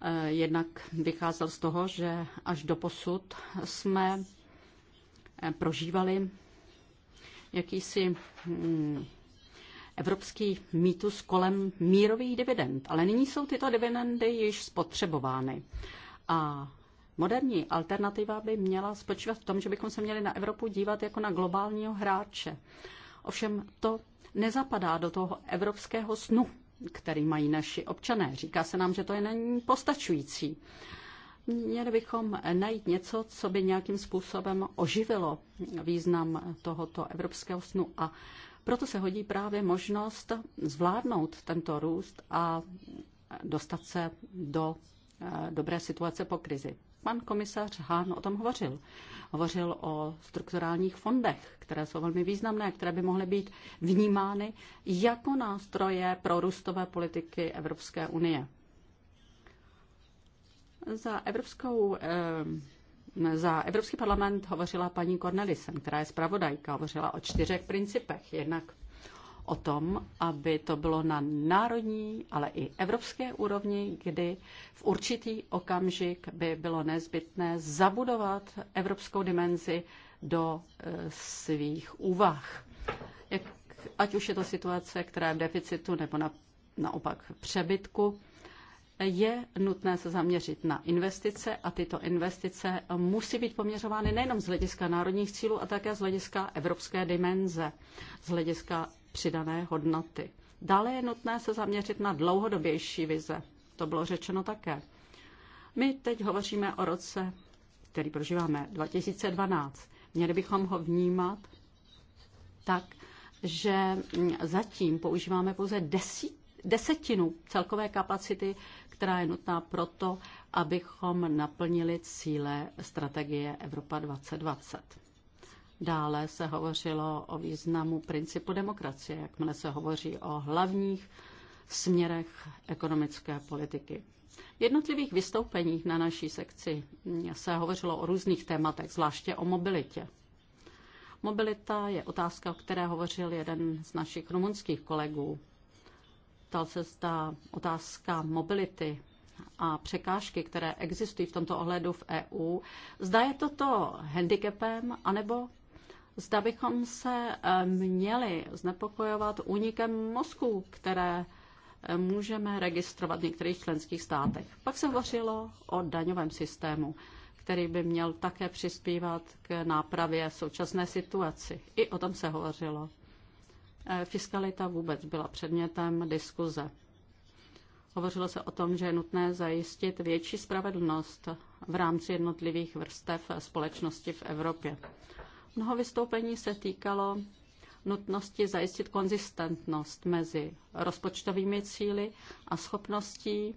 Eh, jednak vycházel z toho, že až do posud jsme eh, prožívali jakýsi hm, evropský mýtus kolem mírových dividend. Ale nyní jsou tyto dividendy již spotřebovány. A Moderní alternativa by měla spočívat v tom, že bychom se měli na Evropu dívat jako na globálního hráče. Ovšem to nezapadá do toho evropského snu, který mají naši občané. Říká se nám, že to je není postačující. Měli bychom najít něco, co by nějakým způsobem oživilo význam tohoto evropského snu a proto se hodí právě možnost zvládnout tento růst a dostat se do eh, dobré situace po krizi. Pan komisař Hahn o tom hovořil. Hovořil o strukturálních fondech, které jsou velmi významné, které by mohly být vnímány jako nástroje pro růstové politiky Evropské unie. Za Evropskou eh, za Evropský parlament hovořila paní Cornelisen, která je zpravodajka, hovořila o čtyřech principech. Jednak o tom, aby to bylo na národní, ale i evropské úrovni, kdy v určitý okamžik by bylo nezbytné zabudovat evropskou dimenzi do e, svých úvah. Jak, ať už je to situace, která je v deficitu nebo na, naopak v přebytku, je nutné se zaměřit na investice a tyto investice musí být poměřovány nejenom z hlediska národních cílů, a také z hlediska evropské dimenze, z hlediska přidané hodnoty. Dále je nutné se zaměřit na dlouhodobější vize. To bylo řečeno také. My teď hovoříme o roce, který prožíváme, 2012. Měli bychom ho vnímat tak, že zatím používáme pouze desetinu celkové kapacity, která je nutná proto, abychom naplnili cíle strategie Evropa 2020. Dále se hovořilo o významu principu demokracie, jakmile se hovoří o hlavních směrech ekonomické politiky. V jednotlivých vystoupeních na naší sekci se hovořilo o různých tématech, zvláště o mobilitě. Mobilita je otázka, o které hovořil jeden z našich rumunských kolegů. Ptal se, zda otázka mobility a překážky, které existují v tomto ohledu v EU, zda je toto handicapem anebo zda bychom se eh, měli znepokojovat únikem mozku, které eh, můžeme registrovat v některých členských státech. Pak se hovořilo o daňovém systému, který by měl také přispívat k nápravě současné situaci. I o tom se hovořilo. Eh, fiskalita vůbec byla předmětem diskuze. Hovořilo se o tom, že je nutné zajistit větší spravedlnost v rámci jednotlivých vrstev společnosti v Evropě. Mnoho vystoupení se týkalo nutnosti zajistit konzistentnost mezi rozpočtovými cíly a schopností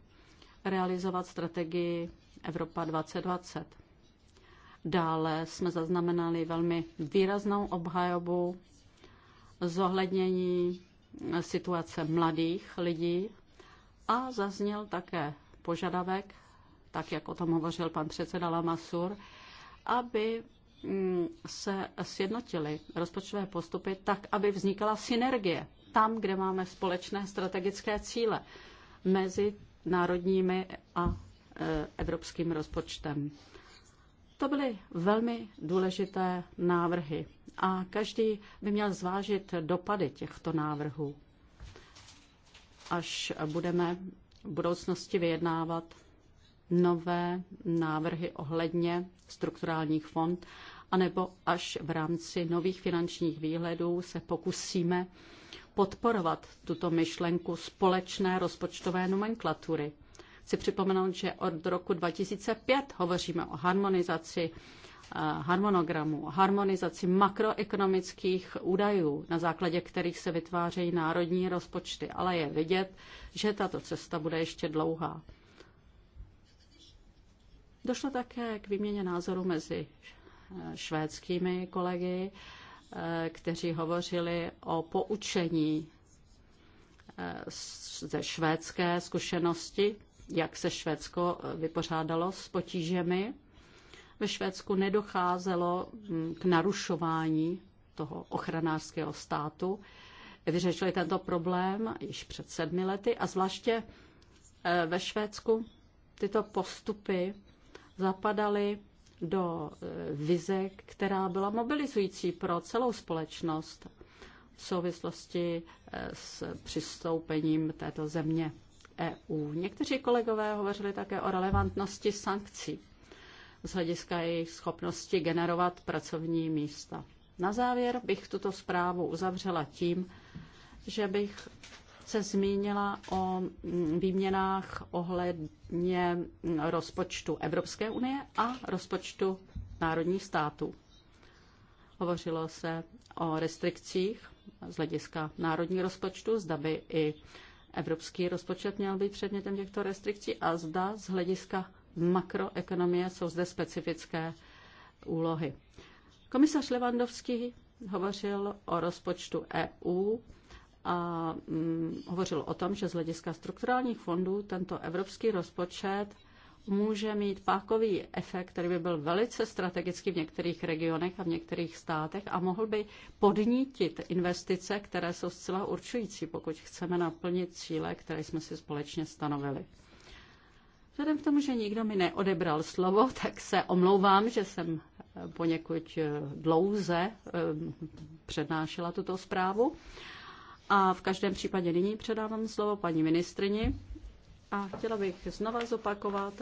realizovat strategii Evropa 2020. Dále jsme zaznamenali velmi výraznou obhajobu zohlednění situace mladých lidí a zazněl také požadavek, tak jak o tom hovořil pan předseda Lamassur, aby Mm, se sjednotily rozpočtové postupy tak, aby vznikala synergie tam, kde máme společné strategické cíle mezi národními a e, evropským rozpočtem. To byly velmi důležité návrhy a každý by měl zvážit dopady těchto návrhů, až budeme v budoucnosti vyjednávat nové návrhy ohledně strukturálních fond, anebo až v rámci nových finančních výhledů se pokusíme podporovat tuto myšlenku společné rozpočtové nomenklatury. Chci připomenout, že od roku 2005 hovoříme o harmonizaci eh, harmonogramu, harmonizaci makroekonomických údajů, na základě kterých se vytvářejí národní rozpočty, ale je vidět, že tato cesta bude ještě dlouhá. Došlo také k výměně názoru mezi eh, švédskými kolegy, eh, kteří hovořili o poučení eh, ze švédské zkušenosti, jak se Švédsko vypořádalo s potížemi. Ve Švédsku nedocházelo mm, k narušování toho ochranářského státu. Vyřešili tento problém již před sedmi lety a zvláště ve Švédsku tyto postupy zapadaly do e, vize, která byla mobilizující pro celou společnost v souvislosti e, s přistoupením této země EU. Někteří kolegové hovořili také o relevantnosti sankcí z hlediska jejich schopnosti generovat pracovní místa. Na závěr bych tuto zprávu uzavřela tím, že bych se zmínila o výměnách ohledně rozpočtu Evropské unie a rozpočtu národních států. Hovořilo se o restrikcích z hlediska národních rozpočtu, zda by i evropský rozpočet měl být předmětem těchto restrikcí a zda z hlediska makroekonomie jsou zde specifické úlohy. Komisař Levandovský hovořil o rozpočtu EU a mm, hovořil o tom, že z hlediska strukturálních fondů tento evropský rozpočet může mít pákový efekt, který by byl velice strategický v některých regionech a v některých státech a mohl by podnítit investice, které jsou zcela určující, pokud chceme naplnit cíle, které jsme si společně stanovili. Vzhledem k tomu, že nikdo mi neodebral slovo, tak se omlouvám, že jsem eh, poněkud eh, dlouze eh, přednášela tuto zprávu. A v každém případě nyní předávám slovo paní ministrini. A chtěla bych znova zopakovat,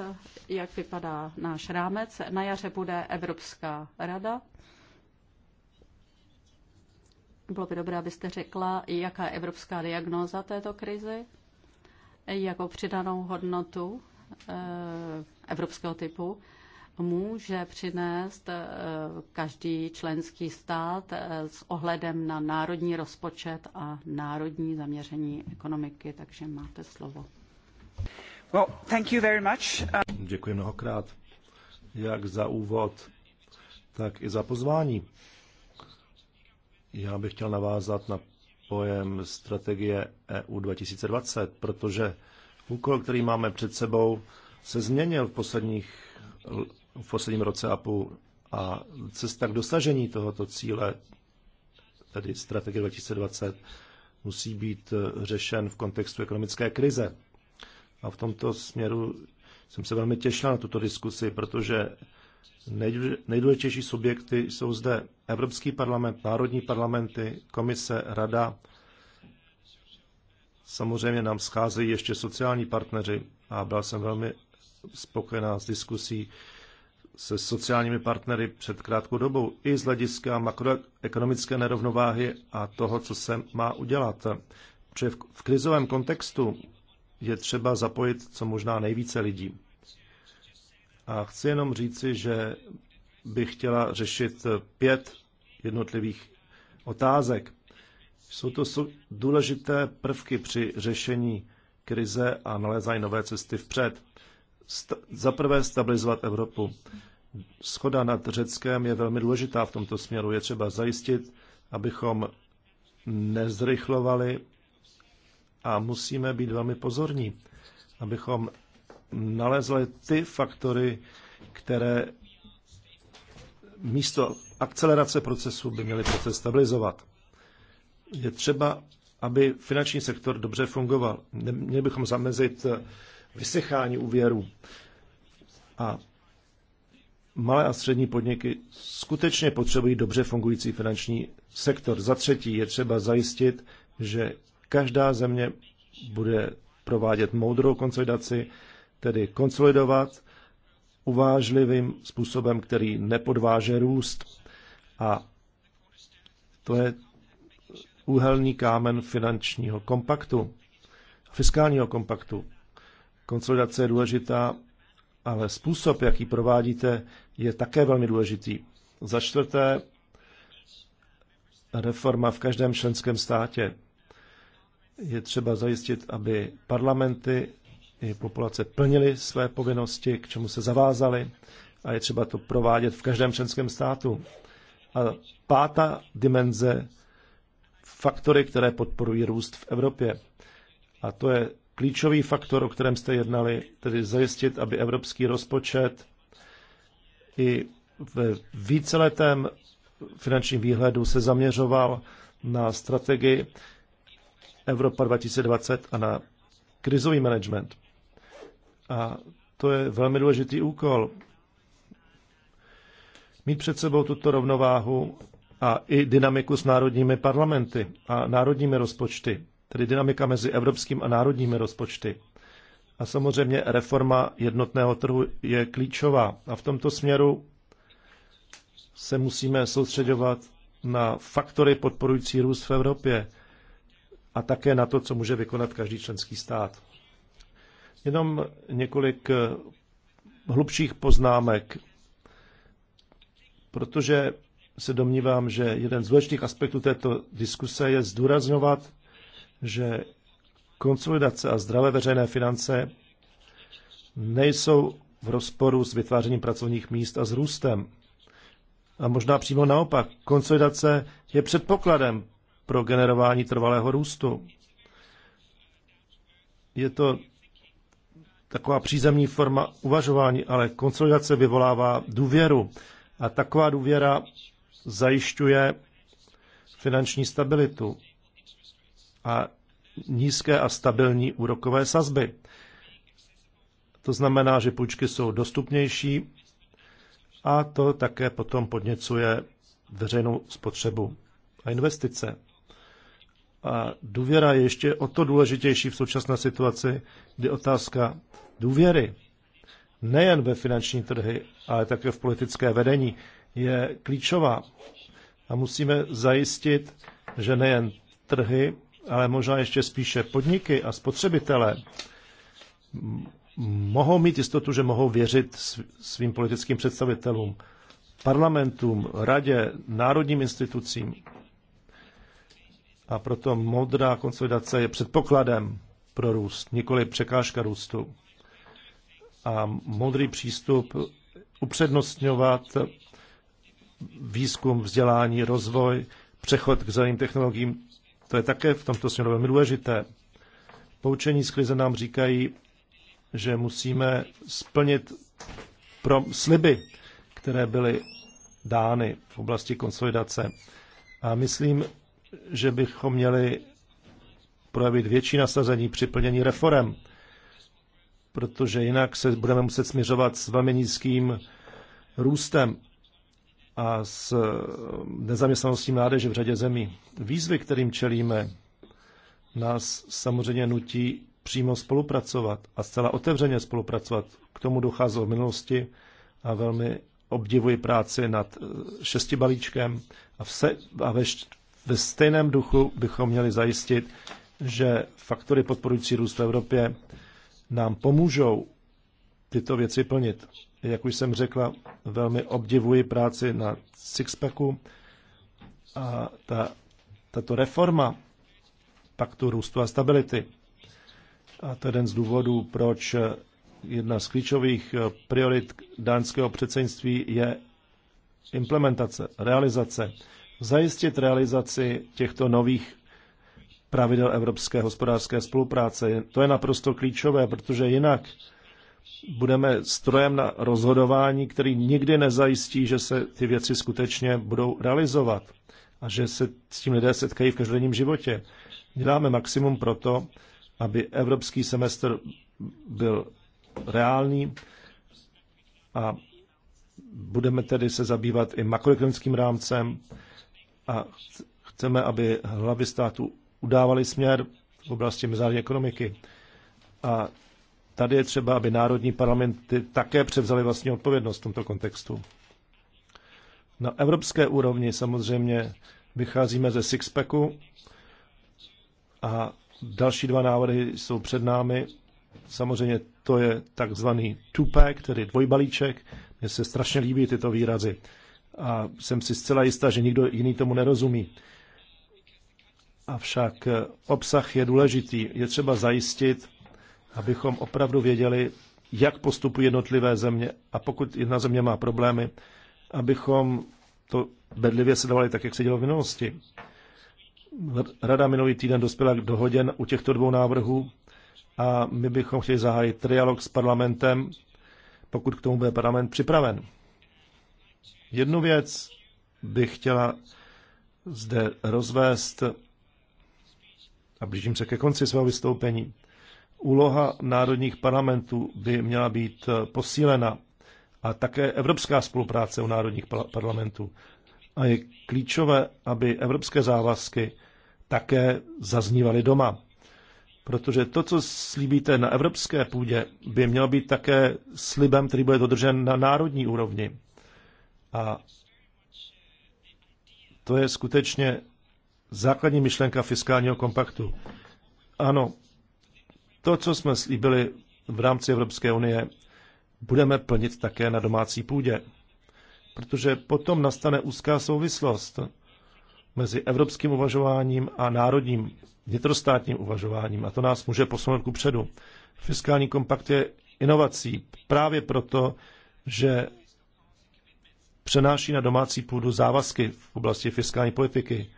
jak vypadá náš rámec. Na jaře bude Evropská rada. Bylo by dobré, abyste řekla, jaká je evropská diagnóza této krizi, jako přidanou hodnotu eh, evropského typu může přinést eh, každý členský stát eh, s ohledem na národní rozpočet a národní zaměření ekonomiky. Takže máte slovo. Well, thank you very much. Děkuji mnohokrát, jak za úvod, tak i za pozvání. Já bych chtěl navázat na pojem strategie EU 2020, protože úkol, který máme před sebou, se změnil v posledních v posledním roce a půl. A cesta k dosažení tohoto cíle, tedy strategie 2020, musí být řešen v kontextu ekonomické krize. A v tomto směru jsem se velmi těšil na tuto diskusi, protože nejdůležitější subjekty jsou zde Evropský parlament, národní parlamenty, komise, rada. Samozřejmě nám scházejí ještě sociální partneři a byla jsem velmi spokojená s diskusí se sociálními partnery před krátkou dobou i z hlediska makroekonomické nerovnováhy a toho, co se má udělat. Protože v krizovém kontextu je třeba zapojit co možná nejvíce lidí. A chci jenom říci, že bych chtěla řešit pět jednotlivých otázek. Jsou to důležité prvky při řešení krize a nalézání nové cesty vpřed za prvé stabilizovat Evropu. Schoda nad Řeckem je velmi důležitá v tomto směru. Je třeba zajistit, abychom nezrychlovali a musíme být velmi pozorní, abychom nalezli ty faktory, které místo akcelerace procesu by měly proces stabilizovat. Je třeba, aby finanční sektor dobře fungoval. Měli bychom zamezit vysychání úvěrů. A malé a střední podniky skutečně potřebují dobře fungující finanční sektor. Za třetí je třeba zajistit, že každá země bude provádět moudrou konsolidaci, tedy konsolidovat uvážlivým způsobem, který nepodváže růst. A to je úhelný kámen finančního kompaktu, fiskálního kompaktu. Konsolidace je důležitá, ale způsob, jaký provádíte, je také velmi důležitý. Za čtvrté, reforma v každém členském státě. Je třeba zajistit, aby parlamenty i populace plnili své povinnosti, k čemu se zavázali a je třeba to provádět v každém členském státu. A pátá dimenze, faktory, které podporují růst v Evropě. A to je klíčový faktor, o kterém jste jednali, tedy zajistit, aby evropský rozpočet i ve víceletém finančním výhledu se zaměřoval na strategii Evropa 2020 a na krizový management. A to je velmi důležitý úkol. Mít před sebou tuto rovnováhu a i dynamiku s národními parlamenty a národními rozpočty tedy dynamika mezi evropským a národními rozpočty. A samozřejmě reforma jednotného trhu je klíčová. A v tomto směru se musíme soustředovat na faktory podporující růst v Evropě a také na to, co může vykonat každý členský stát. Jenom několik eh, hlubších poznámek, protože se domnívám, že jeden z důležitých aspektů této diskuse je zdůrazňovat že konsolidace a zdravé veřejné finance nejsou v rozporu s vytvářením pracovních míst a s růstem. A možná přímo naopak, konsolidace je předpokladem pro generování trvalého růstu. Je to taková přízemní forma uvažování, ale konsolidace vyvolává důvěru. A taková důvěra zajišťuje finanční stabilitu a nízké a stabilní úrokové sazby. To znamená, že půjčky jsou dostupnější a to také potom podněcuje veřejnou spotřebu a investice. A důvěra je ještě o to důležitější v současné situaci, kdy otázka důvěry nejen ve finanční trhy, ale také v politické vedení je klíčová. A musíme zajistit, že nejen trhy, ale možná ještě spíše podniky a spotřebitelé mohou mít jistotu, že mohou věřit svým politickým představitelům, parlamentům, radě, národním institucím. A proto modrá konsolidace je předpokladem pro růst, nikoli překážka růstu. A modrý přístup upřednostňovat výzkum, vzdělání, rozvoj, přechod k zeleným technologiím, to je také v tomto směru velmi důležité. Poučení z krize nám říkají, že musíme splnit pro sliby, které byly dány v oblasti konsolidace. A myslím, že bychom měli projevit větší nasazení při plnění reform, protože jinak se budeme muset směřovat s velmi nízkým růstem a s eh, nezaměstnaností mládeže v řadě zemí. Výzvy, kterým čelíme, nás samozřejmě nutí přímo spolupracovat a zcela otevřeně spolupracovat. K tomu docházelo v minulosti a velmi obdivuji práci nad eh, šesti balíčkem a, vse, a ve, ve stejném duchu bychom měli zajistit, že faktory podporující růst v Evropě nám pomůžou tyto věci plnit. Jak už jsem řekla, velmi obdivuji práci na Sixpacku a ta, tato reforma paktu růstu a stability. A to je jeden z důvodů, proč jedna z klíčových priorit dánského předsednictví je implementace, realizace. Zajistit realizaci těchto nových pravidel evropské hospodářské spolupráce. To je naprosto klíčové, protože jinak budeme strojem na rozhodování, který nikdy nezajistí, že se ty věci skutečně budou realizovat a že se s tím lidé setkají v každodenním životě. Děláme maximum pro to, aby evropský semestr byl reálný a budeme tedy se zabývat i makroekonomickým rámcem a chceme, aby hlavy států udávaly směr v oblasti mezinárodní ekonomiky. A tady je třeba, aby národní parlamenty také převzaly vlastní odpovědnost v tomto kontextu. Na evropské úrovni samozřejmě vycházíme ze Sixpacku a další dva návrhy jsou před námi. Samozřejmě to je takzvaný two-pack, tedy dvojbalíček. Mně se strašně líbí tyto výrazy. A jsem si zcela jistá, že nikdo jiný tomu nerozumí. Avšak obsah je důležitý. Je třeba zajistit, abychom opravdu věděli, jak postupují jednotlivé země a pokud jedna země má problémy, abychom to bedlivě sledovali tak, jak se dělo v minulosti. Rada minulý týden dospěla k dohoděn u těchto dvou návrhů a my bychom chtěli zahájit trialog s parlamentem, pokud k tomu bude parlament připraven. Jednu věc bych chtěla zde rozvést a blížím se ke konci svého vystoupení úloha národních parlamentů by měla být eh, posílena a také evropská spolupráce u národních parlamentů. A je klíčové, aby evropské závazky také zaznívaly doma. Protože to, co slíbíte na evropské půdě, by mělo být také slibem, který bude dodržen na národní úrovni. A to je skutečně základní myšlenka fiskálního kompaktu. Ano, to, co jsme slíbili v rámci Evropské unie, budeme plnit také na domácí půdě. Protože potom nastane úzká souvislost mezi evropským uvažováním a národním vnitrostátním uvažováním a to nás může posunout ku předu. Fiskální kompakt je inovací právě proto, že přenáší na domácí půdu závazky v oblasti fiskální politiky.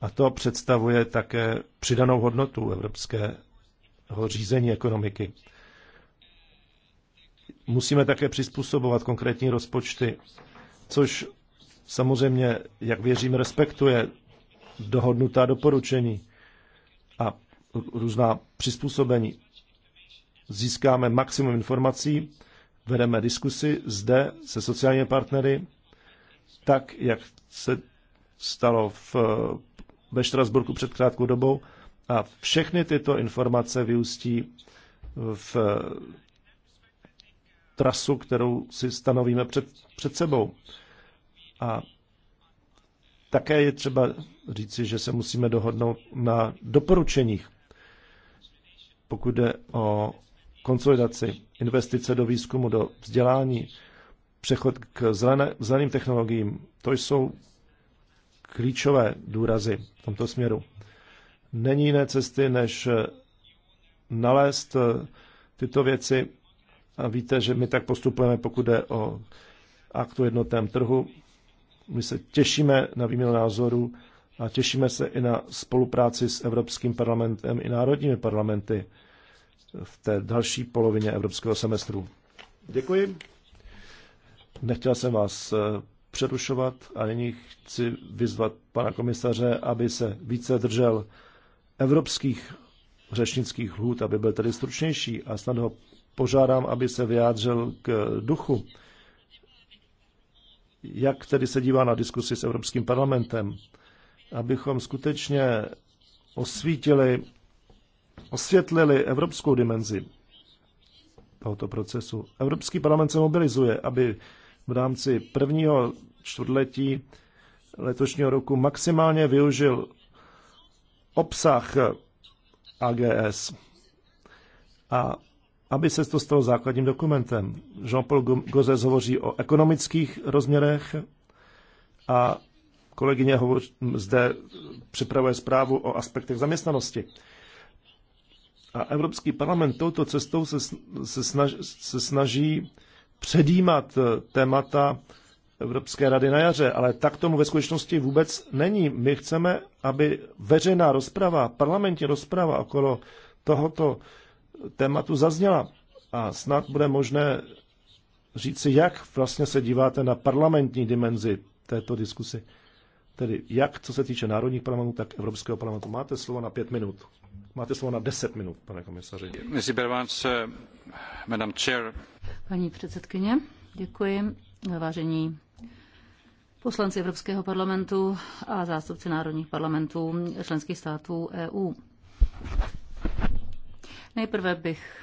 A to představuje také přidanou hodnotu Evropské řízení ekonomiky. Musíme také přizpůsobovat konkrétní rozpočty, což samozřejmě, jak věřím, respektuje dohodnutá doporučení a různá přizpůsobení. Získáme maximum informací, vedeme diskusy zde se sociálními partnery, tak, jak se stalo v, ve Štrasburku před krátkou dobou, a všechny tyto informace vyústí v trasu, kterou si stanovíme před, před sebou. A také je třeba říci, že se musíme dohodnout na doporučeních, pokud jde o konsolidaci, investice do výzkumu, do vzdělání, přechod k zelené, zeleným technologiím. To jsou klíčové důrazy v tomto směru. Není jiné cesty, než eh, nalézt eh, tyto věci. A víte, že my tak postupujeme, pokud jde o akt o jednotném trhu. My se těšíme na výměnu názorů a těšíme se i na spolupráci s Evropským parlamentem i národními parlamenty v té další polovině evropského semestru. Děkuji. Nechtěl jsem vás eh, přerušovat a nyní chci vyzvat pana komisaře, aby se více držel evropských řečnických hlůd, aby byl tedy stručnější a snad ho požádám, aby se vyjádřil k duchu. Jak tedy se dívá na diskusi s Evropským parlamentem, abychom skutečně osvítili, osvětlili evropskou dimenzi tohoto procesu. Evropský parlament se mobilizuje, aby v rámci prvního čtvrtletí letošního roku maximálně využil obsah AGS a aby se to stalo základním dokumentem. Jean-Paul Gozes hovoří o ekonomických rozměrech a kolegyně zde připravuje zprávu o aspektech zaměstnanosti. A Evropský parlament touto cestou se, se, se snaží předjímat eh, témata Evropské rady na jaře, ale tak tomu ve skutečnosti vůbec není. My chceme, aby veřejná rozprava, parlamentní rozprava okolo tohoto tématu zazněla a snad bude možné říci, jak vlastně se díváte na parlamentní dimenzi této diskusy. Tedy jak, co se týče národních parlamentů, tak Evropského parlamentu. Máte slovo na pět minut. Máte slovo na deset minut, pane komisaři. Uh, Paní předsedkyně, děkuji. Vážení poslanci Evropského parlamentu a zástupci národních parlamentů členských států EU. Nejprve bych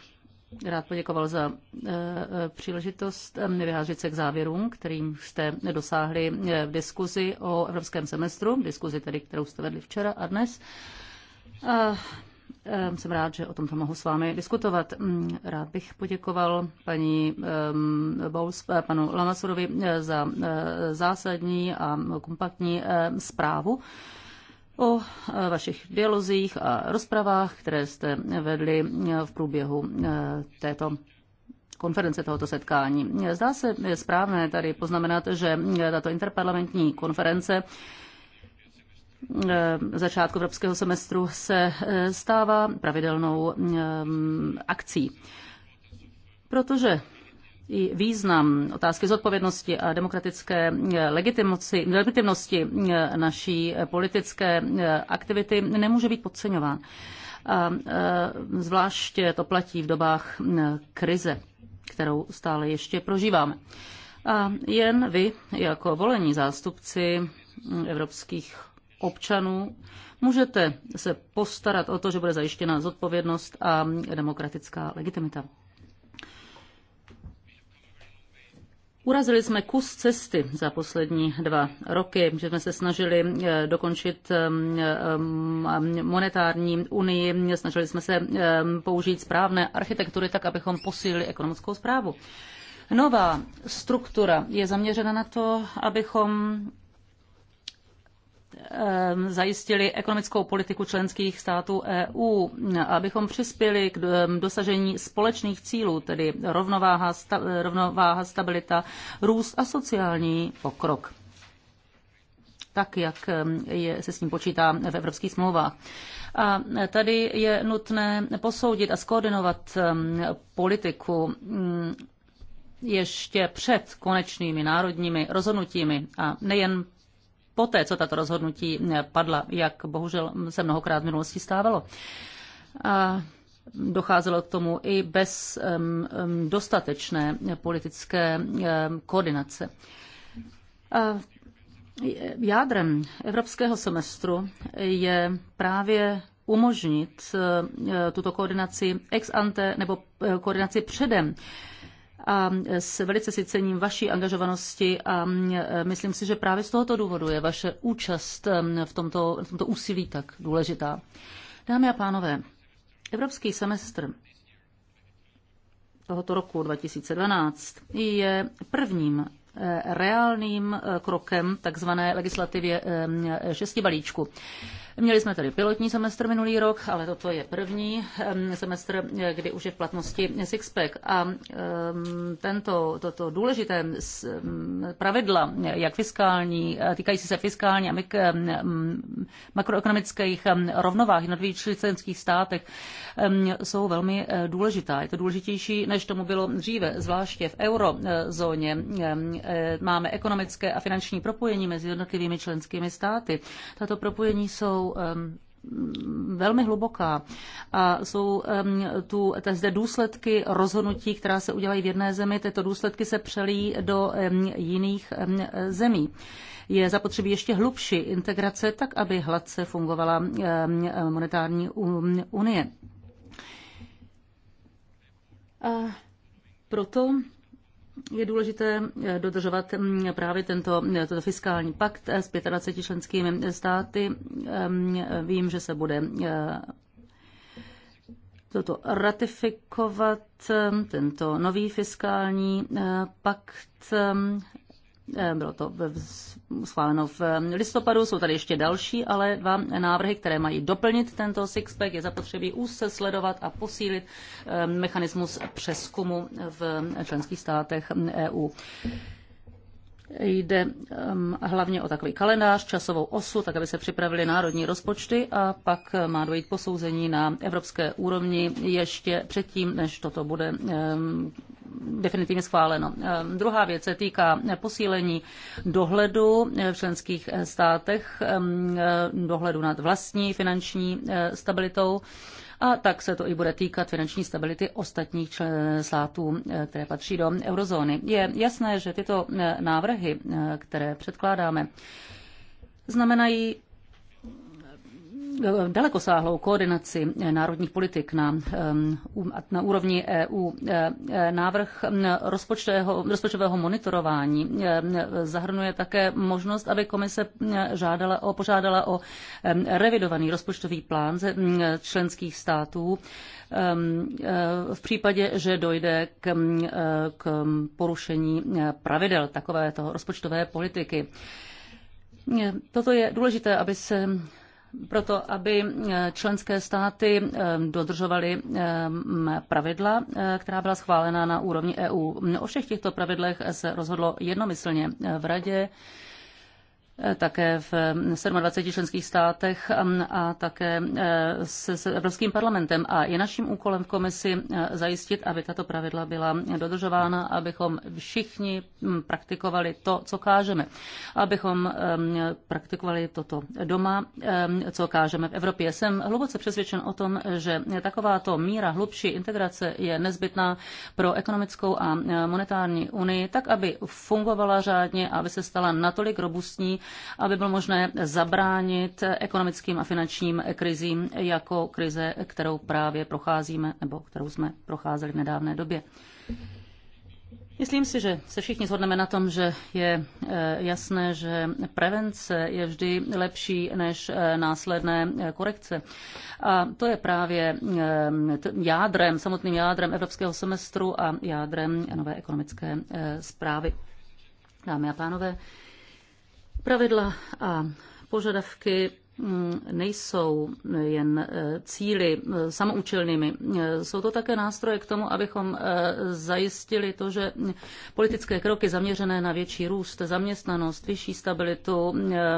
rád poděkoval za e, e, příležitost e, vyhářit se k závěrům, kterým jste dosáhli v diskuzi o evropském semestru, diskuzi tedy, kterou jste vedli včera a dnes. Ehm, jsem rád, že o tomto mohu s vámi diskutovat. Mm, rád bych poděkoval paní ehm, Bous, eh, panu Lamasurovi eh, za eh, zásadní a kompaktní zprávu o vašich dialozích a rozpravách, které jste vedli v průběhu této konference tohoto setkání. Zdá se správné tady poznamenat, že tato interparlamentní konference Eh, začátku evropského semestru se eh, stává pravidelnou eh, akcí. Protože i význam otázky zodpovědnosti a demokratické legitimnosti, naší politické aktivity nemůže být podceňován. A zvláště to platí v dobách krize, kterou stále ještě prožíváme. A jen vy, jako volení zástupci mm, evropských občanů, můžete se postarat o to, že bude zajištěna zodpovědnost a demokratická legitimita. Urazili jsme kus cesty za poslední dva roky, že jsme se snažili eh, dokončit eh, eh, monetární unii, snažili jsme se použít správné architektury tak, abychom posílili ekonomickou zprávu. Nová struktura je zaměřena na to, abychom Ehm, zajistili ekonomickou politiku členských států EU, abychom přispěli k ehm, dosažení společných cílů, tedy rovnováha, sta, eh, rovnováha stabilita, růst a sociální pokrok tak, jak ehm, je, se s ním počítá v evropských smlouvách. A tady je nutné posoudit a skoordinovat politiku mm, ještě před konečnými národními rozhodnutími a nejen poté, co tato rozhodnutí eh, padla, jak bohužel se mnohokrát v minulosti stávalo. A docházelo k tomu i bez dostatečné politické eh, koordinace. A jádrem evropského semestru je právě umožnit eh, tuto koordinaci ex ante nebo koordinaci předem a s velice si cením vaší angažovanosti a e, myslím si, že právě z tohoto důvodu je vaše účast v tomto, v tomto úsilí tak důležitá. Dámy a pánové, evropský semestr tohoto roku 2012 je prvním e, reálným e, krokem takzvané legislativě šesti balíčku. Měli jsme tedy pilotní semestr minulý rok, ale toto je první semestr, eh, kdy už je v platnosti Sixpack. A tento, toto důležité pravidla, jak fiskální, eh, týkající se fiskální a makroekonomických rovnovách dvě členských státech, jsou velmi eh, důležitá. Je to důležitější, než tomu bylo dříve, zvláště v eurozóně. Máme ekonomické a finanční propojení mezi jednotlivými členskými státy. Tato propojení jsou jsou um, velmi hluboká a jsou um, tu zde důsledky rozhodnutí, která se udělají v jedné zemi, tyto důsledky se přelí do um, jiných zemí je zapotřebí ještě hlubší integrace, tak aby hladce fungovala monetární unie. A proto je důležité eh, dodržovat mm, právě tento, eh, tento fiskální pakt eh, s 25 členskými státy. Ehm, vím, že se bude toto ratifikovat, ehm, tento nový fiskální pakt ehm, Eh, bylo to schváleno v eh, listopadu, jsou tady ještě další, ale dva návrhy, které mají doplnit tento sixpack. Je zapotřebí úzce sledovat a posílit eh, mechanismus přeskumu v členských státech EU. Jde um, hlavně o takový kalendář, časovou osu, tak aby se připravili národní rozpočty a pak má dojít posouzení na evropské úrovni ještě předtím, než toto bude um, definitivně schváleno. Ehm, druhá věc se týká posílení dohledu eh, v členských eh, státech, ehm, eh, dohledu nad vlastní finanční stabilitou a tak se to i bude týkat finanční stability ostatních států, které patří do eurozóny. Je jasné, že tyto návrhy, které předkládáme, znamenají dalekosáhlou koordinaci národních politik na, na úrovni EU. E, e, návrh rozpočtového, rozpočtového monitorování zahrnuje také možnost, aby komise žádala o, požádala o revidovaný rozpočtový plán ze členských států e, v případě, že dojde k, k porušení pravidel takovéto rozpočtové politiky. Toto je důležité, aby se proto, aby eh, členské státy eh, dodržovaly eh, pravidla, která byla schválena na úrovni EU. O všech těchto pravidlech se rozhodlo jednomyslně v Radě Eh, také v 27 mm, členských státech mm, a také eh, s, s Evropským parlamentem. A je naším úkolem v komisi eh, zajistit, aby tato pravidla byla dodržována, abychom všichni mm, praktikovali to, co kážeme. Abychom praktikovali toto doma, co kážeme v Evropě. Jsem hluboce přesvědčen o tom, že takováto míra hlubší integrace je nezbytná pro ekonomickou a monetární unii, tak aby fungovala řádně, aby se stala natolik robustní, aby bylo možné zabránit ekonomickým a finančním krizím jako krize, kterou právě procházíme nebo kterou jsme procházeli v nedávné době. Myslím si, že se všichni shodneme na tom, že je eh, jasné, že prevence je vždy lepší než eh, následné eh, korekce. A to je právě jádrem, samotným jádrem evropského semestru a jádrem nové ekonomické zprávy. Dámy a pánové, Pravidla a požadavky mm, nejsou jen e, cíly e, samoučelnými. E, jsou to také nástroje k tomu, abychom zajistili to, že politické kroky zaměřené na větší růst, zaměstnanost, vyšší stabilitu,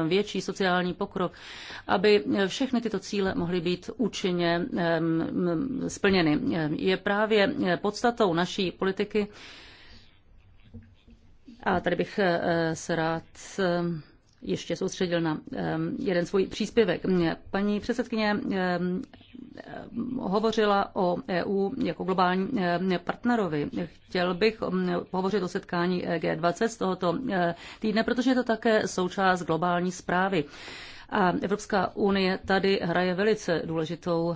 větší sociální pokrok, aby všechny tyto cíle mohly být účinně splněny. Je právě podstatou naší politiky, a tady bych se rád ještě soustředil na ehm, jeden svůj příspěvek. Paní předsedkyně ehm, ehm, hovořila o EU jako globální partnerovi. Chtěl bych hovořit o setkání e G20 z tohoto týdne, protože je to také součást globální zprávy. A Evropská unie tady hraje velice důležitou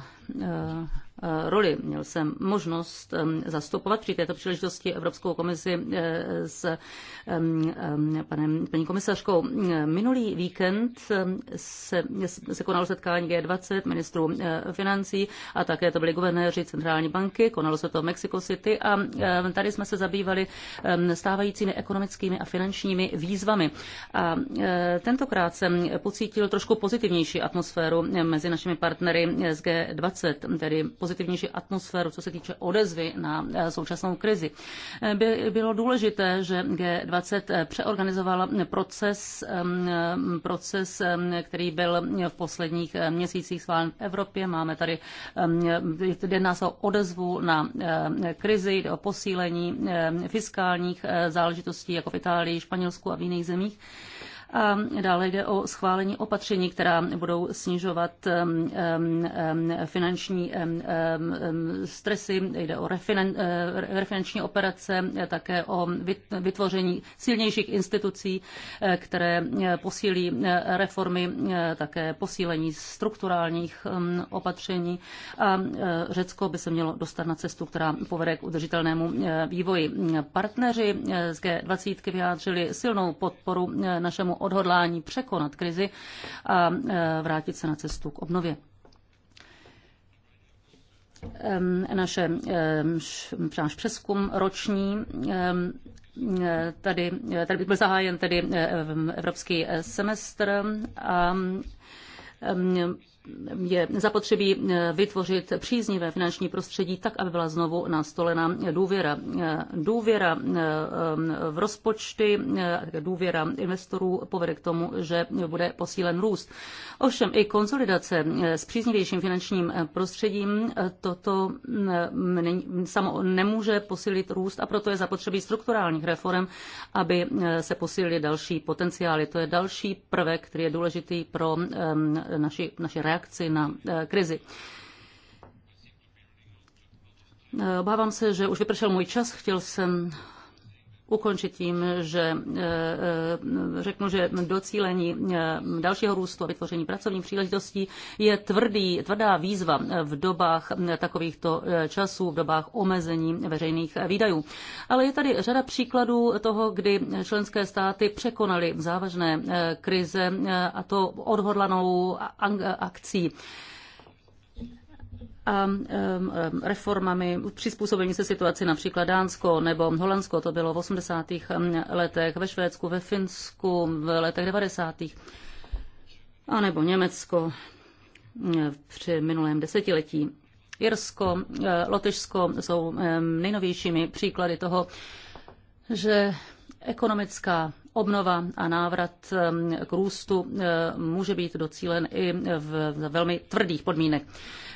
Eh, roli. Měl jsem možnost zastupovat při této příležitosti Evropskou komisi eh, s panem, paní komisařkou. Minulý víkend se, se konalo setkání G20 ministrů eh, financí a také to byli guvernéři centrální banky, konalo se to v Mexico City a tady jsme se zabývali stávajícími ekonomickými a finančními výzvami. A tentokrát jsem pocítil trošku pozitivnější atmosféru mezi našimi partnery z G20, tedy pozitivní pozitivnější atmosféru, co se týče odezvy na eh, současnou krizi. Eh, by, bylo důležité, že G20 eh, přeorganizoval proces, proces, který byl v posledních měsících schválen v Evropě. Máme tady, jedná se o odezvu na krizi, o posílení fiskálních záležitostí, jako v Itálii, Španělsku a v jiných zemích. A dále jde o schválení opatření, která budou snižovat finanční stresy, jde o eh, refinanční operace, také o vytvoření silnějších institucí, eh, které eh, posílí reformy, také posílení strukturálních opatření a Řecko by se mělo dostat na cestu, která povede k udržitelnému vývoji. Partneři z G20 vyjádřili silnou podporu našemu odhodlání překonat krizi a vrátit se na cestu k obnově. Naše, náš přeskum roční tady, tady byl zahájen tedy evropský semestr a je zapotřebí eh, vytvořit příznivé finanční prostředí tak, aby byla znovu nastolena důvěra. Eh, důvěra eh, v rozpočty, důvěra investorů povede k tomu, že bude posílen růst. Ovšem i konsolidace s příznivějším finančním prostředím toto mm, samo nemůže posílit růst a proto je zapotřebí strukturálních reform, aby se posílily další potenciály. To je další prvek, který je důležitý pro naši, naši realitu reakci na eh, krizi. Eh, obávám se, že už vypršel můj čas. Chtěl jsem ukončit tím, že e, e, řeknu, že docílení e, dalšího růstu a vytvoření pracovních příležitostí je tvrdý, tvrdá výzva v dobách takovýchto časů, v dobách omezení veřejných výdajů. Ale je tady řada příkladů toho, kdy členské státy překonaly závažné krize a to odhodlanou akcí a reformami, přizpůsobení se situaci například Dánsko nebo Holandsko, to bylo v 80. letech, ve Švédsku, ve Finsku v letech 90. a nebo Německo při minulém desetiletí. Irsko, e, Lotyšsko jsou nejnovějšími příklady toho, že ekonomická obnova a návrat k růstu může být docílen i v velmi tvrdých podmínek.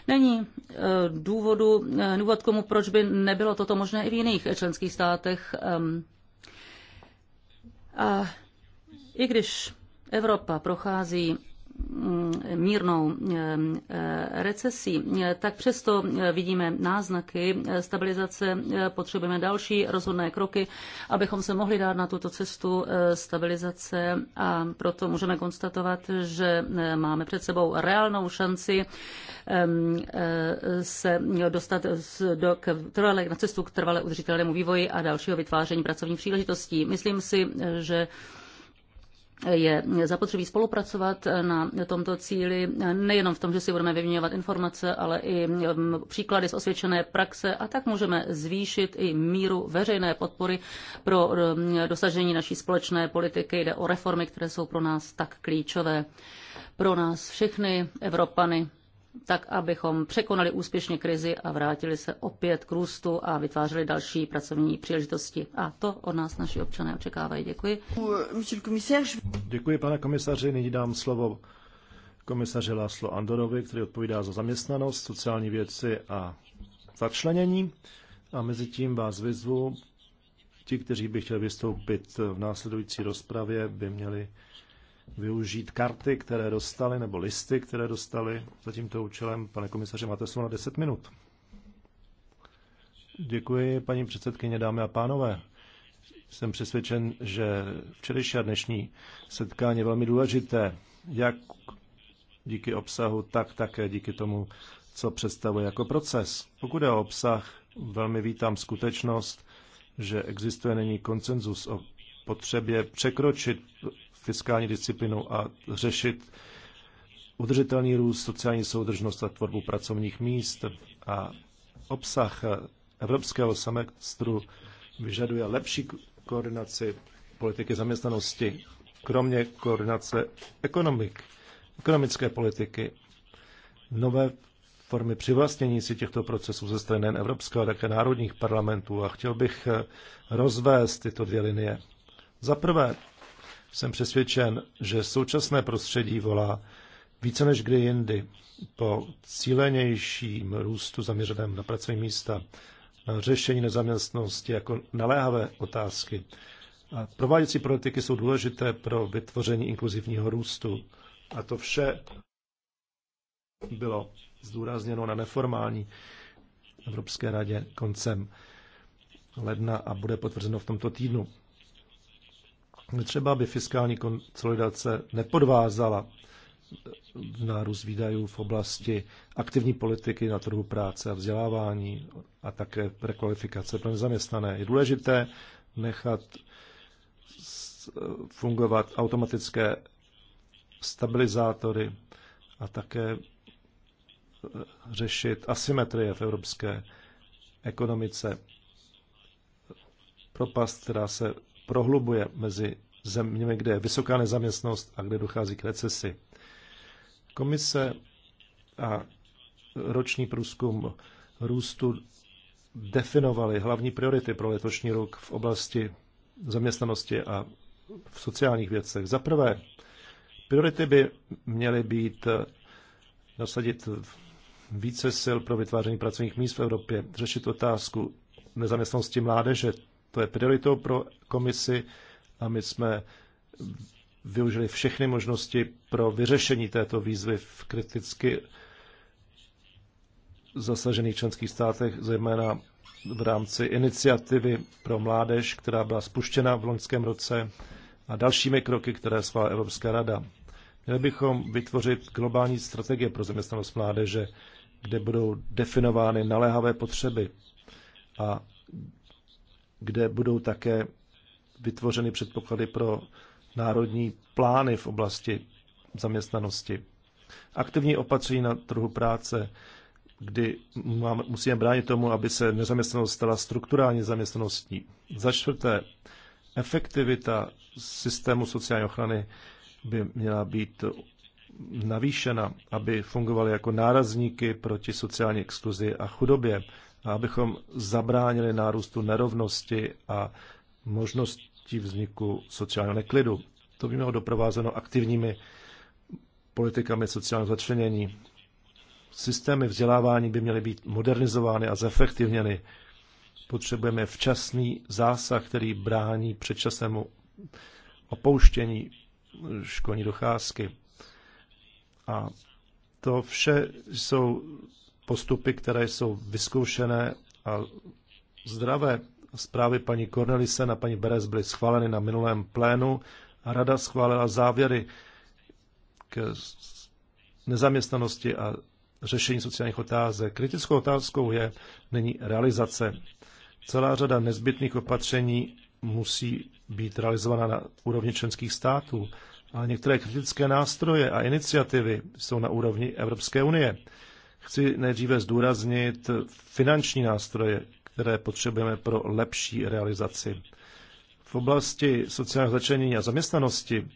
Není důvodu, eh, důvod komu, proč by nebylo toto možné i v jiných členských státech. A i když Evropa prochází Mm, mírnou eh, recesí, tak přesto vidíme náznaky stabilizace, potřebujeme další rozhodné kroky, abychom se mohli dát na tuto cestu eh, stabilizace a proto můžeme konstatovat, že eh, máme před sebou reálnou šanci ehm, se dostat do, k trvale, na cestu k trvale udržitelnému vývoji a dalšího vytváření pracovních příležitostí. Myslím si, že je zapotřebí spolupracovat na tomto cíli, nejenom v tom, že si budeme vyměňovat informace, ale i mm, příklady z osvědčené praxe a tak můžeme zvýšit i míru veřejné podpory pro mm, dosažení naší společné politiky. Jde o reformy, které jsou pro nás tak klíčové. Pro nás všechny Evropany tak abychom překonali úspěšně krizi a vrátili se opět k růstu a vytvářeli další pracovní příležitosti. A to od nás naši občané očekávají. Děkuji. Děkuji, pane komisaři. Nyní dám slovo komisaři Láslo Andorovi, který odpovídá za zaměstnanost, sociální věci a začlenění. A mezi tím vás vyzvu, ti, kteří by chtěli vystoupit v následující rozpravě, by měli využít karty, které dostali, nebo listy, které dostali za tímto účelem. Pane komisaři, máte slovo na 10 minut. Děkuji, paní předsedkyně, dámy a pánové. Jsem přesvědčen, že včerejší a dnešní setkání je velmi důležité, jak díky obsahu, tak také díky tomu, co představuje jako proces. Pokud je o obsah, velmi vítám skutečnost, že existuje není koncenzus o potřebě překročit fiskální disciplinu a řešit udržitelný růst, sociální soudržnost a tvorbu pracovních míst. A obsah evropského semestru vyžaduje lepší koordinaci politiky zaměstnanosti, kromě koordinace ekonomik, ekonomické politiky, nové formy přivlastnění si těchto procesů ze strany nejen evropského, také národních parlamentů. A chtěl bych rozvést tyto dvě linie. Za prvé, jsem přesvědčen, že současné prostředí volá více než kdy jindy po cílenějším růstu zaměřeném na pracovní místa, na řešení nezaměstnosti jako naléhavé otázky. A prováděcí politiky jsou důležité pro vytvoření inkluzivního růstu. A to vše bylo zdůrazněno na neformální Evropské radě koncem ledna a bude potvrzeno v tomto týdnu. Třeba aby fiskální konsolidace nepodvázala nárůst výdajů v oblasti aktivní politiky na trhu práce a vzdělávání a také rekvalifikace pro nezaměstnané. Je důležité nechat fungovat automatické stabilizátory a také eh, řešit asymetrie v evropské ekonomice. Propast, která se prohlubuje mezi zeměmi, kde je vysoká nezaměstnost a kde dochází k recesi. Komise a roční průzkum růstu definovali hlavní priority pro letošní rok v oblasti zaměstnanosti a v sociálních věcech. Za prvé, priority by měly být eh, nasadit více sil pro vytváření pracovních míst v Evropě, řešit otázku nezaměstnanosti mládeže, to je prioritou pro komisi a my jsme využili všechny možnosti pro vyřešení této výzvy v kriticky zasažených členských státech, zejména v rámci iniciativy pro mládež, která byla spuštěna v loňském roce a dalšími kroky, které svala Evropská rada. Měli bychom vytvořit globální strategie pro zaměstnanost mládeže, kde budou definovány naléhavé potřeby a kde budou také vytvořeny předpoklady pro národní plány v oblasti zaměstnanosti. Aktivní opatření na trhu práce, kdy máme, musíme bránit tomu, aby se nezaměstnanost stala strukturální zaměstnaností. Za čtvrté, efektivita systému sociální ochrany by měla být navýšena, aby fungovaly jako nárazníky proti sociální exkluzi a chudobě a abychom zabránili nárůstu nerovnosti a možností vzniku sociálního neklidu. To by mělo doprovázeno aktivními politikami sociálního začlenění. Systémy vzdělávání by měly být modernizovány a zefektivněny. Potřebujeme včasný zásah, který brání předčasnému opouštění školní docházky. A to vše jsou postupy, které jsou vyzkoušené a zdravé. Zprávy paní Cornelise a paní Beres byly schváleny na minulém plénu a rada schválila závěry k nezaměstnanosti a řešení sociálních otázek. Kritickou otázkou je není realizace. Celá řada nezbytných opatření musí být realizována na úrovni členských států, ale některé kritické nástroje a iniciativy jsou na úrovni Evropské unie. Chci nejdříve zdůraznit finanční nástroje, které potřebujeme pro lepší realizaci. V oblasti sociálního začlenění a zaměstnanosti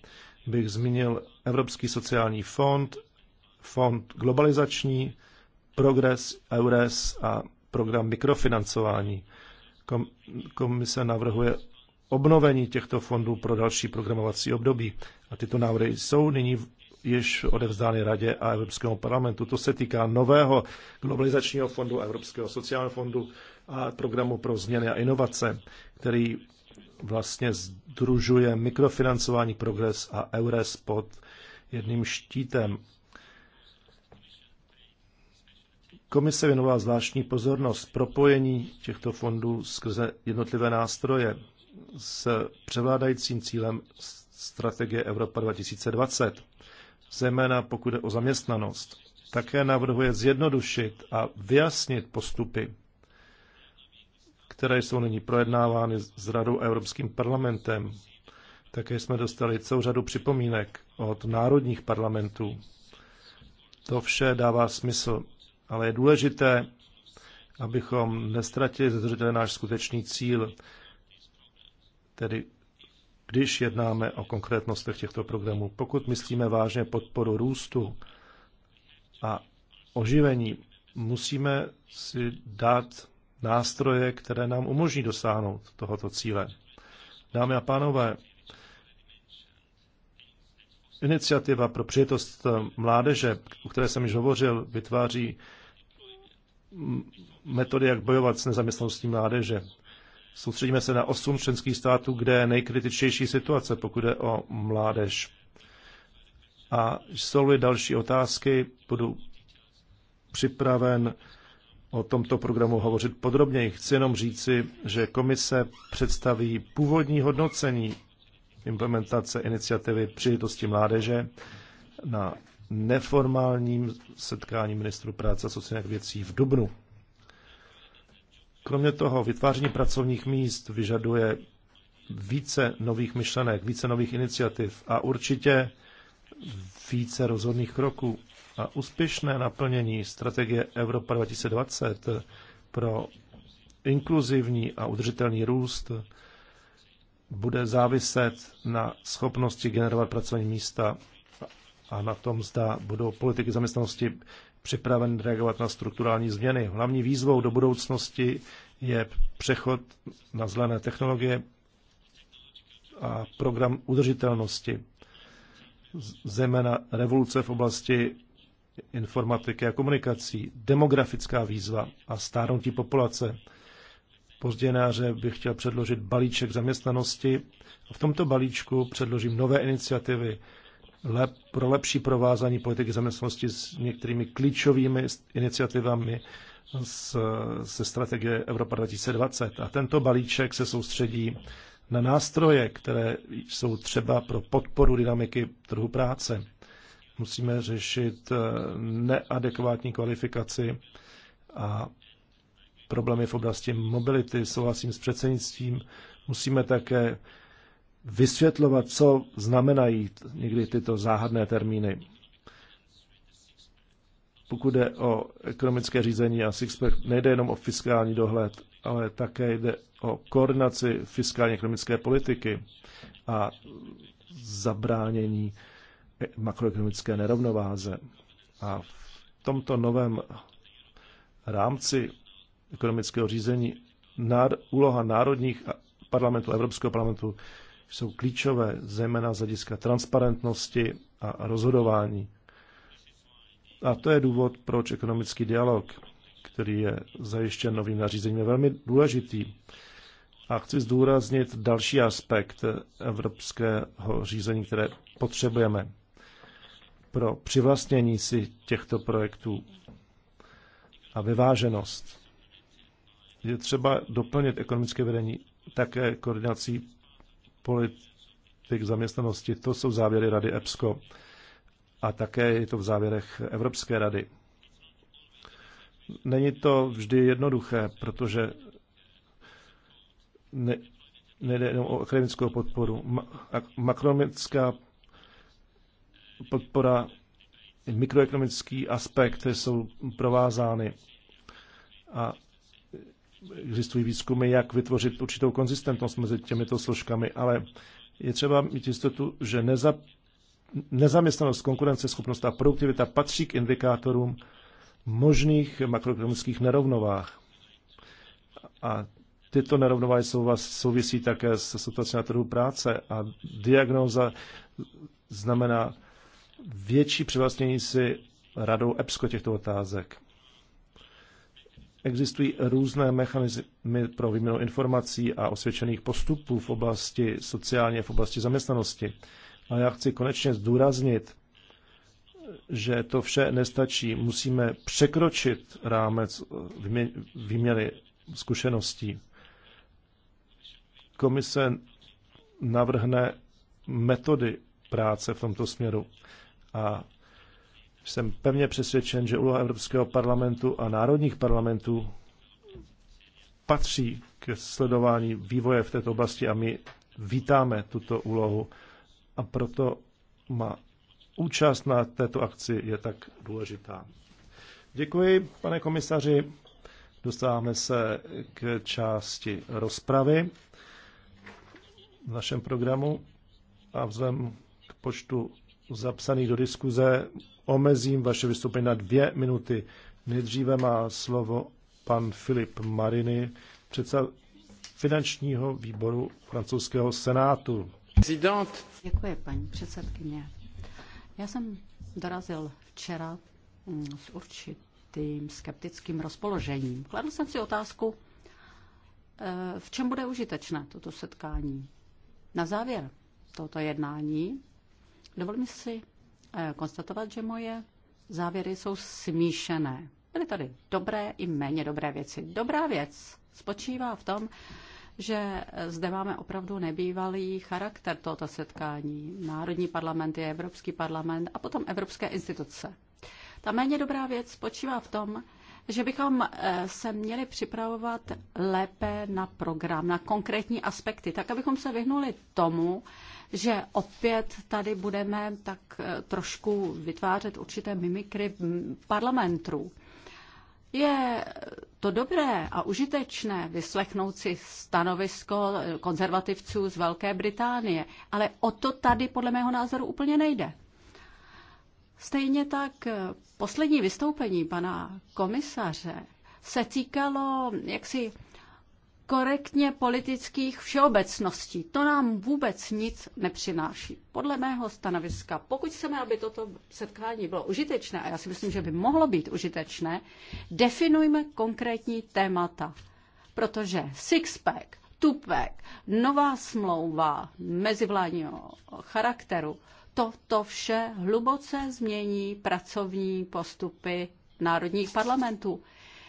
bych zmínil Evropský sociální fond, fond globalizační, Progress, EURES a program mikrofinancování. Komise navrhuje obnovení těchto fondů pro další programovací období. A tyto návrhy jsou nyní již odevzdány Radě a Evropskému parlamentu. To se týká nového globalizačního fondu a Evropského sociálního fondu a programu pro změny a inovace, který vlastně združuje mikrofinancování Progres a Eures pod jedným štítem. Komise věnovala zvláštní pozornost propojení těchto fondů skrze jednotlivé nástroje s převládajícím cílem strategie Evropa 2020 zejména pokud je o zaměstnanost. Také navrhuje zjednodušit a vyjasnit postupy, které jsou nyní projednávány s Radou a Evropským parlamentem. Také jsme dostali celou řadu připomínek od národních parlamentů. To vše dává smysl, ale je důležité, abychom nestratili ze zřetele náš skutečný cíl, tedy když jednáme o konkrétnostech těchto programů. Pokud myslíme vážně podporu růstu a oživení, musíme si dát nástroje, které nám umožní dosáhnout tohoto cíle. Dámy a pánové, iniciativa pro přijetost mládeže, o které jsem již hovořil, vytváří metody, jak bojovat s nezaměstnaností mládeže. Soustředíme se na osm členských států, kde je nejkritičtější situace, pokud je o mládež. A jsou-li další otázky, budu připraven o tomto programu hovořit podrobněji. Chci jenom říci, že komise představí původní hodnocení implementace iniciativy příležitosti mládeže na neformálním setkání ministru práce a sociálních věcí v Dubnu. Kromě toho vytváření pracovních míst vyžaduje více nových myšlenek, více nových iniciativ a určitě více rozhodných kroků. A úspěšné naplnění strategie Evropa 2020 pro inkluzivní a udržitelný růst bude záviset na schopnosti generovat pracovní místa a na tom, zda budou politiky zaměstnanosti připraven reagovat na strukturální změny. Hlavní výzvou do budoucnosti je přechod na zelené technologie a program udržitelnosti, zejména revoluce v oblasti informatiky a komunikací, demografická výzva a stárnutí populace. Pozdějináře bych chtěl předložit balíček zaměstnanosti. V tomto balíčku předložím nové iniciativy, lep, pro lepší provázání politiky zaměstnanosti s některými klíčovými iniciativami z, ze strategie Evropa 2020. A tento balíček se soustředí na nástroje, které jsou třeba pro podporu dynamiky trhu práce. Musíme řešit eh, neadekvátní kvalifikaci a problémy v oblasti mobility. Souhlasím s předsednictvím. Musíme také vysvětlovat, co znamenají někdy tyto záhadné termíny. Pokud jde o ekonomické řízení a Sixpack, nejde jenom o fiskální dohled, ale také jde o koordinaci fiskálně ekonomické politiky a zabránění makroekonomické nerovnováze. A v tomto novém rámci ekonomického řízení úloha národních parlamentů Evropského parlamentu jsou klíčové, zejména z hlediska transparentnosti a rozhodování. A to je důvod, proč ekonomický dialog, který je zajištěn novým nařízením, je velmi důležitý. A chci zdůraznit další aspekt evropského řízení, které potřebujeme pro přivlastnění si těchto projektů a vyváženost. Je třeba doplnit ekonomické vedení také koordinací politik zaměstnanosti. To jsou závěry Rady EPSCO a také je to v závěrech Evropské rady. Není to vždy jednoduché, protože ne, nejde jenom o akademickou podporu. Ma, makronomická podpora, mikroekonomický aspekt jsou provázány. A existují výzkumy, jak vytvořit určitou konzistentnost mezi těmito složkami, ale je třeba mít jistotu, že neza, nezaměstnanost, konkurenceschopnost a produktivita patří k indikátorům možných makroekonomických nerovnovách. A tyto nerovnováhy souvisí také se situací na trhu práce a diagnóza znamená větší přivlastnění si radou EBSCO těchto otázek. Existují různé mechanismy pro výměnu informací a osvědčených postupů v oblasti sociálně, v oblasti zaměstnanosti. A já chci konečně zdůraznit, že to vše nestačí. Musíme překročit rámec výměny zkušeností. Komise navrhne metody práce v tomto směru a jsem pevně přesvědčen, že úloha Evropského parlamentu a národních parlamentů patří k sledování vývoje v této oblasti a my vítáme tuto úlohu a proto má účast na této akci je tak důležitá. Děkuji, pane komisaři. Dostáváme se k části rozpravy v našem programu a vzhledem k počtu zapsaných do diskuze. Omezím vaše vystoupení na dvě minuty. Nejdříve má slovo pan Filip Mariny, předseda finančního výboru francouzského senátu. Děkuji, paní předsedkyně. Já jsem dorazil včera mm, s určitým skeptickým rozpoložením. Kladl jsem si otázku, eh, v čem bude užitečné toto setkání. Na závěr tohoto jednání Dovolím si eh, konstatovat, že moje závěry jsou smíšené. Byly tady dobré i méně dobré věci. Dobrá věc spočívá v tom, že eh, zde máme opravdu nebývalý charakter tohoto setkání. Národní parlament je Evropský parlament a potom Evropské instituce. Ta méně dobrá věc spočívá v tom, že bychom eh, se měli připravovat lépe na program, na konkrétní aspekty, tak abychom se vyhnuli tomu, že opět tady budeme tak eh, trošku vytvářet určité mimikry parlamentů. Je to dobré a užitečné vyslechnout si stanovisko eh, konzervativců z Velké Británie, ale o to tady podle mého názoru úplně nejde. Stejně tak eh, poslední vystoupení pana komisaře se týkalo jaksi korektně politických všeobecností. To nám vůbec nic nepřináší. Podle mého stanoviska, pokud chceme, aby toto setkání bylo užitečné, a já si myslím, že by mohlo být užitečné, definujme konkrétní témata. Protože six-pack, two-pack, nová smlouva mezivládního charakteru, toto vše hluboce změní pracovní postupy národních parlamentů.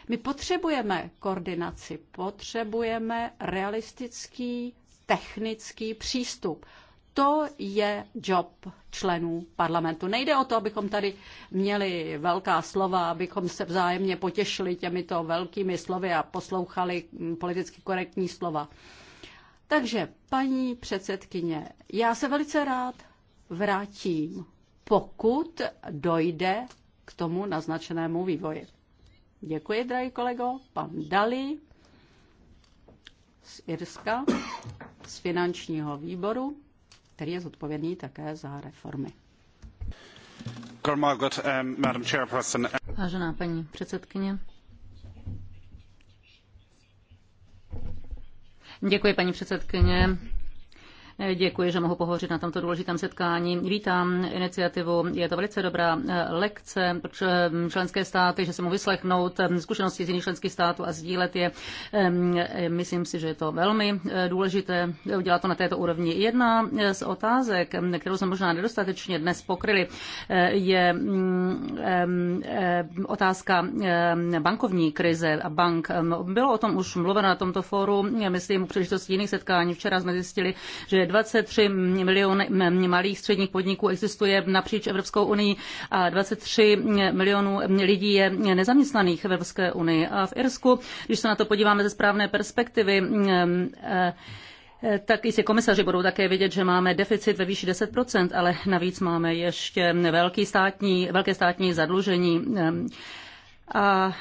My potřebujeme koordinaci, potřebujeme realistický technický přístup. To je job členů parlamentu. Nejde o to, abychom tady měli velká slova, abychom se vzájemně potěšili těmito velkými slovy a poslouchali politicky korektní slova. Takže, paní předsedkyně, já se velice rád vrátím, pokud dojde k tomu naznačenému vývoji. Děkuji, drahý kolego. Pan Dali z Irska, z finančního výboru, který je zodpovědný také za reformy. Vážená paní předsedkyně, Děkuji, paní předsedkyně. Děkuji, že mohu pohovořit na tomto důležitém setkání. Vítám iniciativu. Je to velice dobrá eh, lekce pro mm, členské státy, že se mohu vyslechnout mm, zkušenosti z jiných členských států a sdílet je. Eh, myslím si, že je to velmi eh, důležité udělat to na této úrovni. Jedna z otázek, mm, kterou jsme možná nedostatečně dnes pokryli, je otázka bankovní krize a bank. Bylo o tom už mluveno na tomto fóru, myslím, u příležitosti jiných setkání. Včera jsme zjistili, že 23 milionů malých středních podniků existuje napříč Evropskou unii a 23 milionů lidí je nezaměstnaných v Evropské unii. A v Irsku, když se na to podíváme ze správné perspektivy, eh, tak jistě komisaři budou také vědět, že máme deficit ve výši 10%, ale navíc máme ještě velký státní, velké státní zadlužení. Eh, a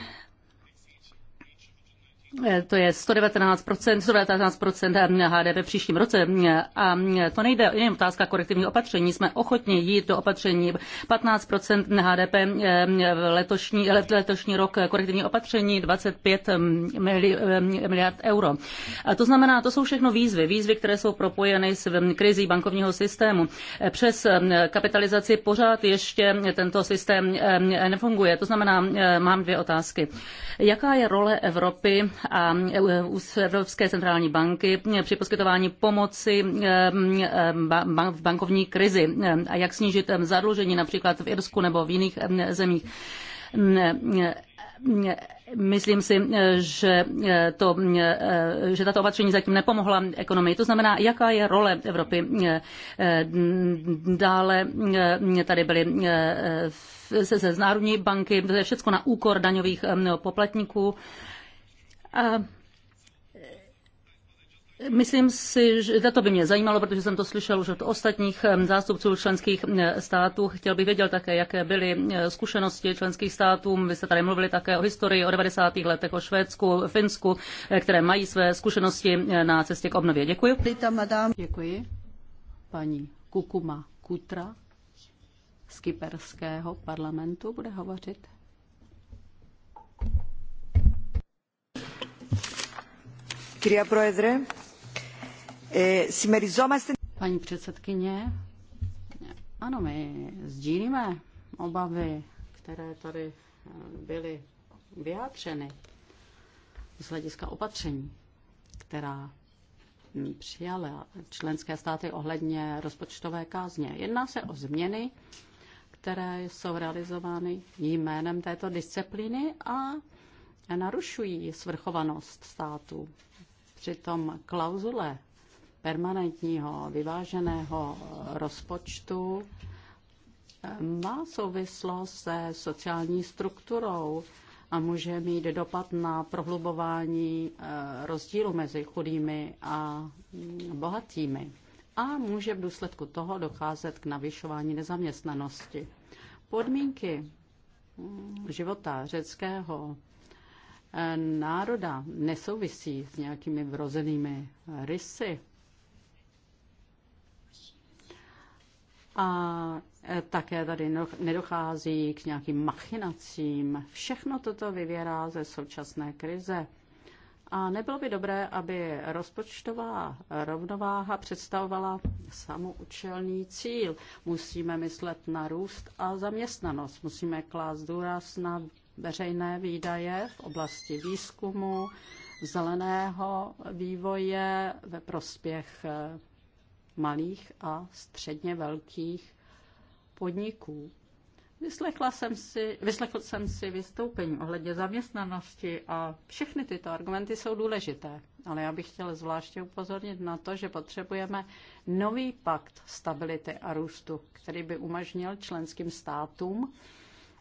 Eh, to je 119%, 119% HDP v příštím roce. A eh, to nejde, je otázka korektivních opatření. Jsme ochotni jít do opatření 15% HDP v letošní, letošní rok korektivní opatření 25 mm, mili, eh, miliard euro. A to znamená, to jsou všechno výzvy. Výzvy, které jsou propojeny s mm, krizí bankovního systému. Přes kapitalizaci pořád ještě tento systém nefunguje. To znamená, mám dvě otázky. Jaká je role Evropy a Evropské centrální banky při poskytování pomoci v bankovní krizi a jak snížit zadlužení například v Irsku nebo v jiných zemích myslím si, že, e, to, e, že tato opatření zatím nepomohla ekonomii. To znamená, jaká je role Evropy. E, dále tady byly se, se z Národní banky, to je všechno na úkor daňových poplatníků. A e, Myslím si, že to by mě zajímalo, protože jsem to slyšel už od ostatních e, zástupců členských e, států. Chtěl bych vědět také, jaké byly zkušenosti členských států. Vy jste tady mluvili také o historii, o 90. letech, o Švédsku, Finsku, které mají své zkušenosti na cestě k obnově. Děkuji. Děkuji. Paní Kukuma Kutra z Kyperského parlamentu bude hovořit Paní předsedkyně, ano, my sdílíme obavy, které tady eh, byly vyjádřeny z hlediska opatření, která přijala členské státy ohledně rozpočtové kázně. Jedná se o změny, které jsou realizovány jménem této disciplíny a narušují svrchovanost států. Přitom klauzule permanentního vyváženého rozpočtu eh, má souvislost se sociální strukturou a může mít dopad na prohlubování eh, rozdílu mezi chudými a bohatými. A může v důsledku toho docházet k navyšování nezaměstnanosti. Podmínky hm, života řeckého národa nesouvisí s nějakými vrozenými rysy. A také tady no- nedochází k nějakým machinacím. Všechno toto vyvěrá ze současné krize. A nebylo by dobré, aby rozpočtová rovnováha představovala samoučelný cíl. Musíme myslet na růst a zaměstnanost. Musíme klást důraz na veřejné výdaje v oblasti výzkumu, zeleného vývoje ve prospěch eh, malých a středně velkých podniků. Vyslechla jsem si, vyslechl jsem si vystoupení ohledně zaměstnanosti a všechny tyto argumenty jsou důležité, ale já bych chtěla zvláště upozornit na to, že potřebujeme nový pakt stability a růstu, který by umožnil členským státům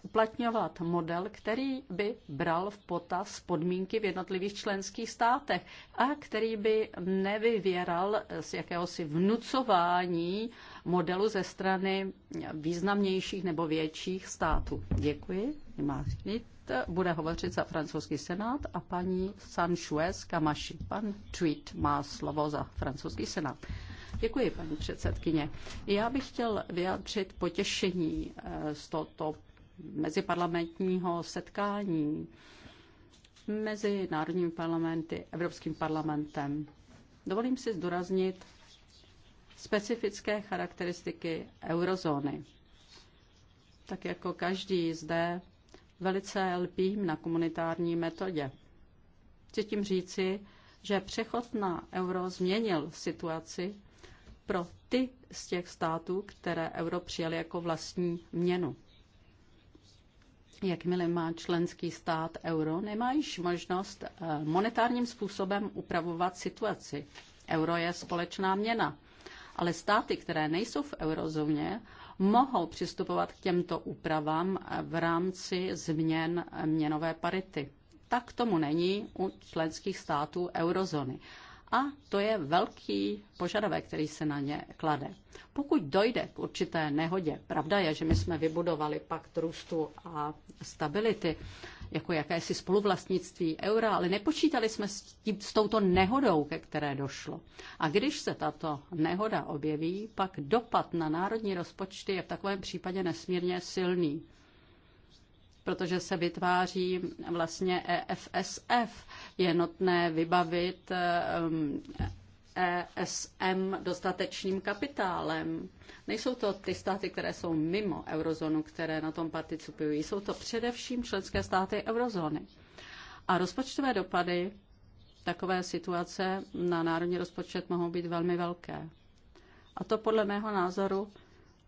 uplatňovat model, který by bral v potaz podmínky v jednotlivých členských státech a který by nevyvěral z jakéhosi vnucování modelu ze strany významnějších nebo větších států. Děkuji. Bude hovořit za francouzský senát a paní sanchez Kamaši. Pan Tweet má slovo za francouzský senát. Děkuji, paní předsedkyně. Já bych chtěl vyjádřit potěšení eh, z toto meziparlamentního setkání mezi národními parlamenty, Evropským parlamentem. Dovolím si zdůraznit specifické charakteristiky eurozóny. Tak jako každý zde velice lpím na komunitární metodě. Chci tím říci, že přechod na euro změnil situaci pro ty z těch států, které euro přijali jako vlastní měnu. Vlastně, jakmile má členský stát euro, nemá již možnost eh, monetárním způsobem upravovat situaci. Euro je společná měna, ale státy, které nejsou v eurozóně, mohou přistupovat k těmto úpravám eh, v rámci změn eh, měnové parity. Tak tomu není u členských států eurozóny a to je velký požadavek, který se na ně klade. Pokud dojde k určité nehodě, pravda je, že my jsme vybudovali pakt růstu a stability, jako jakési spoluvlastnictví eura, ale nepočítali jsme s, tím, s touto nehodou, ke které došlo. A když se tato nehoda objeví, pak dopad na národní rozpočty je v takovém případě nesmírně silný protože se vytváří vlastně EFSF. Je nutné vybavit ESM um, e dostatečným kapitálem. Nejsou to ty státy, které jsou mimo eurozónu, které na tom participují. Jsou to především členské státy eurozóny. A rozpočtové dopady takové situace na národní rozpočet mohou být velmi velké. A to podle mého názoru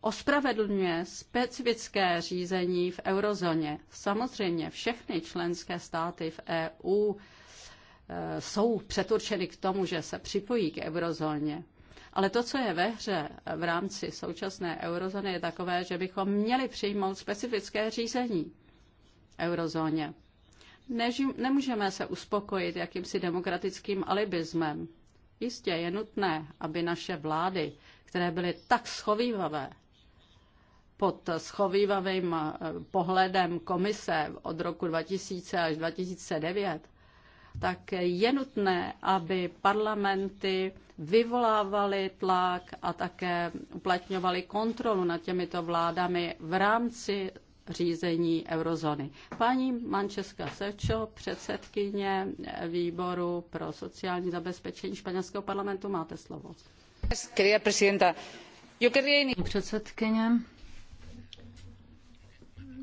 ospravedlňuje specifické řízení v eurozóně. Samozřejmě všechny členské státy v EU e, jsou přeturčeny k tomu, že se připojí k eurozóně. Ale to, co je ve hře v rámci současné eurozóny, je takové, že bychom měli přijmout specifické řízení eurozóně. Nežím, nemůžeme se uspokojit jakýmsi demokratickým alibismem. Jistě je nutné, aby naše vlády, které byly tak schovývavé pod schovývavým eh, pohledem komise od roku 2000 až 2009, tak je nutné, aby parlamenty vyvolávaly tlak a také uplatňovaly kontrolu nad těmito vládami v rámci řízení eurozóny. Paní Mančeska Sečo, předsedkyně výboru pro sociální zabezpečení španělského parlamentu, máte slovo. Předsedkyně,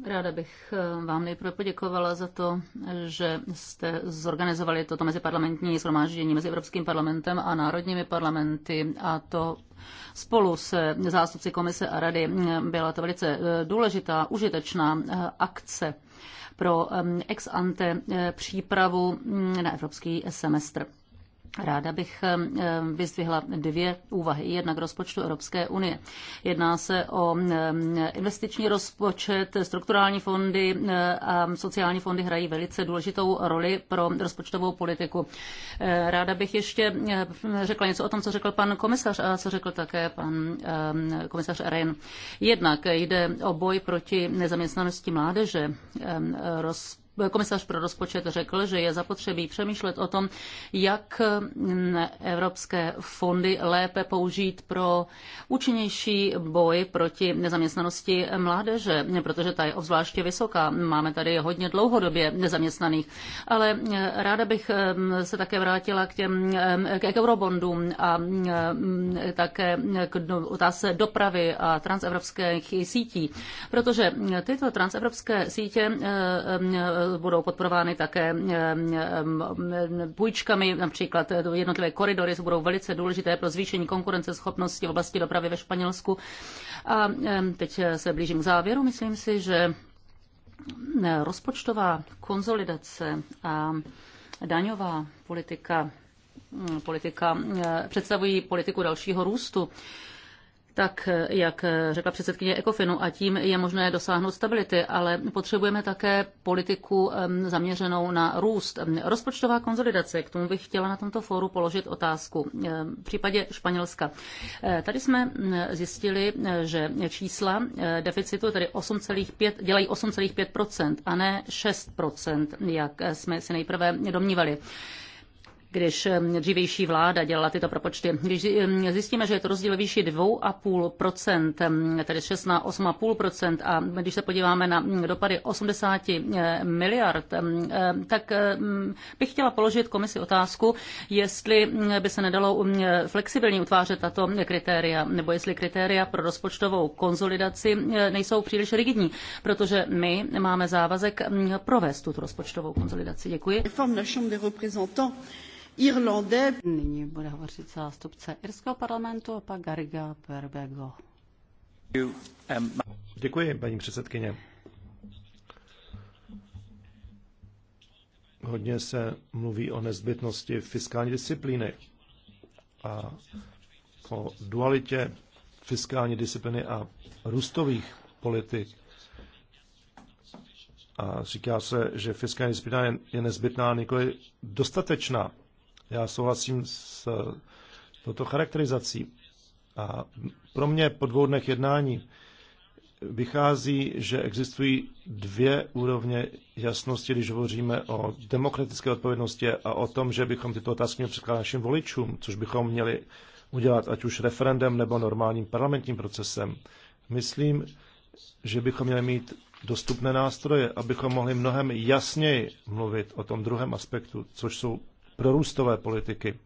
Ráda bych eh, vám nejprve poděkovala za to, že jste zorganizovali toto meziparlamentní shromáždění mezi Evropským parlamentem a národními parlamenty a to spolu se zástupci komise a rady. Byla to velice eh, důležitá, užitečná eh, akce pro ex ante přípravu mm, na evropský semestr. Ráda bych vyzdvihla dvě úvahy, jednak rozpočtu Evropské unie. Jedná se o investiční rozpočet, strukturální fondy eh, a sociální fondy hrají velice důležitou roli pro rozpočtovou politiku. Eh, ráda bych ještě eh, řekla něco o tom, co řekl pan komisař a co řekl také pan komisař Rehn. Jednak jde o boj proti nezaměstnanosti mládeže. Rozpočet komisař pro rozpočet řekl, že je zapotřebí přemýšlet o tom, jak evropské fondy lépe použít pro účinnější boj proti nezaměstnanosti mládeže, protože ta je obzvláště vysoká. Máme tady hodně dlouhodobě nezaměstnaných. Ale ráda bych se také vrátila k těm k eurobondům a také k otázce dopravy a transevropských sítí, protože tyto transevropské sítě budou podporovány také eh, eh, eh, půjčkami, například jednotlivé koridory budou velice důležité pro zvýšení konkurenceschopnosti v oblasti dopravy ve Španělsku. A teď se blížím k závěru. Myslím si, že rozpočtová konzolidace a daňová politika politika představují politiku dalšího růstu tak jak řekla předsedkyně Ekofinu, a tím je možné dosáhnout stability, ale potřebujeme také politiku zaměřenou na růst. Rozpočtová konzolidace, k tomu bych chtěla na tomto fóru položit otázku. V případě Španělska. Eh, tady jsme zjistili, eh, že čísla eh, deficitu, tedy 8,5, dělají 8,5% a ne 6%, jak jsme si nejprve domnívali když dřívější vláda dělala tyto propočty. Když zjistíme, že je to rozdíl výši 2,5%, tedy 6 na 8,5% a když se podíváme na mm, dopady 80 eh, miliard, eh, tak bych chtěla položit komisi otázku, jestli mm, by se nedalo mm, flexibilně utvářet tato kritéria, nebo jestli kritéria pro rozpočtovou konzolidaci eh, nejsou příliš rigidní, protože my máme závazek provést tuto rozpočtovou konzolidaci. Děkuji. Irlande, Nyní bude hovořit zástupce irského parlamentu a pak Gariga Berbego. Děkuji, paní předsedkyně. Hodně se mluví o nezbytnosti fiskální disciplíny a o dualitě fiskální disciplíny a růstových politik. A říká se, že fiskální disciplína je nezbytná, nikoli dostatečná. Já souhlasím eh, s touto charakterizací. A pro mě po dvou dnech jednání vychází, že existují dvě úrovně jasnosti, když hovoříme o demokratické odpovědnosti a o tom, že bychom tyto otázky měli předkládat našim voličům, což bychom měli udělat ať už referendem nebo normálním parlamentním procesem. Myslím, že bychom měli mít dostupné nástroje, abychom mohli mnohem jasněji mluvit o tom druhém aspektu, což jsou prorůstové politiky.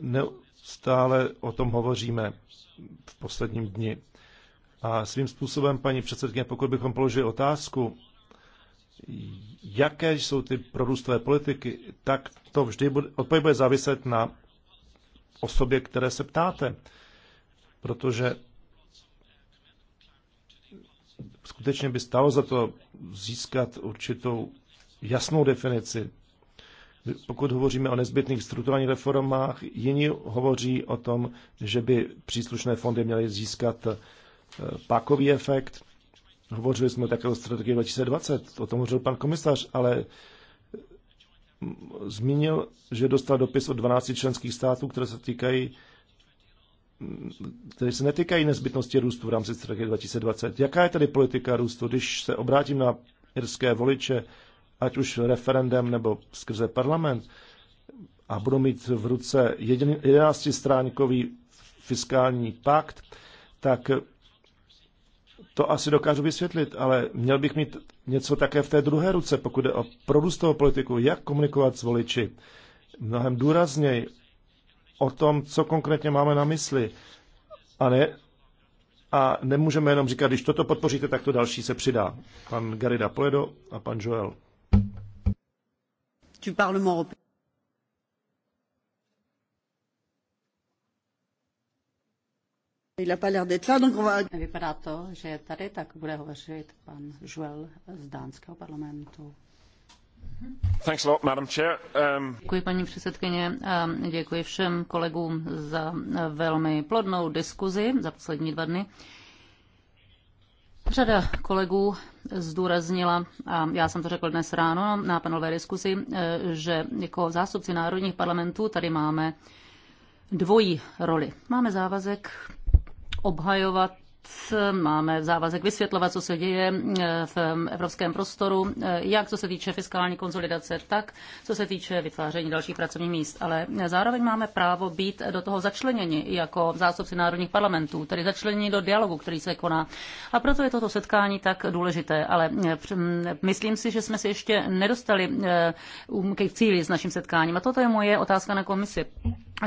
Neustále o tom hovoříme v posledním dni. A svým způsobem, paní předsedkyně, pokud bychom položili otázku, jaké jsou ty prorůstové politiky, tak to vždy bude, odpověď bude záviset na osobě, které se ptáte. Protože skutečně by stálo za to získat určitou jasnou definici pokud hovoříme o nezbytných strukturálních reformách, jiní hovoří o tom, že by příslušné fondy měly získat eh, pákový efekt. Hovořili jsme také o strategii 2020, o tom hovořil pan komisař, ale mm, zmínil, že dostal dopis od 12 členských států, které se týkají mm, které se netýkají nezbytnosti růstu v rámci strategie 2020. Jaká je tedy politika růstu? Když se obrátím na irské voliče, ať už referendem nebo skrze parlament, a budou mít v ruce 11 stránkový fiskální pakt, tak to asi dokážu vysvětlit, ale měl bych mít něco také v té druhé ruce, pokud jde o prorůstovou politiku, jak komunikovat s voliči. Mnohem důrazněji o tom, co konkrétně máme na mysli. A, ne, a nemůžeme jenom říkat, když toto podpoříte, tak to další se přidá. Pan Garida Poledo a pan Joel du Parlement européen. Il n'a pas l'air d'être là, donc on va... Vypadá to, že je tady, tak bude hovořit pan Joel z dánského parlamentu. Thanks a lot, Madam Chair. Um... Děkuji paní předsedkyně a děkuji všem kolegům za velmi plodnou diskuzi za poslední dva dny. Řada kolegů zdůraznila, a já jsem to řekl dnes ráno na panelové diskusi, e, že jako zástupci národních parlamentů tady máme dvojí roli. Máme závazek obhajovat máme závazek vysvětlovat, co se děje eh, v evropském prostoru, eh, jak co se týče fiskální konsolidace, tak co se týče vytváření dalších pracovních míst. Ale zároveň máme právo být do toho začleněni jako zástupci národních parlamentů, tedy začleněni do dialogu, který se koná. A proto je toto setkání tak důležité. Ale eh, myslím si, že jsme se ještě nedostali k cíli s naším setkáním. A toto je moje otázka na komisi.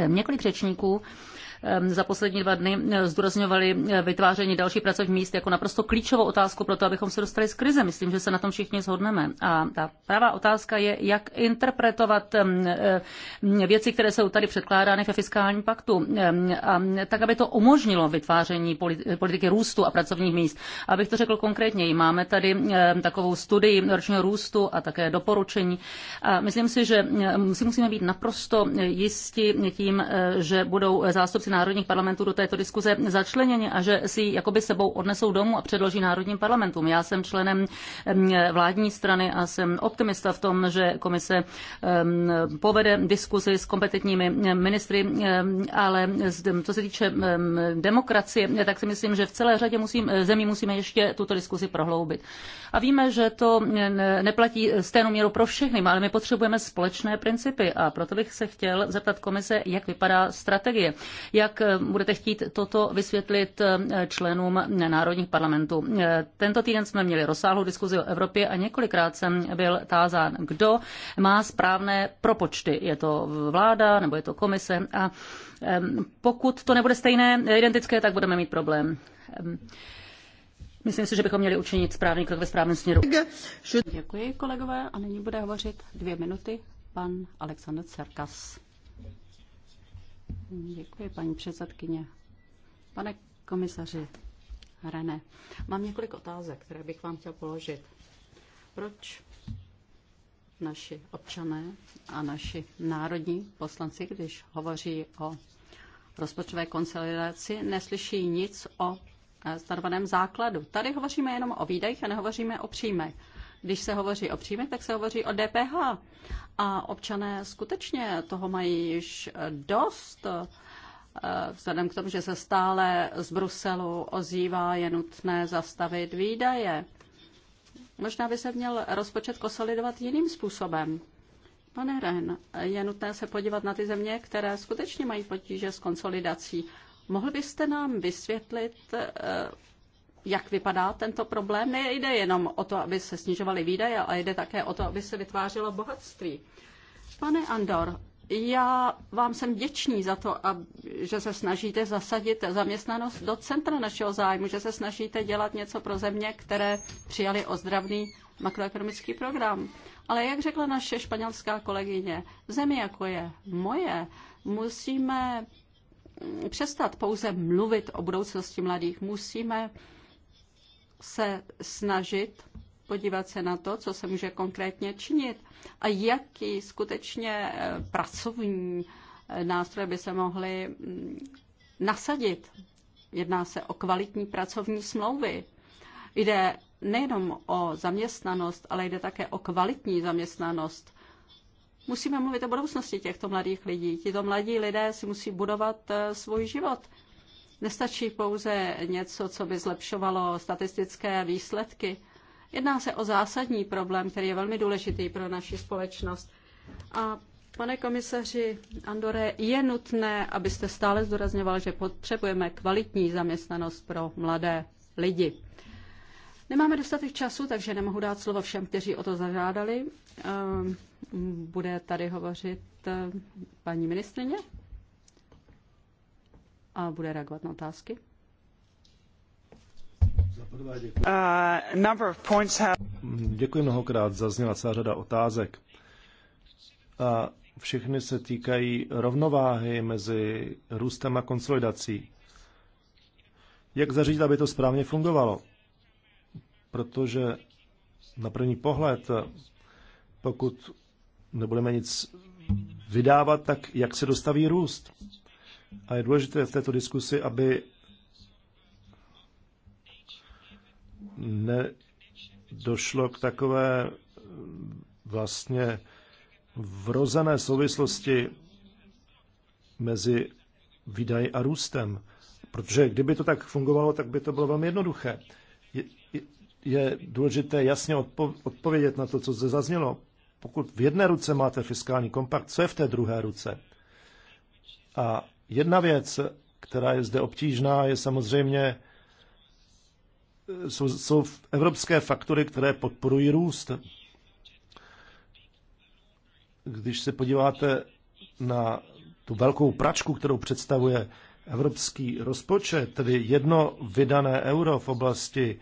Několik řečníků Ehm, za poslední dva dny eh, zdůrazňovali eh, vytváření dalších pracovních míst jako naprosto klíčovou otázku pro to, abychom se dostali z krize. Myslím, že se na tom všichni shodneme. A ta pravá otázka je, jak interpretovat ehm, eh, věci, které jsou tady předkládány ve fiskálním paktu, ehm, a tak, aby to umožnilo vytváření politiky růstu a pracovních míst. Abych to řekl konkrétněji, máme tady takovou studii ročního růstu a také doporučení. A myslím si, že si musíme být naprosto jisti tím, že budou zástupci národních parlamentů do této diskuze začleněni a že si ji jakoby sebou odnesou domů a předloží národním parlamentům. Já jsem členem vládní strany a jsem optimista v tom, že komise povede diskuzi s kompetentními ministry, ale co se týče demokracie, tak si myslím, že v celé řadě musím, zemí musíme ještě tuto diskuzi prohloubit. A víme, že to neplatí stejnou měru pro všechny, ale my potřebujeme společné principy a proto bych se chtěl zeptat komise, jak vypadá strategie. Jak eh, budete chtít toto vysvětlit eh, členům národních parlamentů? Eh, tento týden jsme měli rozsáhlou diskuzi o Evropě a několikrát jsem byl tázán, kdo má správné propočty. Je to vláda nebo je to komise? A pokud to nebude stejné, identické, tak budeme mít problém. Myslím si, že bychom měli učinit správný krok ve správném směru. Děkuji, kolegové. A nyní bude hovořit dvě minuty pan Aleksandr Cerkas. Děkuji, paní předsedkyně. Pane komisaři René, mám několik otázek, které bych vám chtěl položit. Proč naši občané a naši národní poslanci, když hovoří o rozpočtové konsolidaci, neslyší nic o eh, stanoveném základu. Tady hovoříme jenom o výdajích a nehovoříme o příjmech. Když se hovoří o příjmech, tak se hovoří o DPH. A občané skutečně toho mají již dost. Eh, vzhledem k tomu, že se stále z Bruselu ozývá, je nutné zastavit výdaje. Možná by se měl rozpočet konsolidovat jiným způsobem. Pane Ren, je nutné se podívat na ty země, které skutečně mají potíže s konsolidací. Mohl byste nám vysvětlit, eh, jak vypadá tento problém. Nejde jenom o to, aby se snižovaly výdaje, ale jde také o to, aby se vytvářelo bohatství. Pane Andor, já vám jsem vděčný za to, že se snažíte zasadit zaměstnanost do centra našeho zájmu, že se snažíte dělat něco pro země, které přijali ozdravný makroekonomický program. Ale jak řekla naše španělská kolegyně, zemi jako je moje, musíme přestat pouze mluvit o budoucnosti mladých. Musíme se snažit podívat se na to, co se může konkrétně činit a jaký skutečně eh, pracovní eh, nástroje by se mohly mm, nasadit. Jedná se o kvalitní pracovní smlouvy. Jde nejenom o zaměstnanost, ale jde také o kvalitní zaměstnanost. Musíme mluvit o budoucnosti těchto mladých lidí. Tito mladí lidé si musí budovat eh, svůj život. Nestačí pouze něco, co by zlepšovalo statistické výsledky. Jedná se o zásadní problém, který je velmi důležitý pro naši společnost. A pane komisaři Andore, je nutné, abyste stále zdůrazňoval, že potřebujeme kvalitní zaměstnanost pro mladé lidi. Nemáme dostatek času, takže nemohu dát slovo všem, kteří o to zažádali. Ehm, bude tady hovořit eh, paní ministrině a bude reagovat na otázky. Uh, Děkuji mnohokrát, zazněla celá řada otázek. A všechny se týkají rovnováhy mezi růstem a konsolidací. Jak zařídit, aby to správně fungovalo? Protože na první pohled, pokud nebudeme nic vydávat, tak jak se dostaví růst? A je důležité v této diskusi, aby nedošlo k takové vlastně vrozené souvislosti mezi výdaji a růstem. Protože kdyby to tak fungovalo, tak by to bylo velmi jednoduché. Je, je, je důležité jasně odpo, odpovědět na to, co zde zaznělo. Pokud v jedné ruce máte fiskální kompakt, co je v té druhé ruce? A Jedna věc, která je zde obtížná, je samozřejmě, jsou, jsou evropské faktory, které podporují růst. Když se podíváte na tu velkou pračku, kterou představuje evropský rozpočet, tedy jedno vydané euro v oblasti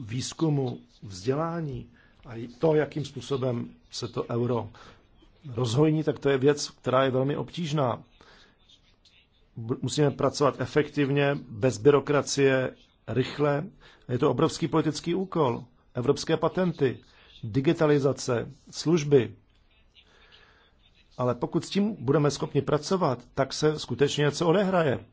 výzkumu, vzdělání a to, jakým způsobem se to euro rozhojní, tak to je věc, která je velmi obtížná musíme pracovat efektivně, bez byrokracie, rychle. Je to obrovský politický úkol. Evropské patenty, digitalizace, služby. Ale pokud s tím budeme schopni pracovat, tak se skutečně něco odehraje.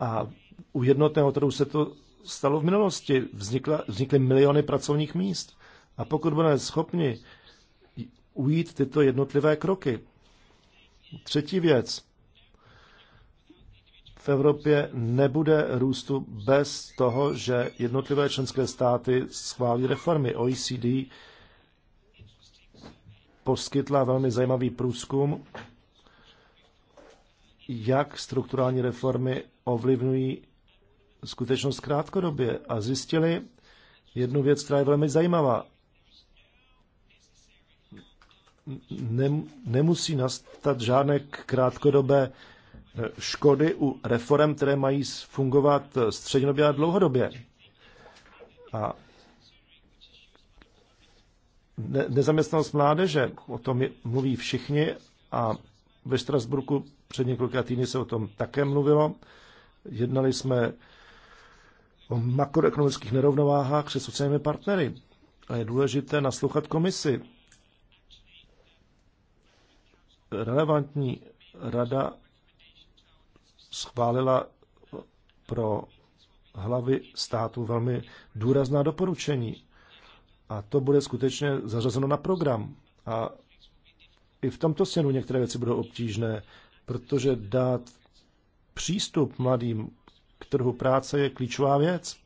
A u jednotného trhu se to stalo v minulosti. Vznikla, vznikly miliony pracovních míst. A pokud budeme schopni ujít tyto jednotlivé kroky. Třetí věc v Evropě nebude růstu bez toho, že jednotlivé členské státy schválí reformy. OECD poskytla velmi zajímavý průzkum, jak strukturální reformy ovlivňují skutečnost krátkodobě a zjistili jednu věc, která je velmi zajímavá. Nemusí nastat žádné krátkodobé Eh, škody u reform, které mají fungovat eh, střednědobě a dlouhodobě. A nezaměstnanost mládeže, o tom mluví všichni a ve Strasburku před několika týdny se o tom také mluvilo. Jednali jsme o makroekonomických nerovnováhách se sociálními partnery. A je důležité naslouchat komisi. Relevantní rada schválila pro hlavy států velmi důrazná doporučení. A to bude skutečně zařazeno na program. A i v tomto směru některé věci budou obtížné, protože dát přístup mladým k trhu práce je klíčová věc.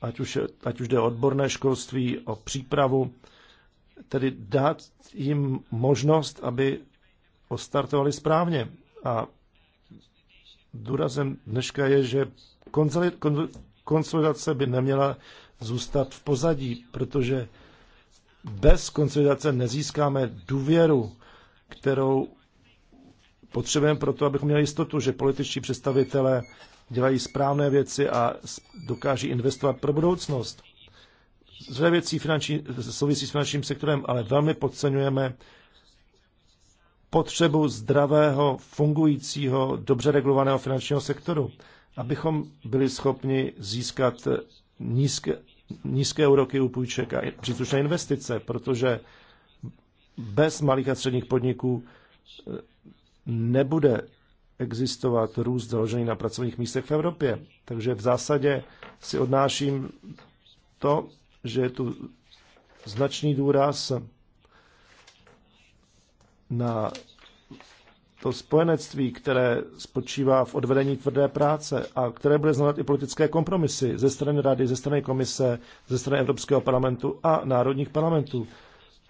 Ať už, je, ať už jde o odborné školství, o přípravu, tedy dát jim možnost, aby ostartovali správně. A důrazem dneška je, že konsolidace by neměla zůstat v pozadí, protože bez konsolidace nezískáme důvěru, kterou potřebujeme pro to, abychom měli jistotu, že političtí představitelé dělají správné věci a dokáží investovat pro budoucnost. Zde věcí finanční, souvisí s finančním sektorem, ale velmi podceňujeme potřebu zdravého, fungujícího, dobře regulovaného finančního sektoru, abychom byli schopni získat nízké, nízké úroky u půjček a příslušné investice, protože bez malých a středních podniků eh, nebude existovat růst založený na pracovních místech v Evropě. Takže v zásadě si odnáším to, že je tu značný důraz na to spojenectví, které spočívá v odvedení tvrdé práce a které bude znamenat i politické kompromisy ze strany Rady, ze strany Komise, ze strany Evropského parlamentu a národních parlamentů,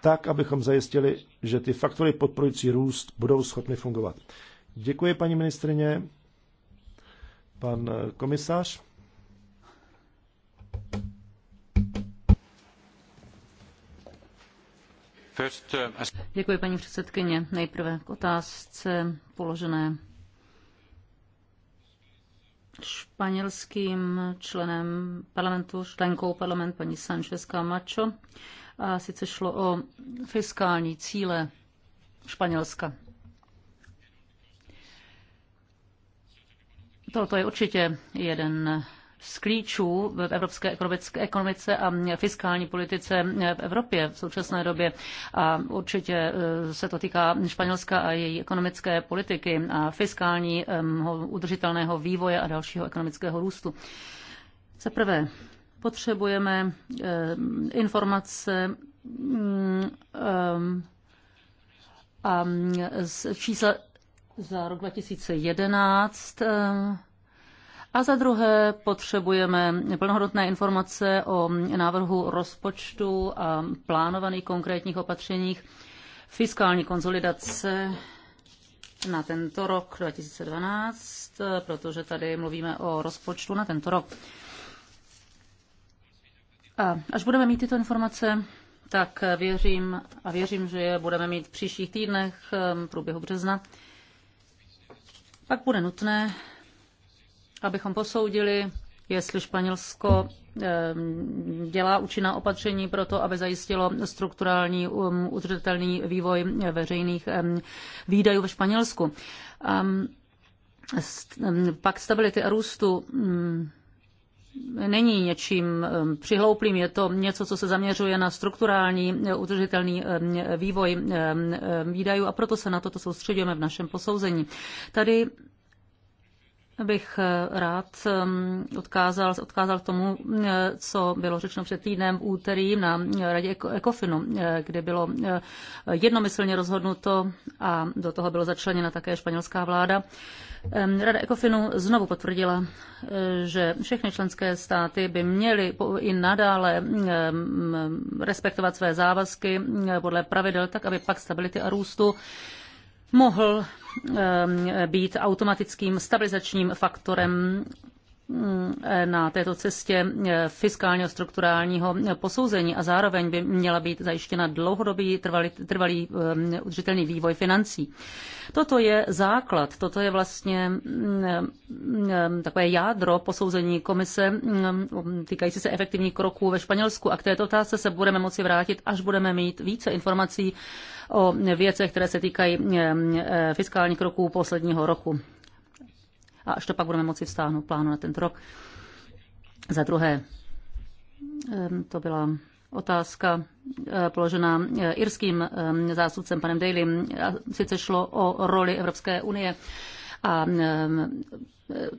tak, abychom zajistili, že ty faktory podporující růst budou schopny fungovat. Děkuji, paní ministrině. Pan komisář. Uh, Děkuji, paní předsedající Nejprve k otázce položené španělským členem parlamentu, členkou parlamentu paní snchez Camacho. A sice šlo o fiskální cíle Španělska. Toto je určitě jeden z klíčů v evropské ekonomice a fiskální politice v Evropě v současné době. A určitě e, se to týká Španělska a její ekonomické politiky a fiskální udržitelného vývoje a dalšího ekonomického růstu. Za prvé, potřebujeme e, informace mm, e, a z čísla za rok 2011 a za druhé potřebujeme plnohodnotné informace o návrhu rozpočtu a plánovaných konkrétních opatřeních fiskální konsolidace na tento rok 2012, protože tady mluvíme o rozpočtu na tento rok. A až budeme mít tyto informace, tak věřím a věřím, že je budeme mít v příštích týdnech v průběhu března. Pak bude nutné abychom posoudili, jestli Španělsko eh, dělá účinná opatření pro to, aby zajistilo strukturální um, udržitelný vývoj veřejných výdajů ve Španělsku. pak stability a růstu mm, není něčím přihlouplým, je to něco, co se zaměřuje na strukturální eh, udržitelný vývoj výdajů a proto se na toto soustředujeme v našem posouzení. Tady bych eh, rád ehm, odkázal, odkázal tomu, eh, co bylo řečeno před týdnem v úterý na eh, radě Ekofinu, kde bylo jednomyslně rozhodnuto a do toho byla začleněna také španělská vláda. Ehm, Rada Ekofinu znovu potvrdila, že všechny členské státy by měly i nadále ehm, respektovat své závazky podle pravidel, tak aby pak stability a růstu mohl ehm, být automatickým stabilizačním faktorem Eh, na této cestě eh, fiskálního strukturálního posouzení a zároveň by měla být zajištěna dlouhodobý trvalý, trvalý eh, udržitelný vývoj financí. Toto je základ, toto je vlastně mm, takové jádro posouzení komise mm, týkající se efektivních kroků ve Španělsku a k této otázce se budeme moci vrátit, až budeme mít více informací o věcech, které se týkají mm, fiskálních kroků posledního roku a až to pak budeme moci vstáhnout plánu na tento rok. Za druhé, to byla otázka eh, položená eh, irským eh, zástupcem panem Daly. Sice šlo o roli Evropské unie a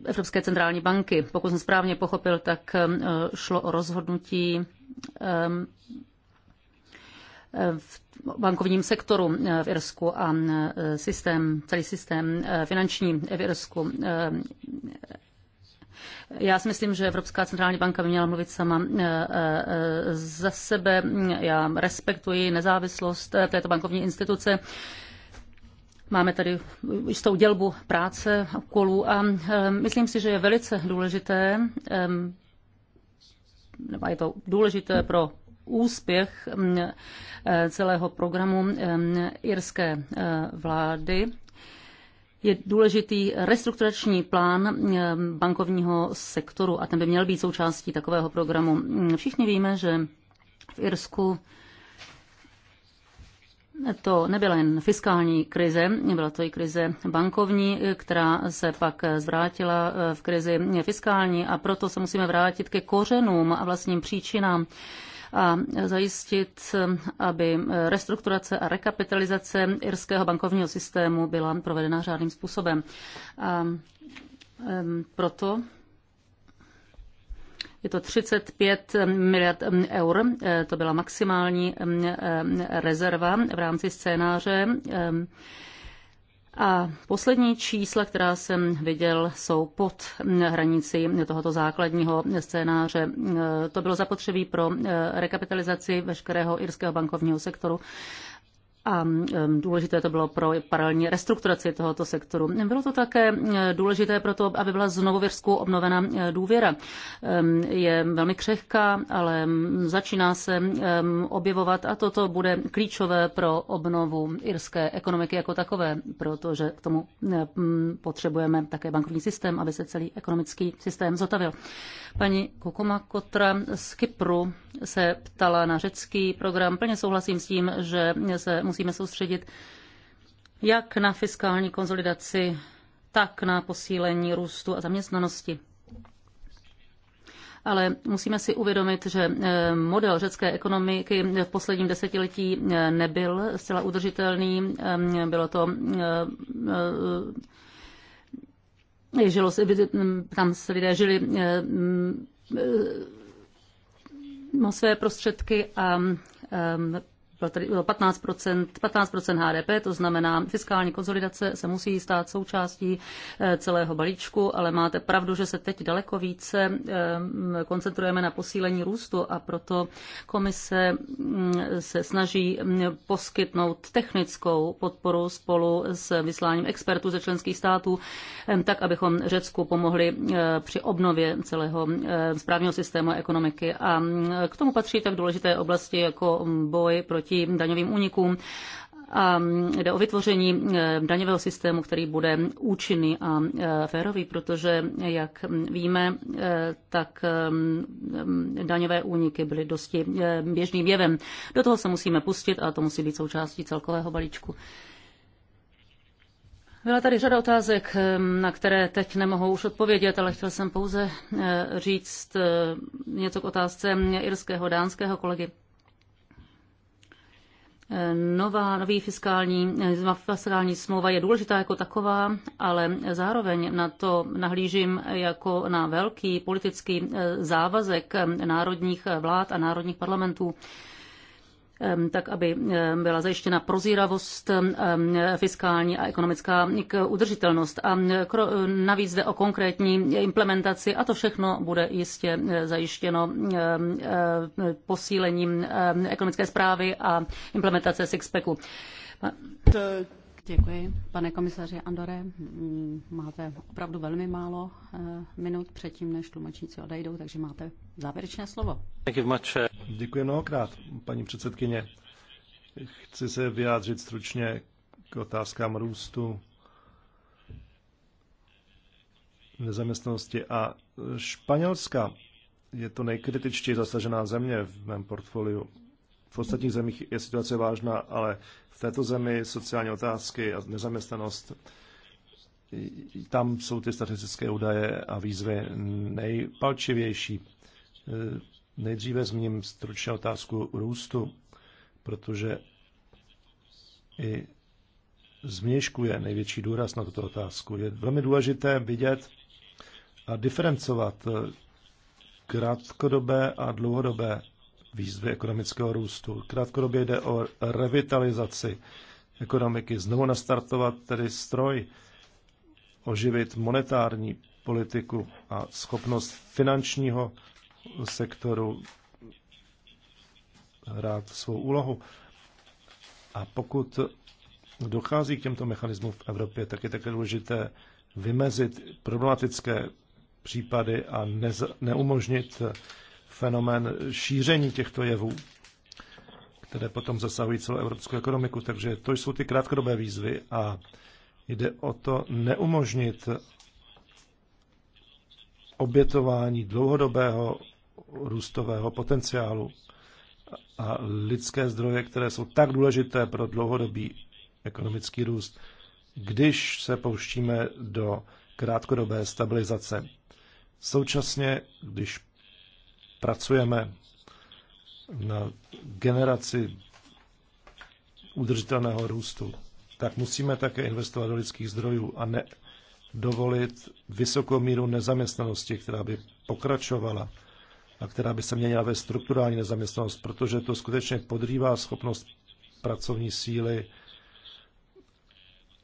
Evropské centrální banky. Pokud jsem správně pochopil, tak šlo o rozhodnutí v bankovním sektoru eh, v Irsku a eh, systém, celý systém eh, finanční v Irsku. Já si myslím, že Evropská centrální banka by měla mluvit sama za sebe. Já respektuji nezávislost této bankovní instituce. Máme tady jistou dělbu práce, úkolů a myslím si, že je velice důležité, nebo je to důležité pro úspěch mm, eh, celého programu mm, irské eh, vlády je důležitý restrukturační plán mm, bankovního sektoru a ten by měl být součástí takového programu. Všichni víme, že v Irsku to nebyla jen fiskální krize, byla to i krize bankovní, která se pak zvrátila eh, v krizi fiskální a proto se musíme vrátit ke kořenům a vlastním příčinám a zajistit, aby restrukturace a rekapitalizace irského bankovního systému byla provedena řádným způsobem. A proto je to 35 miliard eur, e, to byla maximální rezerva v rámci scénáře. A poslední čísla, která jsem viděl, jsou pod hranici tohoto základního scénáře. To bylo zapotřebí pro eh, rekapitalizaci veškerého irského bankovního sektoru a důležité to bylo pro paralelní restrukturaci tohoto sektoru. Bylo to také důležité pro to, aby byla znovu v obnovena důvěra. Je velmi křehká, ale začíná se objevovat a toto bude klíčové pro obnovu irské ekonomiky jako takové, protože k tomu potřebujeme také bankovní systém, aby se celý ekonomický systém zotavil. Paní Kokoma Kotra z Kypru se ptala na řecký program. Plně souhlasím s tím, že se musíme soustředit jak na fiskální konsolidaci, tak na posílení růstu a zaměstnanosti. Ale musíme si uvědomit, že eh, model řecké ekonomiky v posledním desetiletí eh, nebyl zcela udržitelný. Eh, bylo to žilo se, tam se lidé žili své prostředky a bylo 15%, 15% HDP, to znamená, fiskální konsolidace se musí stát součástí eh, celého balíčku, ale máte pravdu, že se teď daleko více eh, koncentrujeme na posílení růstu a proto komise mm, se snaží mm, poskytnout technickou podporu spolu s vysláním expertů ze členských států, eh, tak, abychom Řecku pomohli při obnově celého správního systému ekonomiky. A mm, k tomu patří tak důležité oblasti jako boj proti proti daňovým únikům a ehm, jde o vytvoření ehm, daňového systému, který bude účinný a e, férový, protože, jak víme, e, tak ehm, daňové úniky byly dosti e, běžným jevem. Do toho se musíme pustit a to musí být součástí celkového balíčku. Byla tady řada otázek, na které teď nemohu už odpovědět, ale chtěl jsem pouze říct něco k otázce irského, dánského kolegy. Nová, nový fiskální, fiskální smlouva je důležitá jako taková, ale zároveň na to nahlížím jako na velký politický eh, závazek eh, národních eh, vlád a národních parlamentů tak aby byla zajištěna prozíravost fiskální a ekonomická udržitelnost. A navíc jde o konkrétní implementaci a to všechno bude jistě zajištěno posílením ekonomické zprávy a implementace Sixpacku. Děkuji. Pane komisaři Andore, mm, máte opravdu velmi málo eh, minut předtím, než tlumočníci odejdou, takže máte závěrečné slovo. Eh. Děkuji mnohokrát, paní předsedkyně. Chci se vyjádřit stručně k otázkám růstu nezaměstnanosti a Španělska je to nejkritičtěji zasažená země v mém portfoliu. V ostatních zemích je situace vážná, ale v této zemi sociální otázky a nezaměstnanost, tam jsou ty statistické údaje a výzvy nejpalčivější. Nejdříve zmíním stručně otázku růstu, protože i změšku je největší důraz na tuto otázku. Je velmi důležité vidět a diferencovat krátkodobé a dlouhodobé výzvy ekonomického růstu. Krátkodobě jde o revitalizaci ekonomiky, znovu nastartovat tedy stroj, oživit monetární politiku a schopnost finančního sektoru hrát svou úlohu. A pokud dochází k těmto mechanismům v Evropě, tak je také důležité vymezit problematické případy a neumožnit fenomén šíření těchto jevů, které potom zasahují celou evropskou ekonomiku. Takže to jsou ty krátkodobé výzvy a jde o to neumožnit obětování dlouhodobého růstového potenciálu a lidské zdroje, které jsou tak důležité pro dlouhodobý ekonomický růst, když se pouštíme do krátkodobé stabilizace. Současně, když pracujeme na generaci udržitelného růstu, tak musíme také investovat do lidských zdrojů a ne dovolit vysokou míru nezaměstnanosti, která by pokračovala a která by se měnila ve strukturální nezaměstnanost, protože to skutečně podrývá schopnost pracovní síly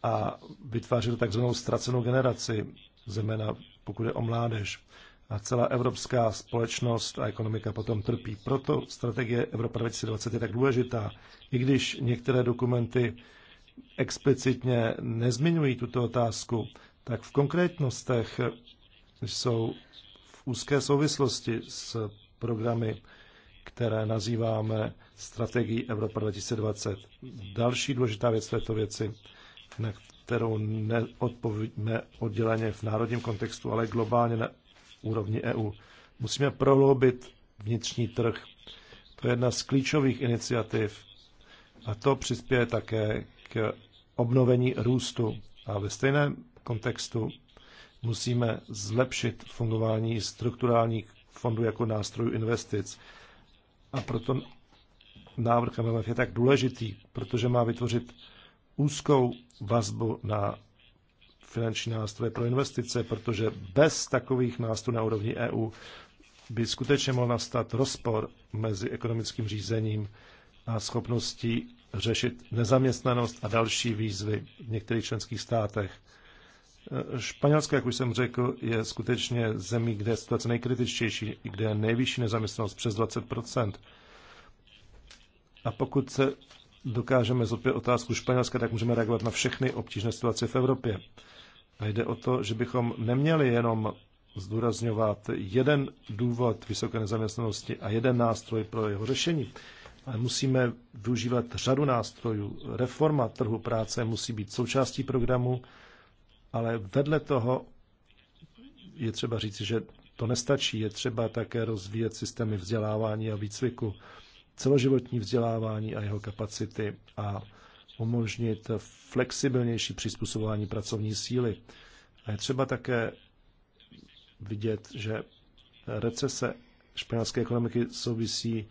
a vytváří to takzvanou ztracenou generaci, zejména pokud je o mládež a celá evropská společnost a ekonomika potom trpí. Proto strategie Evropa 2020 je tak důležitá, i když některé dokumenty explicitně nezmiňují tuto otázku, tak v konkrétnostech jsou v úzké souvislosti s programy, které nazýváme strategií Evropa 2020. Další důležitá věc v této věci, na kterou neodpovíme odděleně v národním kontextu, ale globálně úrovni EU. Musíme prohloubit vnitřní trh. To je jedna z klíčových iniciativ a to přispěje také k obnovení růstu. A ve stejném kontextu musíme zlepšit fungování strukturálních fondů jako nástrojů investic. A proto návrh MMF je tak důležitý, protože má vytvořit úzkou vazbu na finanční nástroje pro investice, protože bez takových nástrojů na úrovni EU by skutečně mohl nastat rozpor mezi ekonomickým řízením a schopností řešit nezaměstnanost a další výzvy v některých členských státech. Španělsko, jak už jsem řekl, je skutečně zemí, kde je situace nejkritičtější, kde je nejvyšší nezaměstnanost přes 20 A pokud se dokážeme zopět otázku Španělska, tak můžeme reagovat na všechny obtížné situace v Evropě. A jde o to, že bychom neměli jenom zdůrazňovat jeden důvod vysoké nezaměstnanosti a jeden nástroj pro jeho řešení, ale musíme využívat řadu nástrojů. Reforma trhu práce musí být součástí programu, ale vedle toho je třeba říci, že to nestačí. Je třeba také rozvíjet systémy vzdělávání a výcviku, celoživotní vzdělávání a jeho kapacity a umožnit flexibilnější přizpůsobování pracovní síly. A je třeba také vidět, že recese španělské ekonomiky souvisí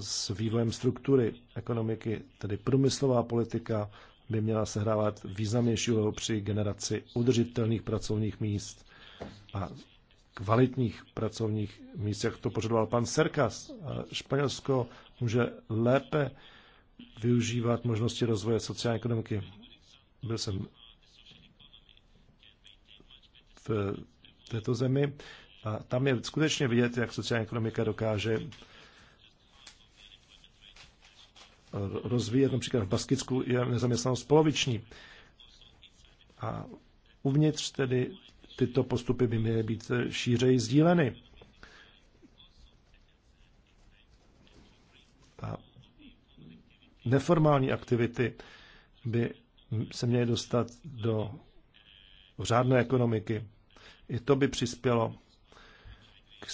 s vývojem struktury ekonomiky, tedy průmyslová politika by měla sehrávat významnější úlohu při generaci udržitelných pracovních míst a kvalitních pracovních míst, jak to požadoval pan Serkas. Španělsko může lépe využívat možnosti rozvoje sociální ekonomiky. Byl jsem v této zemi a tam je skutečně vidět, jak sociální ekonomika dokáže rozvíjet. Například v Baskicku je nezaměstnanost poloviční. A uvnitř tedy tyto postupy by měly být šířeji sdíleny. neformální aktivity by se měly dostat do řádné ekonomiky. I to by přispělo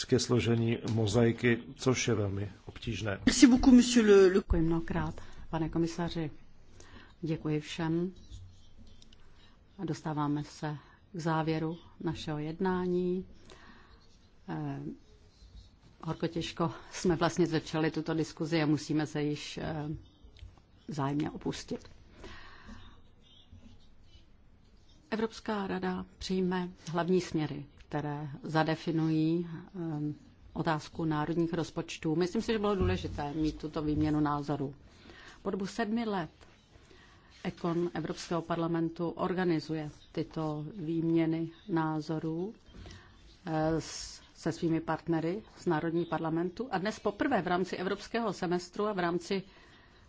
ke složení mozaiky, což je velmi obtížné. Děkuji mnohokrát, pane komisaři. Děkuji všem. Dostáváme se k závěru našeho jednání. Eh, horko těžko jsme vlastně začali tuto diskuzi a musíme se již eh, zájemně opustit. Evropská rada přijme hlavní směry, které zadefinují ehm, otázku národních rozpočtů. Myslím si, že bylo důležité mít tuto výměnu názorů. Po dobu sedmi let Ekon Evropského parlamentu organizuje tyto výměny názorů ehm, se svými partnery z národní parlamentu a dnes poprvé v rámci evropského semestru a v rámci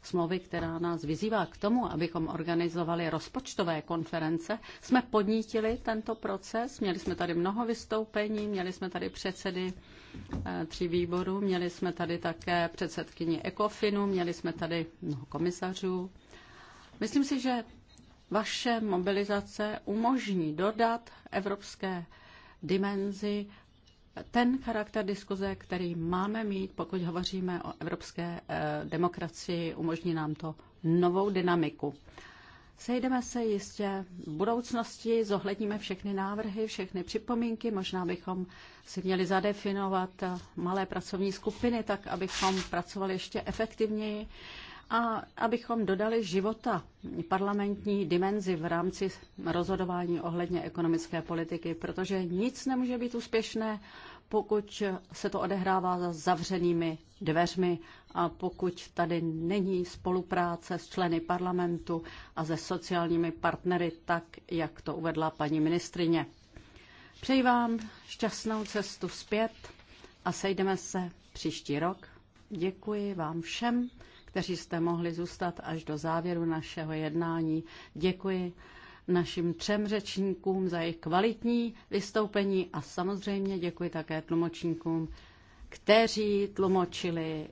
smlouvy, která nás vyzývá k tomu, abychom organizovali rozpočtové konference, jsme podnítili tento proces. Měli jsme tady mnoho vystoupení, měli jsme tady předsedy eh, tří výborů, měli jsme tady také předsedkyni ECOFINu, měli jsme tady mnoho komisařů. Myslím si, že vaše mobilizace umožní dodat evropské dimenzi ten charakter diskuze, který máme mít, pokud hovoříme o evropské eh, demokracii, umožní nám to novou dynamiku. Sejdeme se jistě v budoucnosti, zohledníme všechny návrhy, všechny připomínky, možná bychom si měli zadefinovat malé pracovní skupiny, tak abychom pracovali ještě efektivněji a abychom dodali života parlamentní dimenzi v rámci rozhodování ohledně ekonomické politiky, protože nic nemůže být úspěšné, pokud se to odehrává za zavřenými dveřmi a pokud tady není spolupráce s členy parlamentu a se sociálními partnery, tak jak to uvedla paní ministrině. Přeji vám šťastnou cestu zpět a sejdeme se příští rok. Děkuji vám všem kteří jste mohli zůstat až do závěru našeho jednání. Děkuji našim třem řečníkům za jejich kvalitní vystoupení a samozřejmě děkuji také tlumočníkům, kteří tlumočili